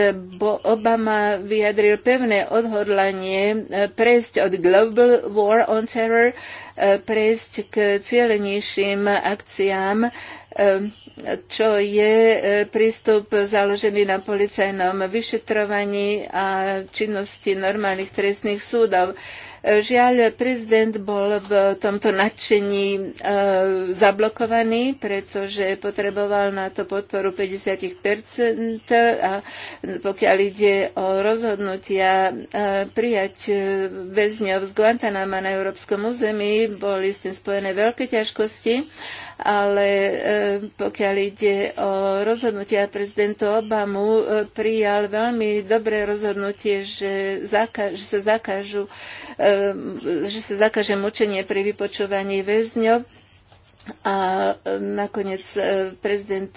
[SPEAKER 2] Obama vyjadril pevné odhodlanie e, prejsť od Global War on Terror, e, prejsť k cielenejším akciám čo je e, prístup založený na policajnom vyšetrovaní a činnosti normálnych trestných súdov. E, Žiaľ, prezident bol v tomto nadšení e, zablokovaný, pretože potreboval na to podporu 50% a pokiaľ ide o rozhodnutia e, prijať e, väzňov z Guantanama na európskom území, boli s tým spojené veľké ťažkosti ale e, pokiaľ ide o rozhodnutia prezidenta Obamu, e, prijal veľmi dobré rozhodnutie, že, zakaž, že, sa, zakážu, e, že sa zakaže mučenie pri vypočúvaní väzňov. A nakoniec prezident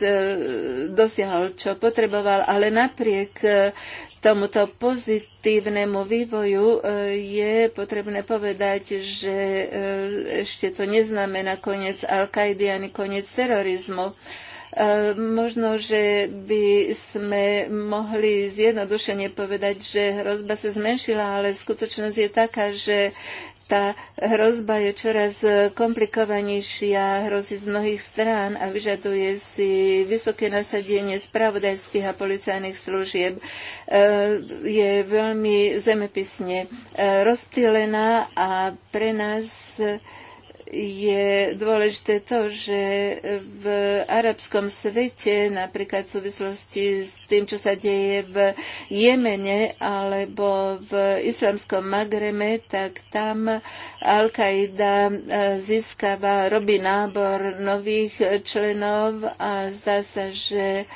[SPEAKER 2] dosiahol, čo potreboval, ale napriek tomuto pozitívnemu vývoju e, je potrebné povedať, že e, ešte to neznamená koniec Al-Kaidy ani koniec terorizmu E, možno, že by sme mohli zjednodušene povedať, že hrozba sa zmenšila, ale skutočnosť je taká, že tá hrozba je čoraz komplikovanejšia, hrozí z mnohých strán a vyžaduje si vysoké nasadenie spravodajských a policajných služieb. E, je veľmi zemepisne e, rozptýlená a pre nás je dôležité to, že v arabskom svete, napríklad v súvislosti s tým, čo sa deje v Jemene alebo v islamskom Magreme, tak tam Al-Qaida eh, získava, robí nábor nových členov a zdá sa, že eh,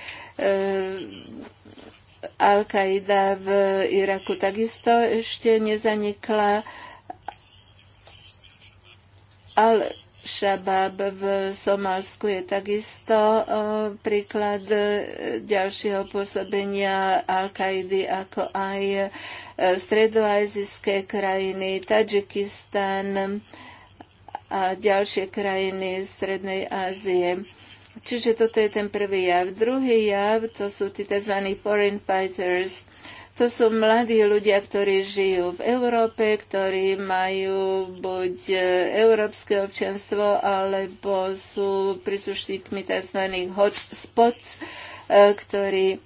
[SPEAKER 2] Al-Qaida v Iraku takisto ešte nezanikla Al-Shabaab v Somálsku je takisto e, príklad e, ďalšieho pôsobenia Al-Kaidy, ako aj e, stredoazijské krajiny, Tadžikistan a ďalšie krajiny Strednej Ázie. Čiže toto je ten prvý jav. Druhý jav to sú tí tzv. foreign fighters, to sú mladí ľudia, ktorí žijú v Európe, ktorí majú buď e, európske občianstvo, alebo sú príslušníkmi tzv. hotspots, e, ktorí e,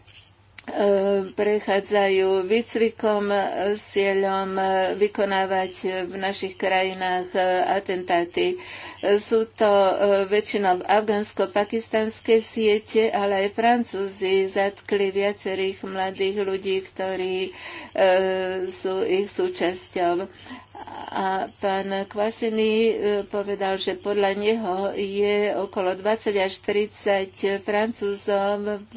[SPEAKER 2] prechádzajú výcvikom s cieľom vykonávať v našich krajinách atentáty. Sú to e, väčšinou afgánsko-pakistanské siete, ale aj Francúzi zatkli viacerých mladých ľudí, ktorí e, sú ich súčasťou. A pán Kvasiny e, povedal, že podľa neho je okolo 20 až 30 Francúzov v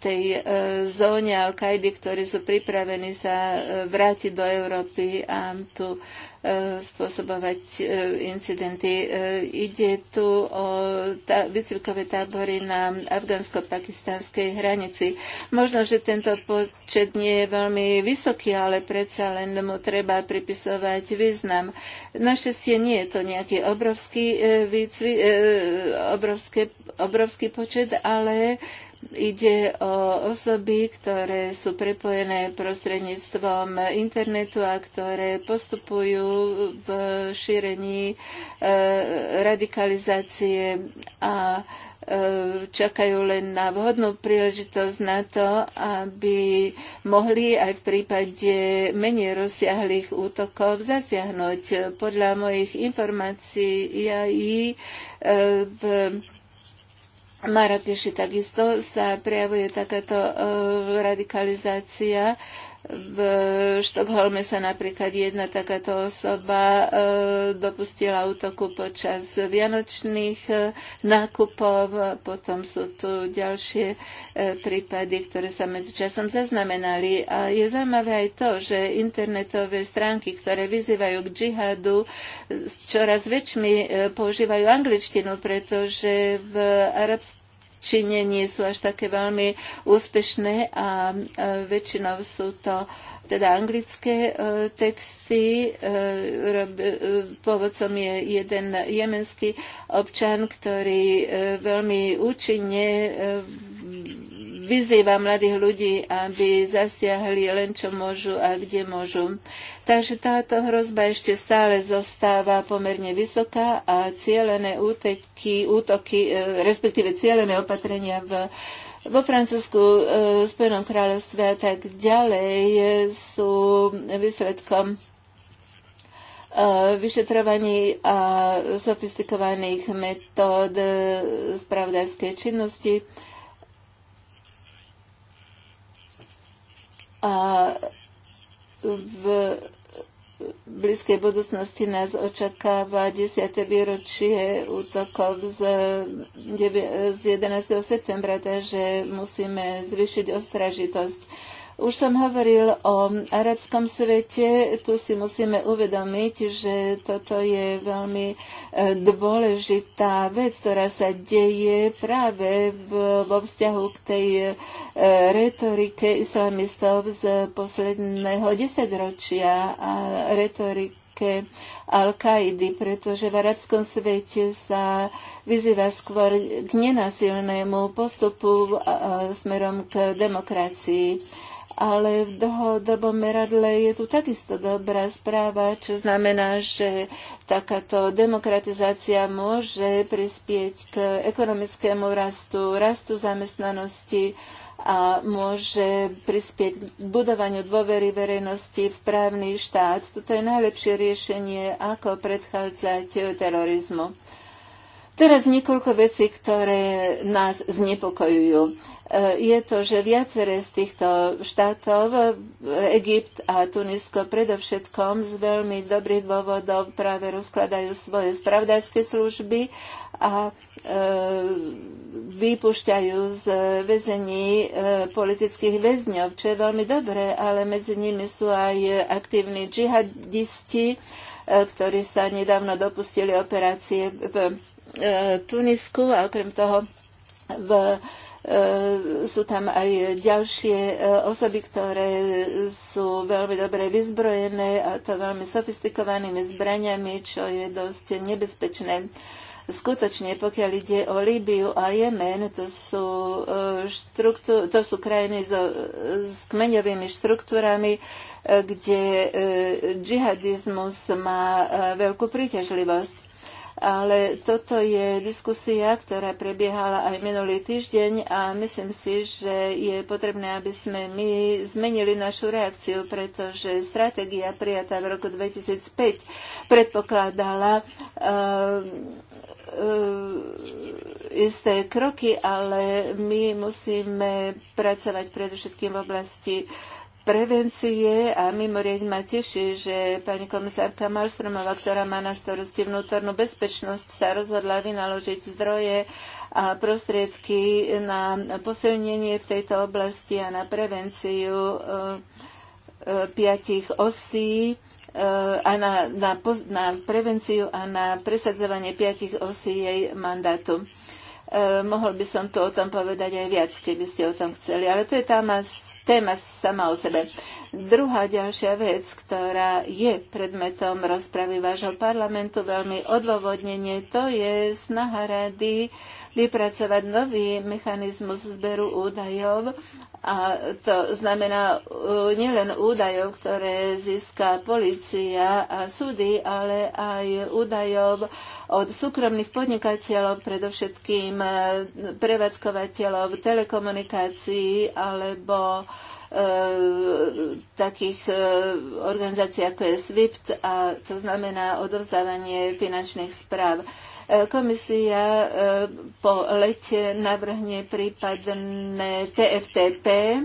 [SPEAKER 2] tej e, zóne Al-Kaidy, ktorí sú pripravení sa e, vrátiť do Európy a tu e, spôsobovať incidenty. Ide tu o tá, výcvikové tábory na afgánsko-pakistánskej hranici. Možno, že tento počet nie je veľmi vysoký, ale predsa len mu treba pripisovať význam. Naše sie nie je to nejaký obrovský, výcvi, obrovské, obrovský počet, ale Ide o osoby, ktoré sú prepojené prostredníctvom internetu a ktoré postupujú v šírení e, radikalizácie a e, čakajú len na vhodnú príležitosť na to, aby mohli aj v prípade menej rozsiahlých útokov zasiahnuť. Podľa mojich informácií ja e, i v Marakeši takisto sa prejavuje takáto e, radikalizácia v Štokholme sa napríklad jedna takáto osoba e, dopustila útoku počas vianočných e, nákupov. Potom sú tu ďalšie e, prípady, ktoré sa medzičasom zaznamenali. A je zaujímavé aj to, že internetové stránky, ktoré vyzývajú k džihadu, čoraz väčšmi používajú angličtinu, pretože v arabskom Číne nie sú až také veľmi úspešné a väčšinou sú to teda anglické e, texty. E, e, pôvodcom je jeden jemenský občan, ktorý veľmi účinne vyzýva mladých ľudí, aby zasiahli len čo môžu a kde môžu. Takže táto hrozba ešte stále zostáva pomerne vysoká a cieľené úteky, útoky, e, respektíve cieľené opatrenia v vo Francúzsku, v e, Spojenom kráľovstve a tak ďalej sú výsledkom e, vyšetrovaní a sofistikovaných metód spravodajskej činnosti A v blízkej budúcnosti nás očakáva 10. výročie útokov z, 11. septembra, takže musíme zvýšiť ostražitosť. Už som hovoril o arabskom svete, tu si musíme uvedomiť, že toto je veľmi e, dôležitá vec, ktorá sa deje práve v, vo vzťahu k tej e, retorike islamistov z posledného desaťročia a retorike al kaidi pretože v arabskom svete sa vyzýva skôr k nenasilnému postupu smerom k demokracii ale v dlhodobom meradle je tu takisto dobrá správa, čo znamená, že takáto demokratizácia môže prispieť k ekonomickému rastu, rastu zamestnanosti a môže prispieť k budovaniu dôvery verejnosti v právny štát. Toto je najlepšie riešenie, ako predchádzať terorizmu. Teraz niekoľko vecí, ktoré nás znepokojujú E, je to, že viaceré z týchto štátov, e, Egypt a Tunisko predovšetkom z veľmi dobrých dôvodov práve rozkladajú svoje spravdajské služby a e, vypúšťajú z väzení politických väzňov, čo je veľmi dobré, ale medzi nimi sú aj aktívni džihadisti, ktorí sa nedávno dopustili operácie v Tunisku a okrem toho v E, sú tam aj ďalšie e, osoby, ktoré sú veľmi dobre vyzbrojené a to veľmi sofistikovanými zbraniami, čo je dosť nebezpečné. Skutočne, pokiaľ ide o Líbiu a Jemen, to sú, e, štruktú, to sú krajiny so, s kmeňovými štruktúrami, kde džihadizmus má veľkú príťažlivosť ale toto je diskusia, ktorá prebiehala aj minulý týždeň a myslím si, že je potrebné, aby sme my zmenili našu reakciu, pretože stratégia prijatá v roku 2005 predpokladala uh, uh, isté kroky, ale my musíme pracovať predovšetkým v oblasti uh, prevencie a mimoriadne ma teší, že pani komisárka Malstromová, ktorá má na starosti vnútornú bezpečnosť, sa rozhodla vynaložiť zdroje a prostriedky na posilnenie v tejto oblasti a na prevenciu e, e, piatich osí e, a na, na, na prevenciu a na presadzovanie piatich osí jej mandátu. Mohol by som tu o tom povedať aj viac, keby ste o tom chceli, ale to je tá mas téma sama o sebe. Druhá ďalšia vec, ktorá je predmetom rozpravy vášho parlamentu veľmi odôvodnenie, to je snaha rady vypracovať nový mechanizmus zberu údajov a to znamená uh, nielen údajov, ktoré získa policia a súdy, ale aj údajov od súkromných podnikateľov, predovšetkým uh, prevádzkovateľov telekomunikácií alebo uh, takých organizácií ako je SWIFT a to znamená odovzdávanie finančných správ. Komisia e, po lete navrhne prípadné TFTP, e,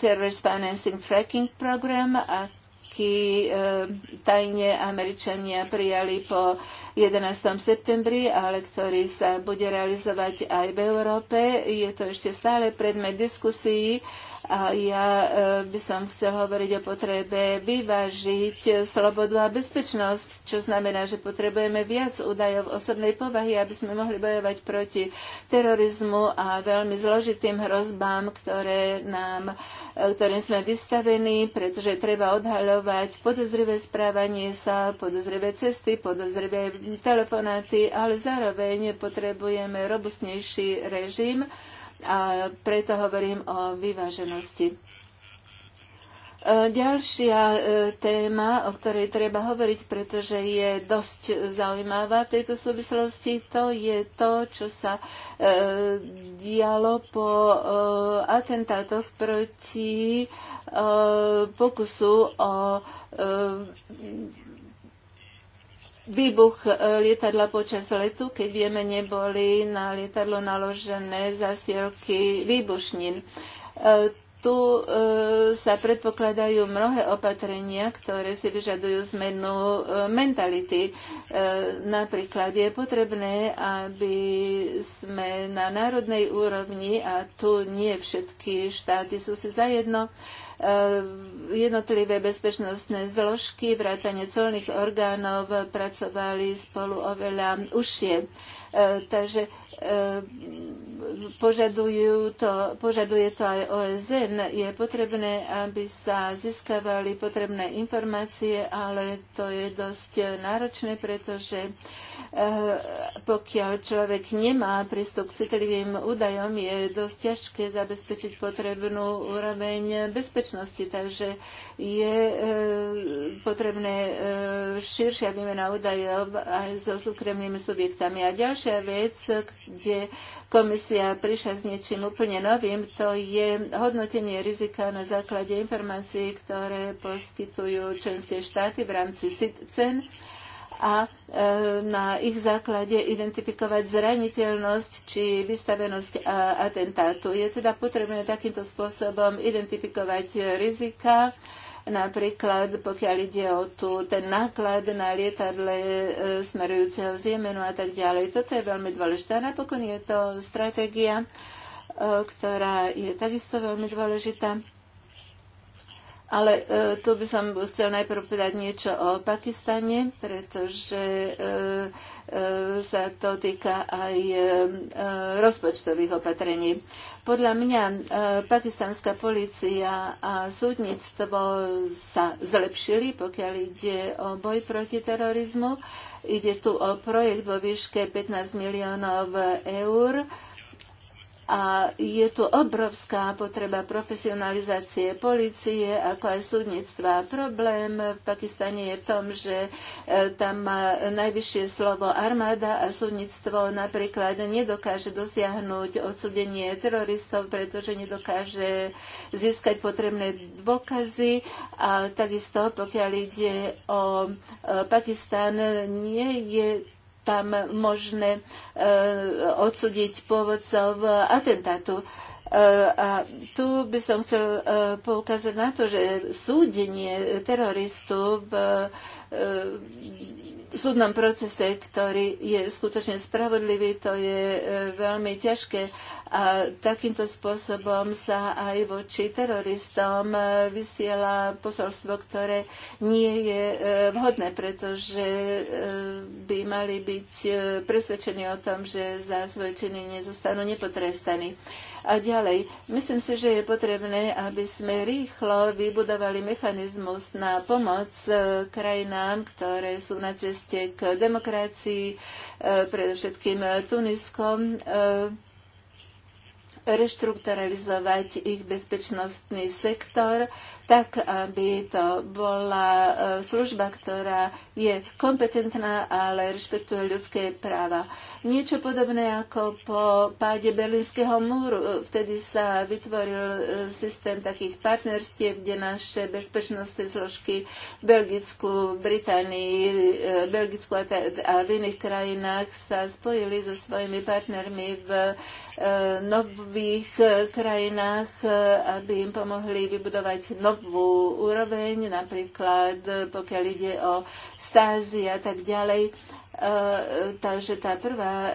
[SPEAKER 2] Terrorist Financing Tracking Program, aký e, tajne Američania prijali po 11. septembri, ale ktorý sa bude realizovať aj v Európe. Je to ešte stále predmet diskusii. A ja e, by som chcel hovoriť o potrebe vyvážiť slobodu a bezpečnosť, čo znamená, že potrebujeme viac údajov osobnej povahy, aby sme mohli bojovať proti terorizmu a veľmi zložitým hrozbám, ktoré nám, e, ktorým sme vystavení, pretože treba odhaľovať podozrivé správanie sa, podozrivé cesty, podozrivé telefonáty, ale zároveň potrebujeme robustnejší režim, a preto hovorím o vyváženosti. E, ďalšia e, téma, o ktorej treba hovoriť, pretože je dosť zaujímavá v tejto súvislosti, to je to, čo sa e, dialo po atentátoch proti pokusu o výbuch e, lietadla počas letu, keď vieme, neboli na lietadlo naložené zasielky výbušnín. E, tu e, sa predpokladajú mnohé opatrenia, ktoré si vyžadujú zmenu mentality. Napríklad je potrebné, aby sme na národnej úrovni, a tu nie všetky štáty sú si zajedno, Eh, jednotlivé bezpečnostné zložky, vrátane colných orgánov pracovali spolu oveľa užšie. E, takže e, požadujú to, požaduje to aj OSN. Je potrebné, aby sa získavali potrebné informácie, ale to je dosť náročné, pretože e, pokiaľ človek nemá prístup k citlivým údajom, je dosť ťažké zabezpečiť potrebnú úroveň bezpečnosti. Takže je potrebné širšia výmena údajov aj so súkromnými subjektami. A ďalšie ďalšia vec, kde komisia prišla s niečím úplne novým, to je hodnotenie rizika na základe informácií, ktoré poskytujú členské štáty v rámci CEN a e, na ich základe identifikovať zraniteľnosť či vystavenosť atentátu. Je teda potrebné takýmto spôsobom identifikovať rizika, Napríklad, pokiaľ ide o tú, ten náklad na lietadle e, smerujúceho z Jemenu a tak ďalej. Toto je veľmi dôležité. A napokon je to stratégia, e, ktorá je takisto veľmi dôležitá. Ale e, tu by som chcel najprv povedať niečo o Pakistane, pretože e, e, sa to týka aj e, e, rozpočtových opatrení. Podľa mňa e, pakistanská policia a súdnictvo sa zlepšili, pokiaľ ide o boj proti terorizmu. Ide tu o projekt vo výške 15 miliónov eur. E, a je tu obrovská potreba profesionalizácie policie, ako aj súdnictva. Problém v Pakistane je v tom, že e, tam má najvyššie slovo armáda a súdnictvo napríklad nedokáže dosiahnuť odsudenie teroristov, pretože nedokáže získať potrebné dôkazy. A takisto, pokiaľ ide o e, Pakistan, nie je tam možné e, odsúdiť pôvodcov atentátu. E, a tu by som chcel e, poukázať na to, že súdenie teroristu v súdnom procese, ktorý je skutočne spravodlivý, to je e, veľmi ťažké. A takýmto spôsobom sa aj voči teroristom e, vysiela posolstvo, ktoré nie je e, vhodné, pretože by mali byť presvedčení o tom, že za svoje činy nezostanú nepotrestaní. A ďalej, myslím si, že je potrebné, aby sme rýchlo vybudovali mechanizmus na pomoc e, krajinám, ktoré sú na ceste k demokracii, e, predovšetkým Tuniskom, e, reštrukturalizovať ich bezpečnostný sektor tak, aby to bola eh, služba, ktorá je kompetentná, ale rešpektuje ľudské práva. Niečo podobné ako po páde Berlínskeho múru. Vtedy sa vytvoril eh, systém takých partnerstiev, kde naše bezpečnostné zložky v Belgicku, Británii, eh, Belgicku a, a v iných krajinách sa spojili so svojimi partnermi v nových krajinách, aby im pomohli vybudovať nové novú úroveň, napríklad pokiaľ ide o stázy a tak ďalej. E, takže tá prvá e,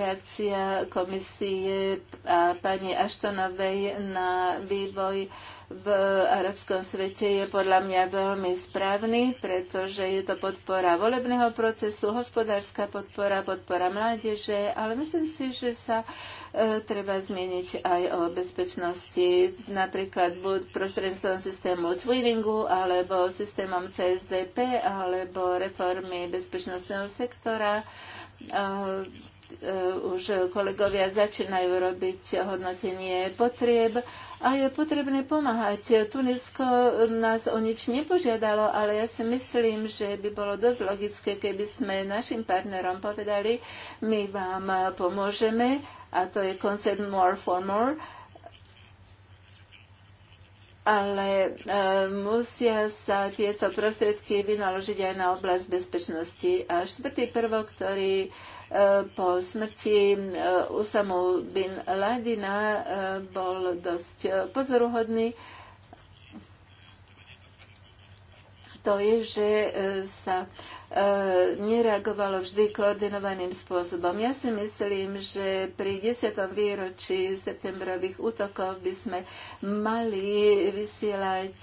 [SPEAKER 2] reakcia komisie a pani Aštonovej na vývoj v arabskom svete je podľa mňa veľmi správny, pretože je to podpora volebného procesu, hospodárska podpora, podpora mládeže, ale myslím si, že sa e, treba zmieniť aj o bezpečnosti, napríklad buď prostredstvom systému Twinningu, alebo systémom CSDP, alebo reformy bezpečnostného sektora. E, E, už kolegovia začínajú robiť hodnotenie potrieb a je potrebné pomáhať. Tunisko nás o nič nepožiadalo, ale ja si myslím, že by bolo dosť logické, keby sme našim partnerom povedali, my vám pomôžeme a to je koncept more for more ale e, musia sa tieto prostriedky vynaložiť aj na oblasť bezpečnosti. A štvrtý prvok, ktorý e, po smrti eh, Usamu bin Ladina eh, bol dosť eh, pozoruhodný. To je, že sa nereagovalo vždy koordinovaným spôsobom. Ja si myslím, že pri 10. výročí septembrových útokov by sme mali vysielať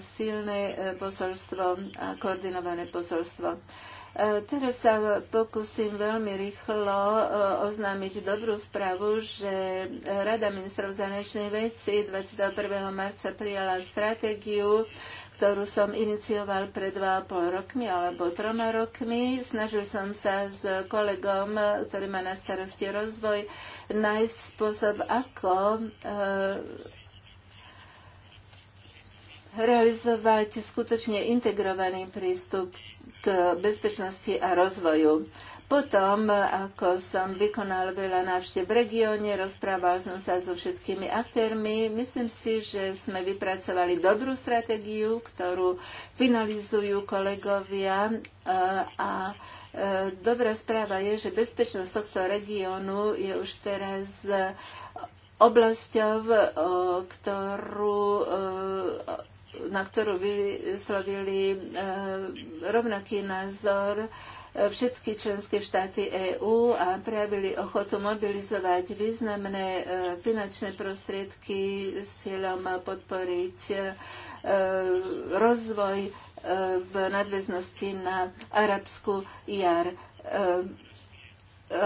[SPEAKER 2] silné posolstvo a koordinované posolstvo. E, teraz sa pokúsim veľmi rýchlo e, oznámiť dobrú správu, že Rada ministrov zahraničnej veci 21. marca prijala stratégiu ktorú som inicioval pred 2,5 rokmi alebo troma rokmi. Snažil som sa s kolegom, ktorý má na starosti rozvoj, nájsť spôsob, ako e, realizovať skutočne integrovaný prístup k e, bezpečnosti a rozvoju. Potom, e, ako som vykonal veľa návštev v regióne, rozprával som sa so všetkými aktérmi. Myslím si, že sme vypracovali dobrú stratégiu, ktorú finalizujú kolegovia e, a dobrá správa je, že bezpečnosť tohto regiónu je už teraz oblasťou, ktorú na ktorú vyslovili e, rovnaký názor e, všetky členské štáty EÚ a prejavili ochotu mobilizovať významné e, finančné prostriedky s cieľom podporiť rozvoj v nadväznosti na arabskú jar E,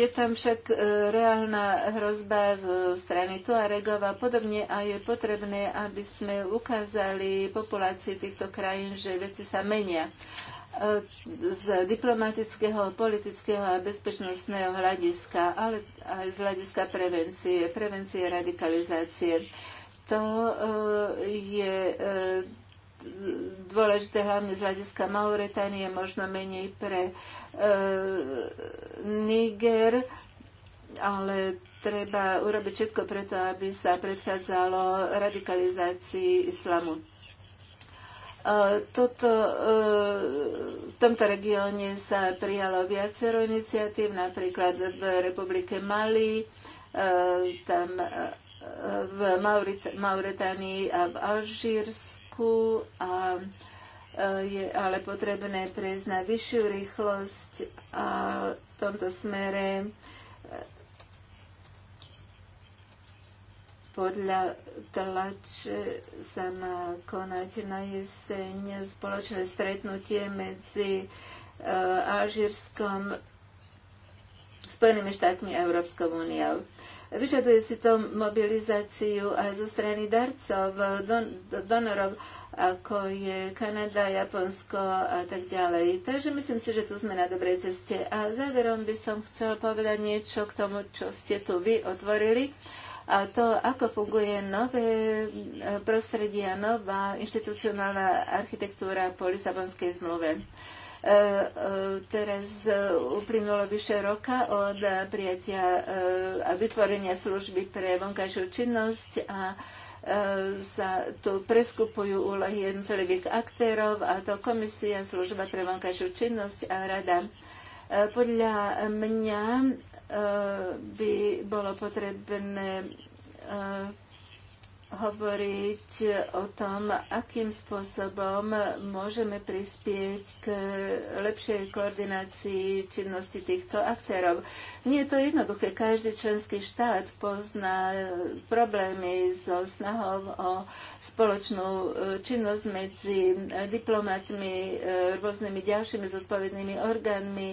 [SPEAKER 2] je tam však e, reálna hrozba zo strany Tuaregov a podobne a je potrebné, aby sme ukázali populácii týchto krajín, že veci sa menia e, z diplomatického, politického a bezpečnostného hľadiska, ale aj z hľadiska prevencie, prevencie radikalizácie. To je dôležité hlavne z hľadiska Mauretánie, možno menej pre e, Niger, ale treba urobiť všetko preto, aby sa predchádzalo radikalizácii islamu. E, toto, e, v tomto regióne sa prijalo viacero iniciatív, napríklad v Republike Mali, e, tam e, v Maurit- Mauretánii a v Alžírsku poriadku a e, je ale potrebné prejsť na vyššiu rýchlosť a v tomto smere e, podľa tlače sa má konať na jeseň spoločné stretnutie medzi e, Alžírskom, Spojenými štátmi a Európskou úniou. Vyžaduje si to mobilizáciu aj zo strany darcov, don, donorov, ako je Kanada, Japonsko a tak ďalej. Takže myslím si, že tu sme na dobrej ceste. A záverom by som chcela povedať niečo k tomu, čo ste tu vy otvorili a to, ako funguje nové e, prostredie a nová inštitucionálna architektúra po Lisabonskej zmluve. E, e, teraz uplynulo vyše roka od prijatia e, a vytvorenia služby pre vonkajšiu činnosť a sa tu preskupujú úlohy jednotlivých aktérov a to komisia, služba pre vonkajšiu činnosť a rada. Podľa mňa by bolo potrebné hovoriť o tom, akým spôsobom môžeme prispieť k lepšej koordinácii činnosti týchto aktérov. Nie je to jednoduché. Každý členský štát pozná problémy so snahou o spoločnú e, činnosť medzi e, diplomatmi, e, rôznymi ďalšími zodpovednými orgánmi,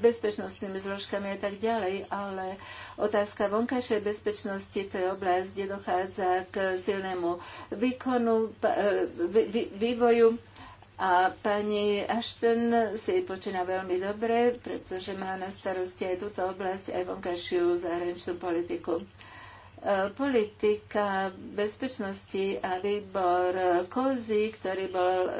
[SPEAKER 2] bezpečnostnými zložkami a tak ďalej, ale otázka vonkajšej bezpečnosti to je oblasť, kde dochádza dochádza k silnému výkonu, e, vývoju. A pani Ashton si počína veľmi dobre, pretože má na starosti aj túto oblasť, aj vonkajšiu zahraničnú politiku. E, politika bezpečnosti a výbor kozy, ktorý bol e,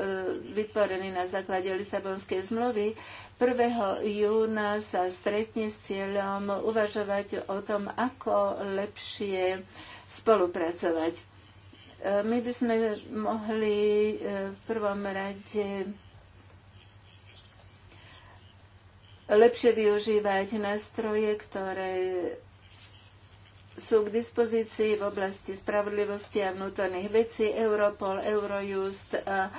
[SPEAKER 2] vytvorený na základe Lisabonskej zmluvy, 1. júna sa stretne s cieľom uvažovať o tom, ako lepšie spolupracovať. E, my by sme mohli e, v prvom rade lepšie využívať nástroje, ktoré sú k dispozícii v oblasti spravodlivosti a vnútorných vecí Europol, Eurojust a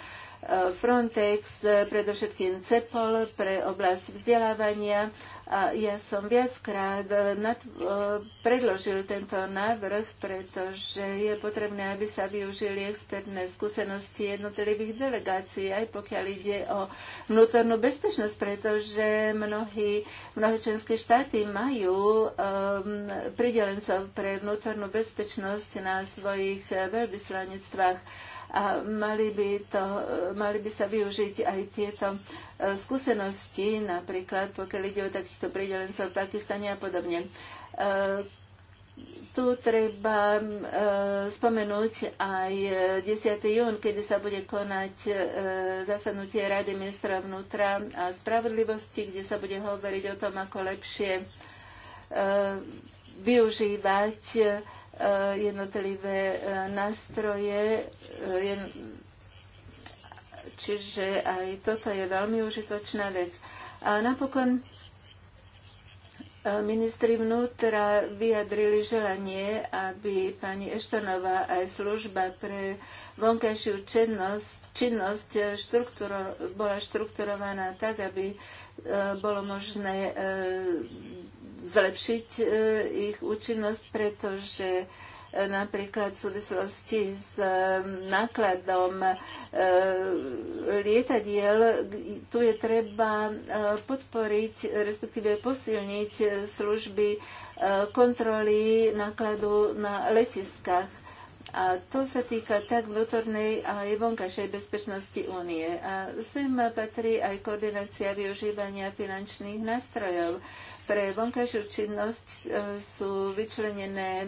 [SPEAKER 2] Frontex, eh, predovšetkým CEPOL pre oblasť vzdelávania a ja som viackrát eh, nad, eh, predložil tento návrh, pretože je potrebné, aby sa využili expertné skúsenosti jednotlivých delegácií, aj pokiaľ ide o vnútornú bezpečnosť, pretože mnohí, mnohé členské štáty majú um, pridelencov pre vnútornú bezpečnosť na svojich veľvyslanectvách a mali by, to, mali by sa využiť aj tieto e, skúsenosti, napríklad pokiaľ ide o takýchto pridelencov v Pakistane a podobne. E, tu treba e, spomenúť aj 10. jún, kedy sa bude konať zasadnutie Rady ministra vnútra a spravodlivosti, kde sa bude hovoriť o tom, ako lepšie využívať jednotlivé nástroje je, čiže aj toto je veľmi užitočná vec. A napokon e, Ministri vnútra vyjadrili želanie, aby pani Eštonová aj služba pre vonkajšiu činnosť, činnosť štrukturo, bola štrukturovaná tak, aby e, bolo možné e, zlepšiť ich účinnosť, pretože napríklad v súvislosti s um, nákladom uh, lietadiel. Tu je treba uh, podporiť, respektíve posilniť uh, služby kontroly nákladu na letiskách a to sa týka tak vnútornej a aj vonkajšej bezpečnosti únie. A sem patrí aj koordinácia využívania finančných nástrojov. Pre vonkajšiu činnosť e, sú vyčlenené e,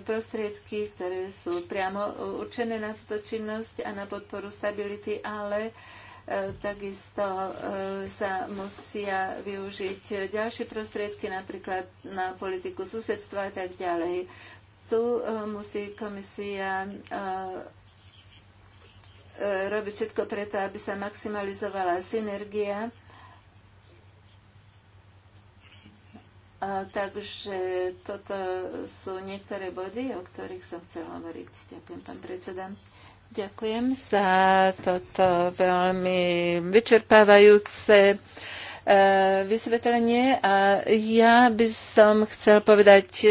[SPEAKER 2] prostriedky, ktoré sú priamo určené na túto činnosť a na podporu stability, ale e, takisto sa musia využiť ďalšie prostriedky, napríklad na politiku susedstva a tak ďalej tu e, musí komisia e, e, robiť všetko preto, aby sa maximalizovala synergia. takže toto sú niektoré body, o ktorých som chcel hovoriť. Ďakujem, pán predseda. Ďakujem za toto veľmi vyčerpávajúce Eh, vysvetlenie a ja by som chcel povedať eh,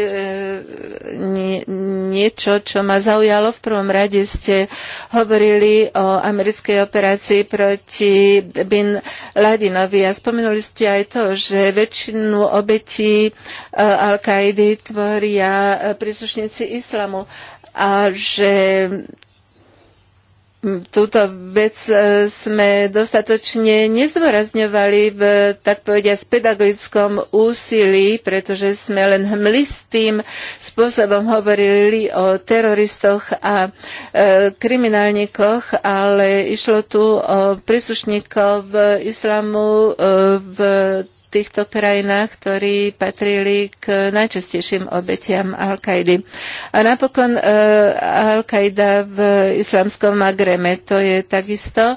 [SPEAKER 2] nie, niečo, čo ma zaujalo. V prvom rade ste hovorili o americkej operácii proti Bin Ladinovi a spomenuli ste aj to, že väčšinu obetí eh, al kaidi tvoria príslušníci islamu a že túto vec e, sme dostatočne nezdôrazňovali v, tak povediať, pedagogickom úsilí, pretože sme len hmlistým spôsobom hovorili o teroristoch a e, kriminálnikoch, ale išlo tu o príslušníkov islamu e, v týchto krajinách, ktorí patrili k najčastejším obetiam Al-Kaidy. A napokon e, Al-Qaida v islamskom Magreme, to je takisto e,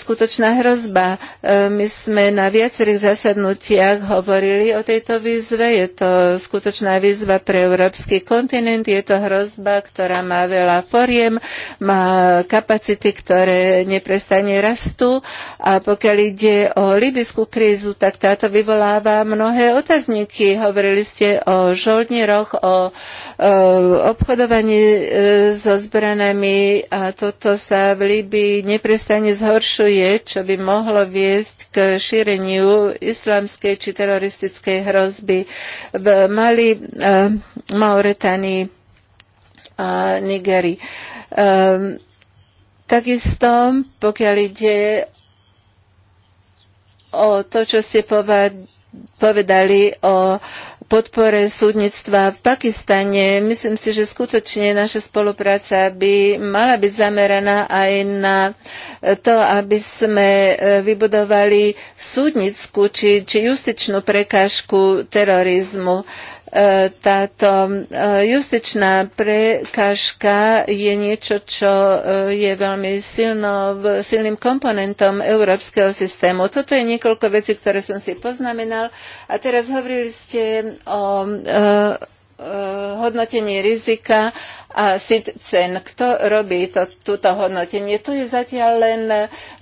[SPEAKER 2] skutočná hrozba. E, my sme na viacerých zasadnutiach hovorili o tejto výzve. Je to skutočná výzva pre európsky kontinent. Je to hrozba, ktorá má veľa foriem, má kapacity, ktoré neprestane rastú. A pokiaľ ide o libyskú krízu, tak táto vyvoláva mnohé otazníky. Hovorili ste o žoldníroch, o, o e, obchodovaní e, so zbranami a toto sa v Líbii neprestane zhoršuje, čo by mohlo viesť k šíreniu islamskej či teroristickej hrozby v Mali, e, Mauretánii a Nigerii. Takisto, pokiaľ ide o to, čo ste povedali o podpore súdnictva v Pakistane. Myslím si, že skutočne naša spolupráca by mala byť zameraná aj na to, aby sme e, vybudovali súdnickú či, či justičnú prekážku terorizmu. E, táto e, justičná prekažka je niečo, čo e, je veľmi silno, silným komponentom európskeho systému. Toto je niekoľko vecí, ktoré som si poznamenal. A teraz hovorili ste o hodnotení rizika a SIT cen. Kto robí to, túto hodnotenie? To je zatiaľ len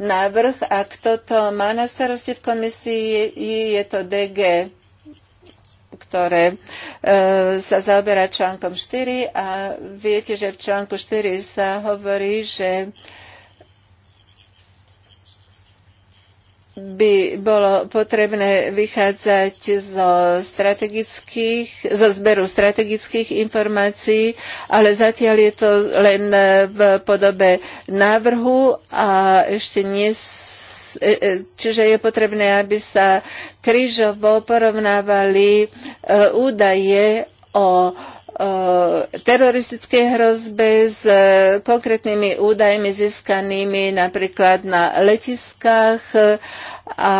[SPEAKER 2] návrh a kto to má na starosti v komisii, je to DG ktoré e, sa zaoberá článkom 4 a viete, že v článku 4 sa hovorí, že by bolo potrebné vychádzať zo, strategických, zo zberu strategických informácií, ale zatiaľ je to len v podobe návrhu a ešte nie E, e, čiže je potrebné, aby sa krížovo porovnávali e, údaje o teroristickej hrozbe s konkrétnymi údajmi získanými napríklad na letiskách a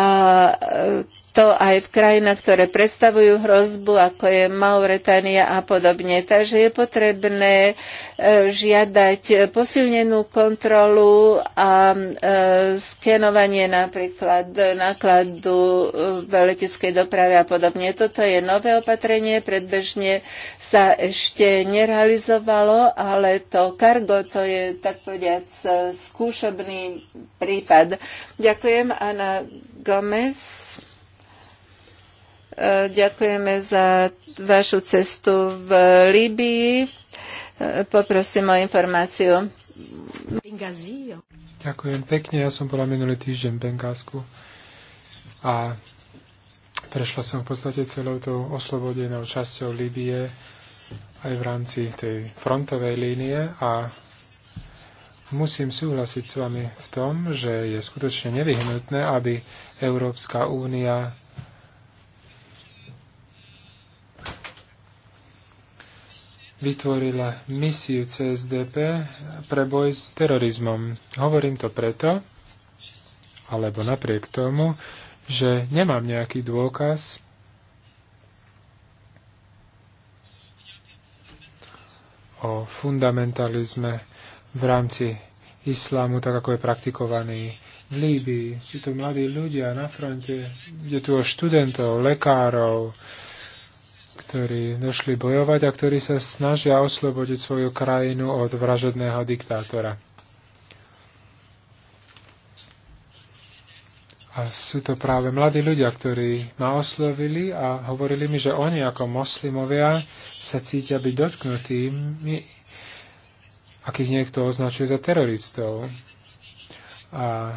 [SPEAKER 2] to aj v krajinách, ktoré predstavujú hrozbu, ako je Mauretania a podobne. Takže je potrebné e, žiadať posilnenú kontrolu a e, skenovanie napríklad nákladu e, v leteckej doprave a podobne. Toto je nové opatrenie, predbežne sa ešte nerealizovalo, ale to kargo, to je tak povediac skúšobný prípad. Ďakujem, Ana Gomez. Ďakujeme za vašu cestu v Líbii. Poprosím o informáciu.
[SPEAKER 1] Ďakujem pekne. Ja som bola minulý týždeň v Bengázku a prešla som v podstate celou tou oslobodenou časťou Líbie aj v rámci tej frontovej línie a musím súhlasiť s vami v tom, že je skutočne nevyhnutné, aby Európska únia vytvorila misiu CSDP pre boj s terorizmom. Hovorím to preto, alebo napriek tomu, že nemám nejaký dôkaz, o fundamentalizme v rámci islámu, tak ako je praktikovaný v Líbii. Sú tu mladí ľudia na fronte, je tu o študentov, lekárov, ktorí došli bojovať a ktorí sa snažia oslobodiť svoju krajinu od vražedného diktátora. A sú to práve mladí ľudia, ktorí ma oslovili a hovorili mi, že oni ako moslimovia sa cítia byť dotknutými, akých niekto označuje za teroristov. A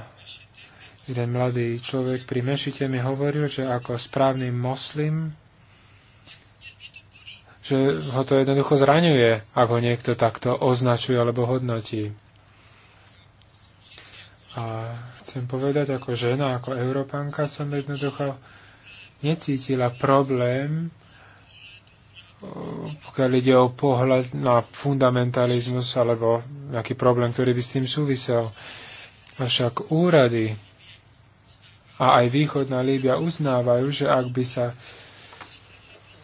[SPEAKER 1] jeden mladý človek pri mešite mi hovoril, že ako správny moslim že ho to jednoducho zraňuje, ako niekto takto označuje alebo hodnotí. A chcem povedať, ako žena, ako európanka som jednoducho necítila problém, pokiaľ ide o pohľad na fundamentalizmus alebo nejaký problém, ktorý by s tým súvisel. Avšak úrady a aj východná Líbia uznávajú, že ak by sa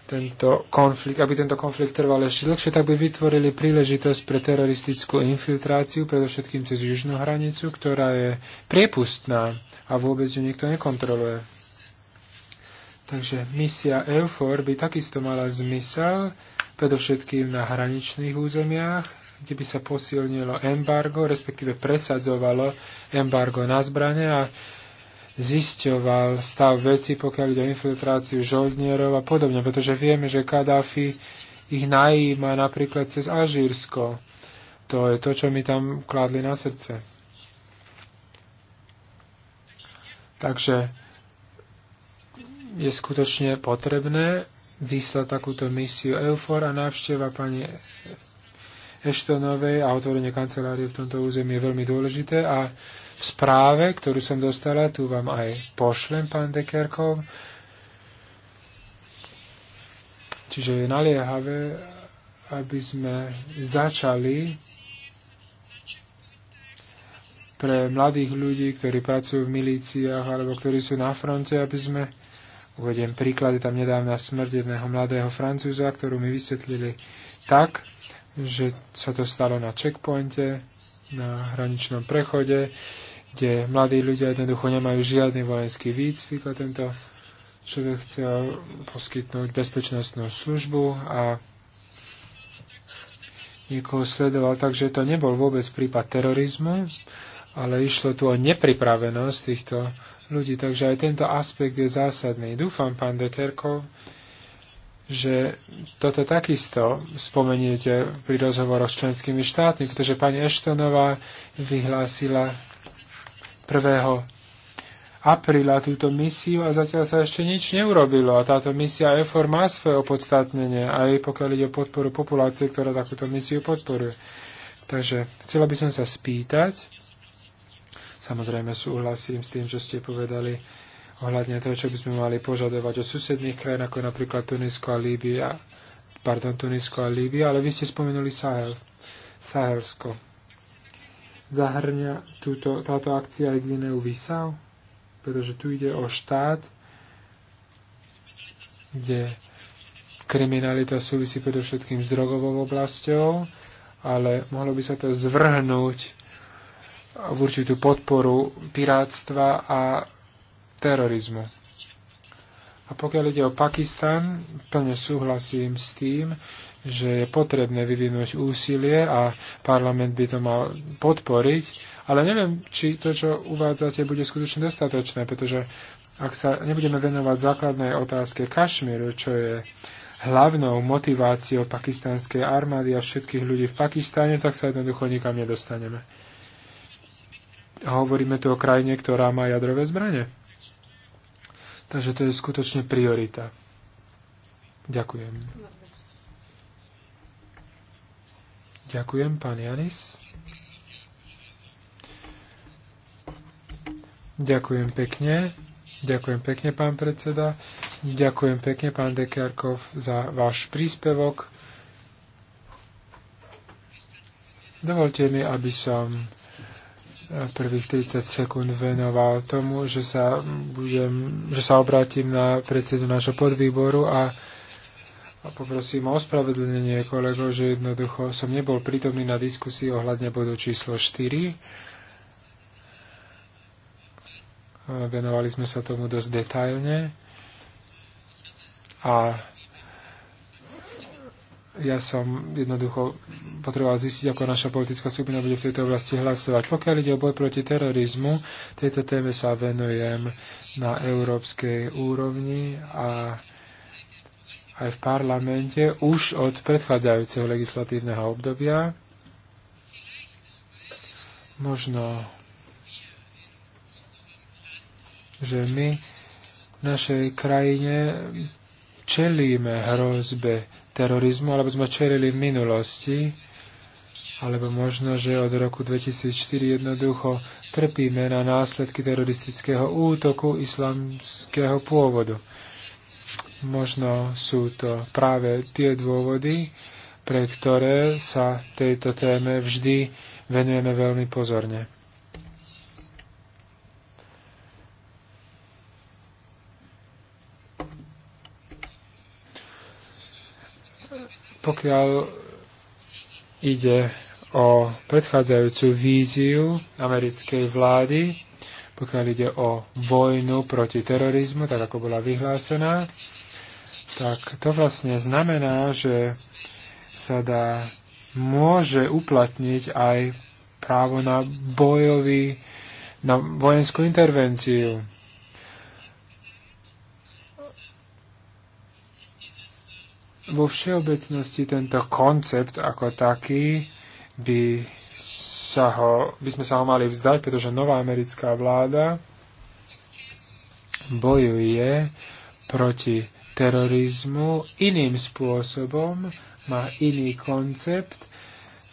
[SPEAKER 1] tento konflikt, aby tento konflikt trval ešte dlhšie, tak by vytvorili príležitosť pre teroristickú infiltráciu, predovšetkým cez južnú hranicu, ktorá je priepustná a vôbec ju nikto nekontroluje. Takže misia EUFOR by takisto mala zmysel, predovšetkým na hraničných územiach, kde by sa posilnilo embargo, respektíve presadzovalo embargo na zbrane a zisťoval stav veci, pokiaľ ide o infiltráciu žoldnierov a podobne, pretože vieme, že Kadáfi ich najíma napríklad cez Alžírsko. To je to, čo mi tam kládli na srdce. Takže je skutočne potrebné vyslať takúto misiu EUFOR a návšteva pani Eštonovej a otvorenie kancelárie v tomto území je veľmi dôležité a v správe, ktorú som dostala, tu vám aj pošlem, pán Dekerkov. Čiže je naliehavé, aby sme začali pre mladých ľudí, ktorí pracujú v milíciách alebo ktorí sú na fronte, aby sme Uvediem príklady tam nedávna smrť jedného mladého Francúza, ktorú mi vysvetlili tak, že sa to stalo na checkpointe, na hraničnom prechode, kde mladí ľudia jednoducho nemajú žiadny vojenský výcvik a tento človek chcel poskytnúť bezpečnostnú službu a niekoho sledoval, takže to nebol vôbec prípad terorizmu, ale išlo tu o nepripravenosť týchto ľudí, takže aj tento aspekt je zásadný. Dúfam, pán Dekerkov, že toto takisto spomeniete pri rozhovoroch s členskými štátmi, pretože pani Eštonová vyhlásila 1. apríla túto misiu a zatiaľ sa ešte nič neurobilo. A táto misia EFOR má svoje opodstatnenie, aj pokiaľ ide o podporu populácie, ktorá takúto misiu podporuje. Takže chcela by som sa spýtať, samozrejme súhlasím s tým, čo ste povedali, ohľadne toho, čo by sme mali požadovať od susedných krajín, ako napríklad Tunisko a Líbia, pardon, Tunisko a Líbia, ale vy ste spomenuli Sahel, Sahelsko. Zahrňa túto, táto akcia aj Gvineu Vysau, pretože tu ide o štát, kde kriminalita súvisí predovšetkým s drogovou oblasťou, ale mohlo by sa to zvrhnúť v určitú podporu pirátstva a terorizmu. A pokiaľ ide o Pakistan, plne súhlasím s tým, že je potrebné vyvinúť úsilie a parlament by to mal podporiť, ale neviem, či to, čo uvádzate, bude skutočne dostatočné, pretože ak sa nebudeme venovať základnej otázke Kašmíru, čo je hlavnou motiváciou pakistanskej armády a všetkých ľudí v Pakistane, tak sa jednoducho nikam nedostaneme. A hovoríme tu o krajine, ktorá má jadrové zbranie. Takže to je skutočne priorita. Ďakujem. Ďakujem, pán Janis. Ďakujem pekne. Ďakujem pekne, pán predseda. Ďakujem pekne, pán Dekerkov, za váš príspevok. Dovolte mi, aby som prvých 30 sekúnd venoval tomu, že sa, budem, že sa obrátim na predsedu nášho podvýboru a, a poprosím o ospravedlnenie kolegov, že jednoducho som nebol prítomný na diskusii ohľadne bodu číslo 4. Venovali sme sa tomu dosť detailne a ja som jednoducho potreboval zistiť, ako naša politická skupina bude v tejto oblasti hlasovať. Pokiaľ ide o boj proti terorizmu, tejto téme sa venujem na európskej úrovni a aj v parlamente už od predchádzajúceho legislatívneho obdobia. Možno, že my v našej krajine čelíme hrozbe terorizmu, alebo sme čelili v minulosti, alebo možno, že od roku 2004 jednoducho trpíme na následky teroristického útoku islamského pôvodu. Možno sú to práve tie dôvody, pre ktoré sa tejto téme vždy venujeme veľmi pozorne. Pokiaľ ide o predchádzajúcu víziu americkej vlády, pokiaľ ide o vojnu proti terorizmu, tak ako bola vyhlásená, tak to vlastne znamená, že sa dá, môže uplatniť aj právo na bojový, na vojenskú intervenciu. Vo všeobecnosti tento koncept ako taký by, sa ho, by sme sa ho mali vzdať, pretože nová americká vláda bojuje proti terorizmu iným spôsobom, má iný koncept,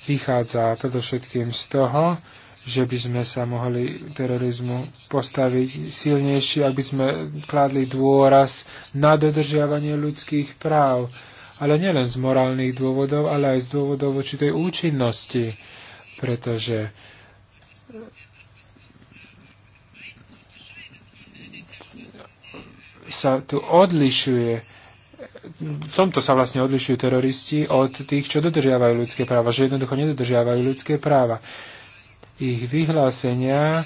[SPEAKER 1] vychádza predovšetkým z toho, že by sme sa mohli terorizmu postaviť silnejšie, ak by sme kládli dôraz na dodržiavanie ľudských práv ale nielen z morálnych dôvodov, ale aj z dôvodov určitej účinnosti, pretože eh, sa tu odlišuje v tomto sa vlastne odlišujú teroristi od tých, čo dodržiavajú ľudské práva, že jednoducho nedodržiavajú ľudské práva. Ich vyhlásenia eh,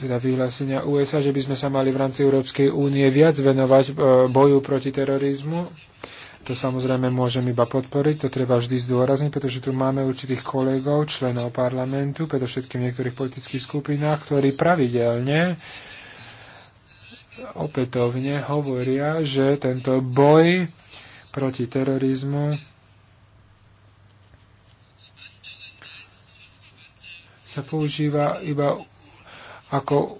[SPEAKER 1] teda vyhlásenia USA, že by sme sa mali v rámci Európskej únie viac venovať e, boju proti terorizmu. To samozrejme môžem iba podporiť, to treba vždy zdôrazniť, pretože tu máme určitých kolegov, členov parlamentu, predovšetkým v niektorých politických skupinách, ktorí pravidelne opätovne hovoria, že tento boj proti terorizmu sa používa iba ako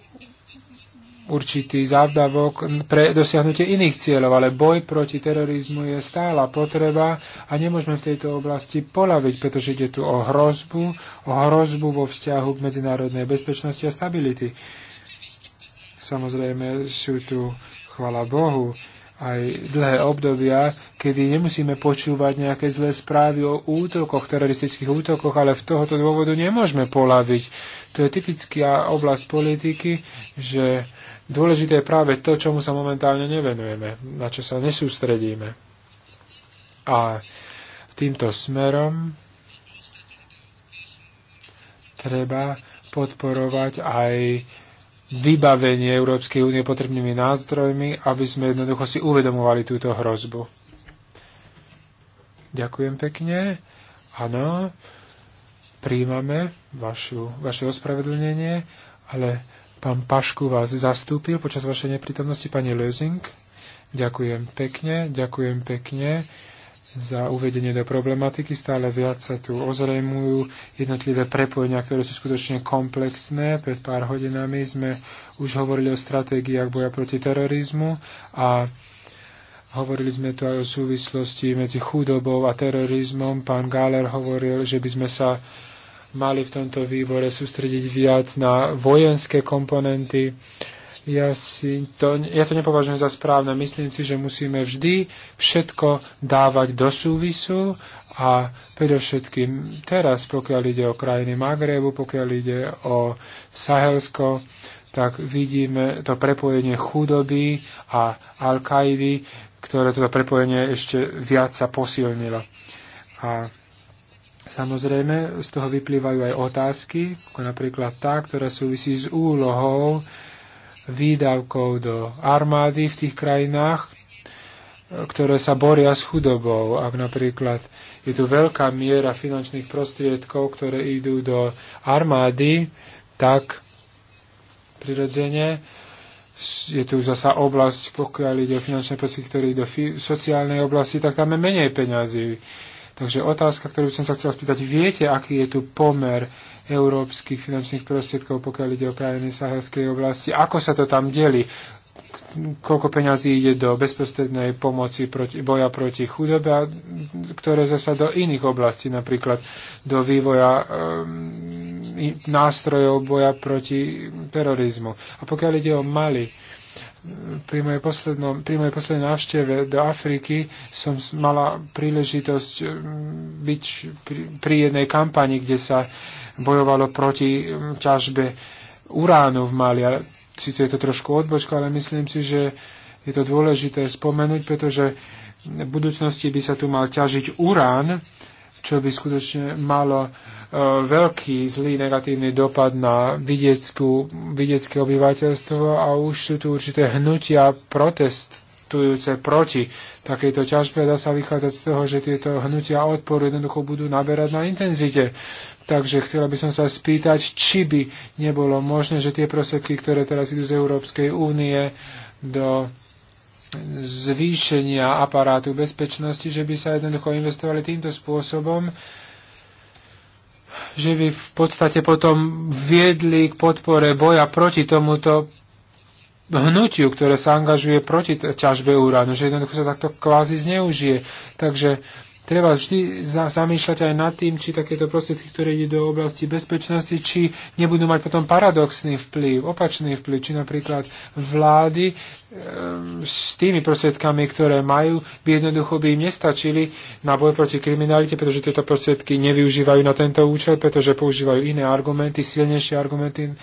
[SPEAKER 1] určitý závdavok pre dosiahnutie iných cieľov, ale boj proti terorizmu je stála potreba a nemôžeme v tejto oblasti polaviť, pretože ide tu o hrozbu, o hrozbu vo vzťahu k medzinárodnej bezpečnosti a stability. Samozrejme sú tu, chvala Bohu, aj dlhé obdobia, kedy nemusíme počúvať nejaké zlé správy o útokoch, teroristických útokoch, ale v tohoto dôvodu nemôžeme polaviť. To je typická oblasť politiky, že dôležité je práve to, čomu sa momentálne nevenujeme, na čo sa nesústredíme. A týmto smerom treba podporovať aj vybavenie Európskej únie potrebnými nástrojmi, aby sme jednoducho si uvedomovali túto hrozbu. Ďakujem pekne. Áno, príjmame vašu, vaše ospravedlnenie, ale pán Pašku vás zastúpil počas vašej neprítomnosti, pani Lezing. Ďakujem pekne, ďakujem pekne za uvedenie do problematiky. Stále viac sa tu ozrejmujú jednotlivé prepojenia, ktoré sú skutočne komplexné. Pred pár hodinami sme už hovorili o stratégiách boja proti terorizmu a hovorili sme tu aj o súvislosti medzi chudobou a terorizmom. Pán Gáler hovoril, že by sme sa mali v tomto výbore sústrediť viac na vojenské komponenty ja, si to, ja to nepovažujem za správne. Myslím si, že musíme vždy všetko dávať do súvisu a predovšetkým teraz, pokiaľ ide o krajiny Magrebu, pokiaľ ide o Sahelsko, tak vidíme to prepojenie chudoby a Al-Kaidy, ktoré toto prepojenie ešte viac sa posilnilo. A Samozrejme, z toho vyplývajú aj otázky, ako napríklad tá, ktorá súvisí s úlohou výdavkov do armády v tých krajinách, ktoré sa boria s chudobou. Ak napríklad je tu veľká miera finančných prostriedkov, ktoré idú do armády, tak prirodzene je tu zasa oblasť, pokiaľ ide o finančné prostriedky, ktoré idú do sociálnej oblasti, tak tam je menej peňazí. Takže otázka, ktorú som sa chcel spýtať, viete, aký je tu pomer európskych finančných prostriedkov, pokiaľ ide o krajiny sahelskej oblasti. Ako sa to tam delí? koľko peňazí ide do bezprostrednej pomoci proti, boja proti chudobe, ktoré zasa do iných oblastí, napríklad do vývoja e, nástrojov boja proti terorizmu. A pokiaľ ide o Mali, pri mojej, pri mojej poslednej návšteve do Afriky som mala príležitosť ehm, byť pri, pri jednej kampani, kde sa bojovalo proti mm, ťažbe uránu v Mali. Sice síce je to trošku odbočka, ale myslím si, že je to dôležité spomenúť, pretože v budúcnosti by sa tu mal ťažiť urán, čo by skutočne malo e, veľký zlý negatívny dopad na vidieckú, vidiecké obyvateľstvo a už sú tu určité hnutia protestujúce proti takejto ťažbe. Dá sa vychádzať z toho, že tieto hnutia odporu jednoducho budú naberať na intenzite. Takže chcela by som sa spýtať, či by nebolo možné, že tie prostriedky, ktoré teraz idú z Európskej únie do zvýšenia aparátu bezpečnosti, že by sa jednoducho investovali týmto spôsobom, že by v podstate potom viedli k podpore boja proti tomuto hnutiu, ktoré sa angažuje proti ťažbe uránu, že jednoducho sa takto kvázi zneužije. Takže treba vždy za, zamýšľať aj nad tým, či takéto prostriedky, ktoré idú do oblasti bezpečnosti, či nebudú mať potom paradoxný vplyv, opačný vplyv, či napríklad vlády e, s tými prostriedkami, ktoré majú, by jednoducho by im nestačili na boj proti kriminalite, pretože tieto prostriedky nevyužívajú na tento účel, pretože používajú iné argumenty, silnejšie argumenty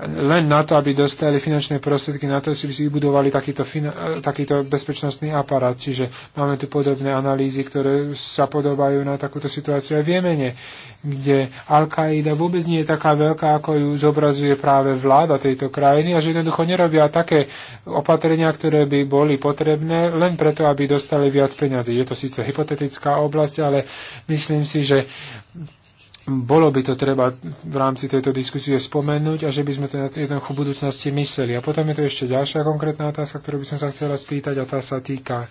[SPEAKER 1] len na to, aby dostali finančné prostriedky, na to, aby si vybudovali takýto, eh, takýto bezpečnostný aparát. Čiže máme tu podobné analýzy, ktoré sa podobajú na takúto situáciu aj v Jemene, kde Al-Qaida vôbec nie je taká veľká, ako ju zobrazuje práve vláda tejto krajiny a že jednoducho nerobia také opatrenia, ktoré by boli potrebné len preto, aby dostali viac peňazí. Je to síce hypotetická oblasť, ale myslím si, že bolo by to treba v rámci tejto diskusie spomenúť a že by sme to na jednoducho v budúcnosti mysleli. A potom je tu ešte ďalšia konkrétna otázka, ktorú by som sa chcela spýtať a tá sa týka e,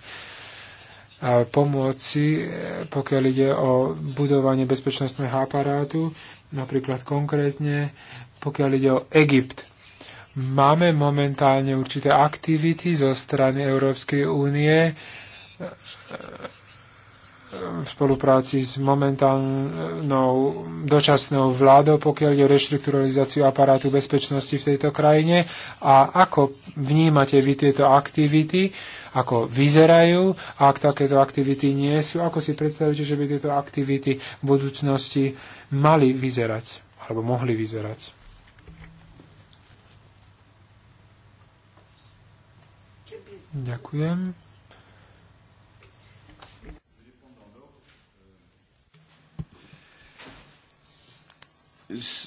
[SPEAKER 1] pomoci, e, pokiaľ ide o budovanie bezpečnostného aparátu, napríklad konkrétne, pokiaľ ide o Egypt. Máme momentálne určité aktivity zo strany Európskej únie, v spolupráci s momentálnou dočasnou vládou, pokiaľ je o reštrukturalizáciu aparátu bezpečnosti v tejto krajine a ako vnímate vy tieto aktivity, ako vyzerajú, ak takéto aktivity nie sú, ako si predstavíte, že by tieto aktivity v budúcnosti mali vyzerať alebo mohli vyzerať. Ďakujem.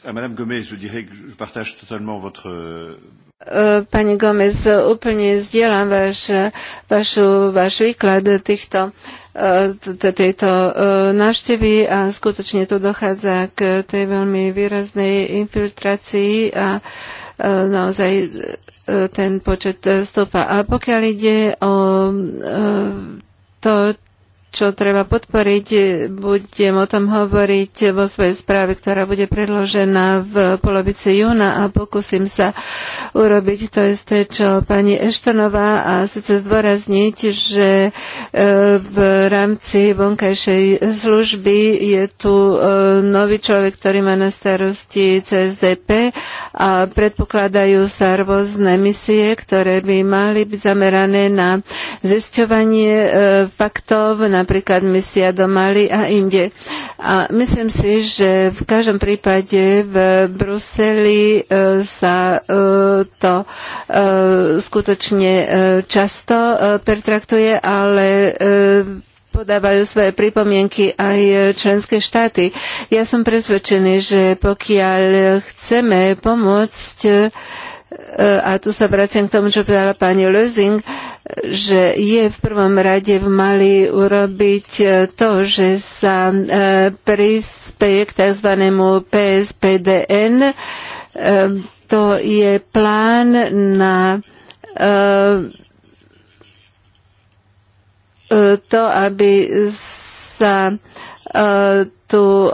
[SPEAKER 3] À euh, Madame Gomez, je dirais que je partage totalement votre... Euh,
[SPEAKER 2] Pani Gomez, úplne zdieľam váš, vašu, váš výklad týchto e, tejto e, návštevy a skutočne tu dochádza k tej veľmi výraznej infiltrácii a e, naozaj ten počet stúpa. A pokiaľ ide o to, čo treba podporiť. Budem o tom hovoriť vo svojej správe, ktorá bude predložená v polovici júna a pokúsim sa urobiť to isté, čo pani Eštonová a sice zdôrazniť, že e, v rámci vonkajšej služby je tu e, nový človek, ktorý má na starosti CSDP a predpokladajú sa rôzne misie, ktoré by mali byť zamerané na zisťovanie e, faktov, na napríklad misia do Mali a inde. A myslím si, že v každom prípade v Bruseli e, sa e, to e, skutočne často pertraktuje, ale podávajú svoje pripomienky aj členské štáty. Ja som presvedčený, že pokiaľ chceme pomôcť a tu sa vraciam k tomu, čo povedala pani Lösing, že je v prvom rade v Mali urobiť e, to, že sa e, prispieje k tzv. PSPDN. E, to je plán na to, aby sa E, tu e,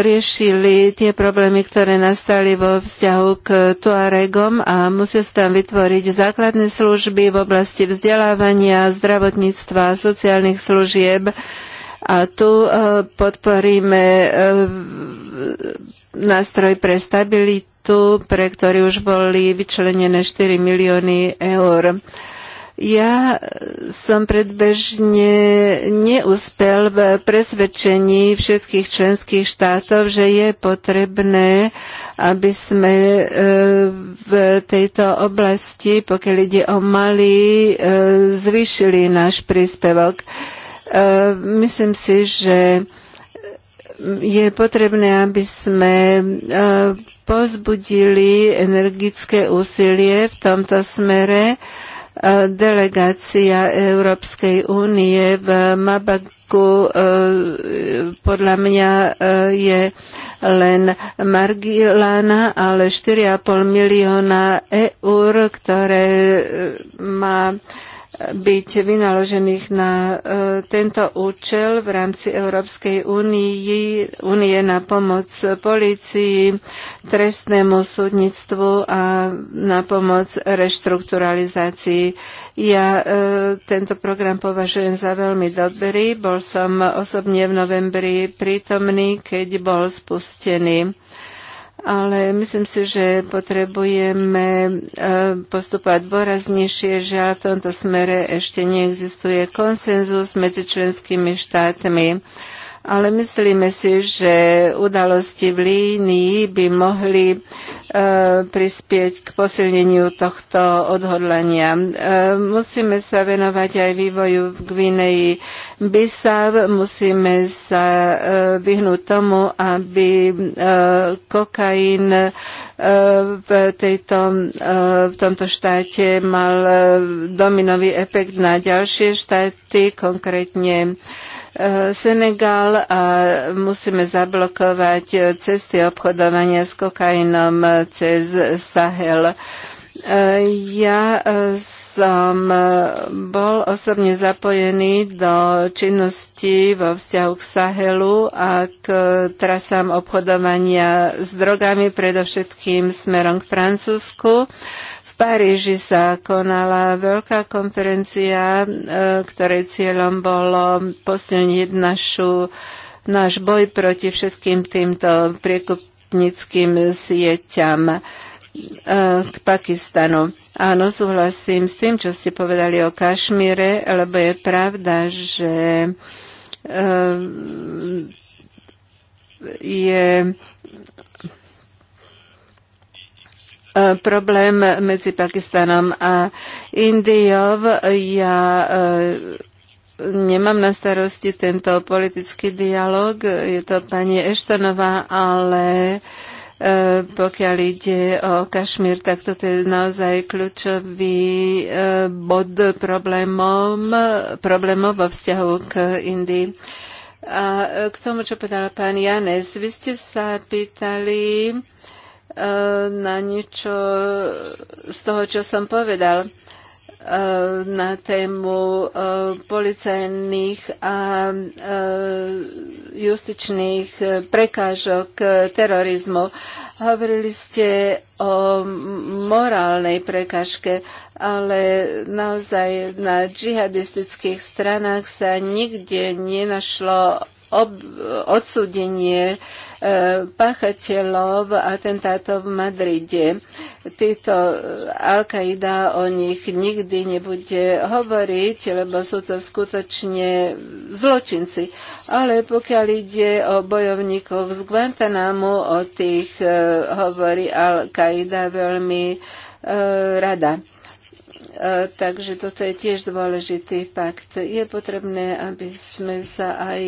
[SPEAKER 2] riešili tie problémy, ktoré nastali vo vzťahu k Tuaregom a musia sa tam vytvoriť základné služby v oblasti vzdelávania, zdravotníctva, sociálnych služieb. A tu e, podporíme nástroj pre stabilitu, pre ktorý už boli vyčlenené 4 milióny eur. Ja som predbežne neúspel v presvedčení všetkých členských štátov, že je potrebné, aby sme e, v tejto oblasti, pokiaľ ide o malý, e, zvýšili náš príspevok. E, myslím si, že je potrebné, aby sme pozbudili energické úsilie v tomto smere Delegácia Európskej únie v Mabaku e, podľa mňa e, je len margilána, ale 4,5 milióna eur, ktoré e, má byť vynaložených na e, tento účel v rámci Európskej únie, únie na pomoc policii, trestnému súdnictvu a na pomoc reštrukturalizácii. Ja e, tento program považujem za veľmi dobrý. Bol som osobne v novembri prítomný, keď bol spustený ale myslím si, že potrebujeme e, postupovať dôraznejšie, že v tomto smere ešte neexistuje konsenzus medzi členskými štátmi ale myslíme si, že udalosti v línii by mohli e, prispieť k posilneniu tohto odhodlania. E, musíme sa venovať aj vývoju v Gvineji Bisav, musíme sa e, vyhnúť tomu, aby e, kokain e, v, tejto, e, v tomto štáte mal e, dominový efekt na ďalšie štáty, konkrétne e, Senegal a musíme zablokovať cesty obchodovania s kokainom cez Sahel. E, ja som bol osobne zapojený do činnosti vo vzťahu k Sahelu a k trasám obchodovania s drogami, predovšetkým smerom k Francúzsku Paríži sa konala veľká konferencia, e, ktorej cieľom bolo posilniť našu, náš boj proti všetkým týmto priekupnickým sieťam e, k Pakistanu. Áno, súhlasím s tým, čo ste povedali o Kašmíre, lebo je pravda, že e, je E, problém medzi Pakistanom a Indiou. Ja e, nemám na starosti tento politický dialog, je to pani Eštonová, ale e, pokiaľ ide o Kašmír, tak toto je naozaj kľúčový bod problémom, problémov vo vzťahu k Indii. A k tomu, čo povedala pán Janes, vy ste sa pýtali, Eh, na niečo z toho, čo som povedal eh, na tému eh, policajných a justičných prekážok terorizmu. Hovorili ste o morálnej prekažke, ale naozaj na džihadistických stranách sa nikde nenašlo ob, odsúdenie páchateľov atentátov v Madride. Títo eh, Al-Qaida o nich nikdy nebude hovoriť, lebo sú to skutočne zločinci. Ale pokiaľ ide o bojovníkov z Guantanamu, o tých eh, hovorí Al-Qaida veľmi eh, rada takže toto je tiež dôležitý fakt. Je potrebné, aby sme sa aj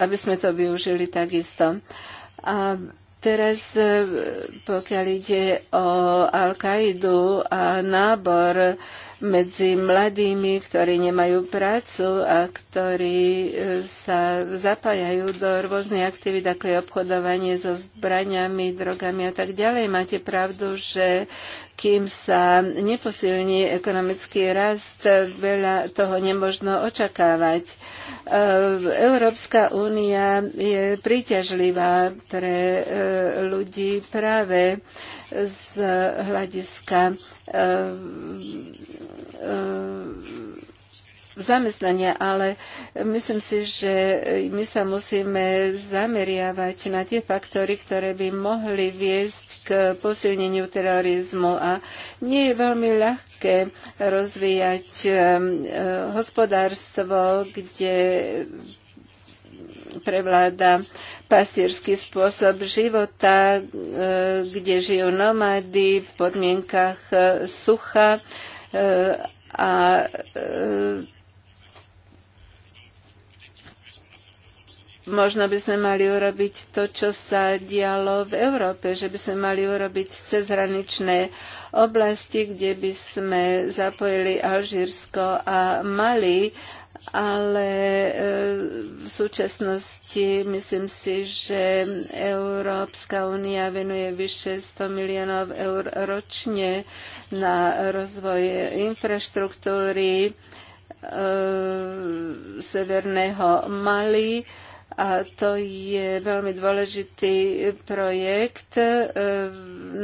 [SPEAKER 2] aby sme to využili takisto. A Teraz, e, pokiaľ ide o al qaidu a nábor medzi mladými, ktorí nemajú prácu a ktorí e, sa zapájajú do rôznych aktivít, ako je obchodovanie so zbraniami, drogami a tak ďalej. Máte pravdu, že kým sa neposilní ekonomický rast, veľa toho nemožno očakávať. E, Európska únia je príťažlivá pre e, ľudí práve z hľadiska zamestnania, ale myslím si, že my sa musíme zameriavať na tie faktory, ktoré by mohli viesť k posilneniu terorizmu a nie je veľmi ľahké rozvíjať um, eh, hospodárstvo, kde prevláda pasierský spôsob života, eh, kde žijú nomady v podmienkach eh, sucha a e, možno by sme mali urobiť to, čo sa dialo v Európe, že by sme mali urobiť cezhraničné oblasti, kde by sme zapojili Alžírsko a Mali ale e, v súčasnosti myslím si, že Európska únia venuje vyše 100 miliónov eur ročne na rozvoj infraštruktúry e, severného Mali a to je veľmi dôležitý projekt. E,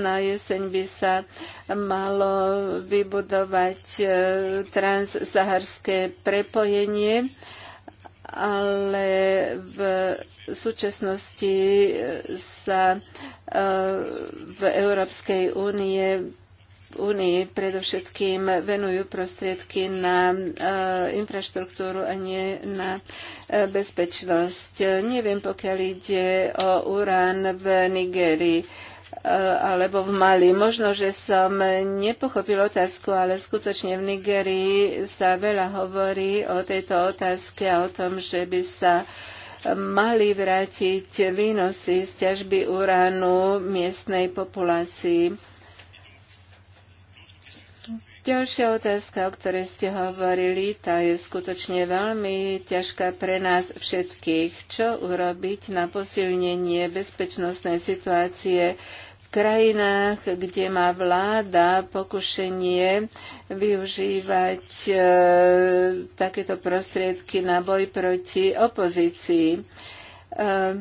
[SPEAKER 2] na jeseň by sa malo vybudovať e, transsaharské prepojenie ale v súčasnosti sa e, v Európskej únie únii predovšetkým venujú prostriedky na eh, infraštruktúru a nie na eh, bezpečnosť. Neviem, pokiaľ ide o urán v Nigerii eh, alebo v Mali. Možno, že som nepochopil otázku, ale skutočne v Nigerii sa veľa hovorí o tejto otázke a o tom, že by sa mali vrátiť výnosy z ťažby uránu miestnej populácii Ďalšia otázka, o ktorej ste hovorili, tá je skutočne veľmi ťažká pre nás všetkých. Čo urobiť na posilnenie bezpečnostnej situácie v krajinách, kde má vláda pokušenie využívať e, takéto prostriedky na boj proti opozícii? E,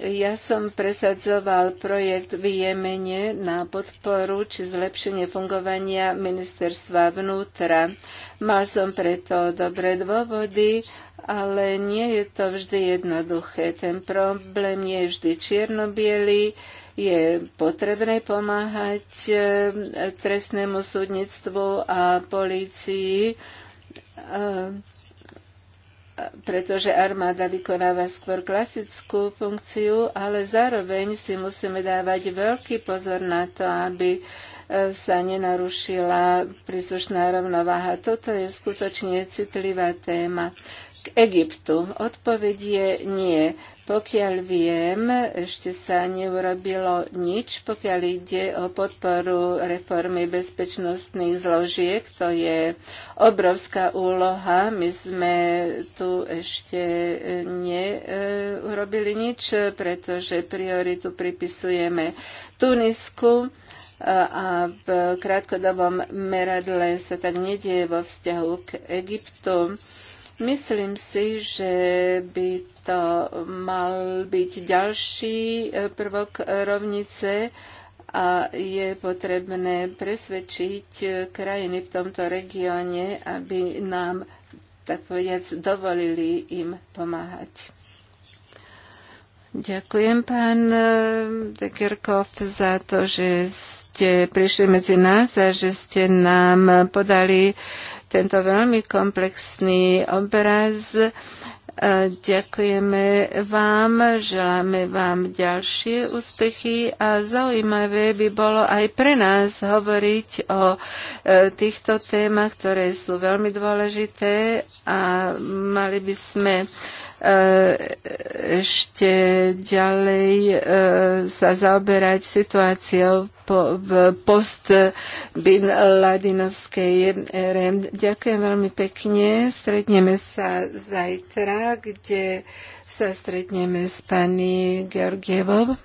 [SPEAKER 2] ja som presadzoval projekt v Jemene na podporu či zlepšenie fungovania ministerstva vnútra. Mal som preto dobré dôvody, ale nie je to vždy jednoduché. Ten problém nie je vždy čierno -bielý je potrebné pomáhať e, trestnému súdnictvu a polícii e, pretože armáda vykonáva skôr klasickú funkciu, ale zároveň si musíme dávať veľký pozor na to, aby sa nenarušila príslušná rovnováha. Toto je skutočne citlivá téma. K Egyptu odpoveď je nie. Pokiaľ viem, ešte sa neurobilo nič, pokiaľ ide o podporu reformy bezpečnostných zložiek. To je obrovská úloha. My sme tu ešte e, neurobili nič, pretože prioritu pripisujeme Tunisku a v krátkodobom meradle sa tak nedieje vo vzťahu k Egyptu. Myslím si, že by to mal byť ďalší e, prvok rovnice a je potrebné presvedčiť e, krajiny v tomto regióne, aby nám, tak povediac, dovolili im pomáhať. Ďakujem, pán e, Dekerkov, za to, že ste prišli medzi nás a že ste nám podali tento veľmi komplexný obraz. E, ďakujeme vám, želáme vám ďalšie úspechy a zaujímavé by bolo aj pre nás hovoriť o e, týchto témach, ktoré sú veľmi dôležité a mali by sme E, ešte ďalej e, sa zaoberať situáciou po, v post Bin Ladinovskej ére. Ďakujem veľmi pekne. Stretneme sa zajtra, kde sa stretneme s pani Georgievou.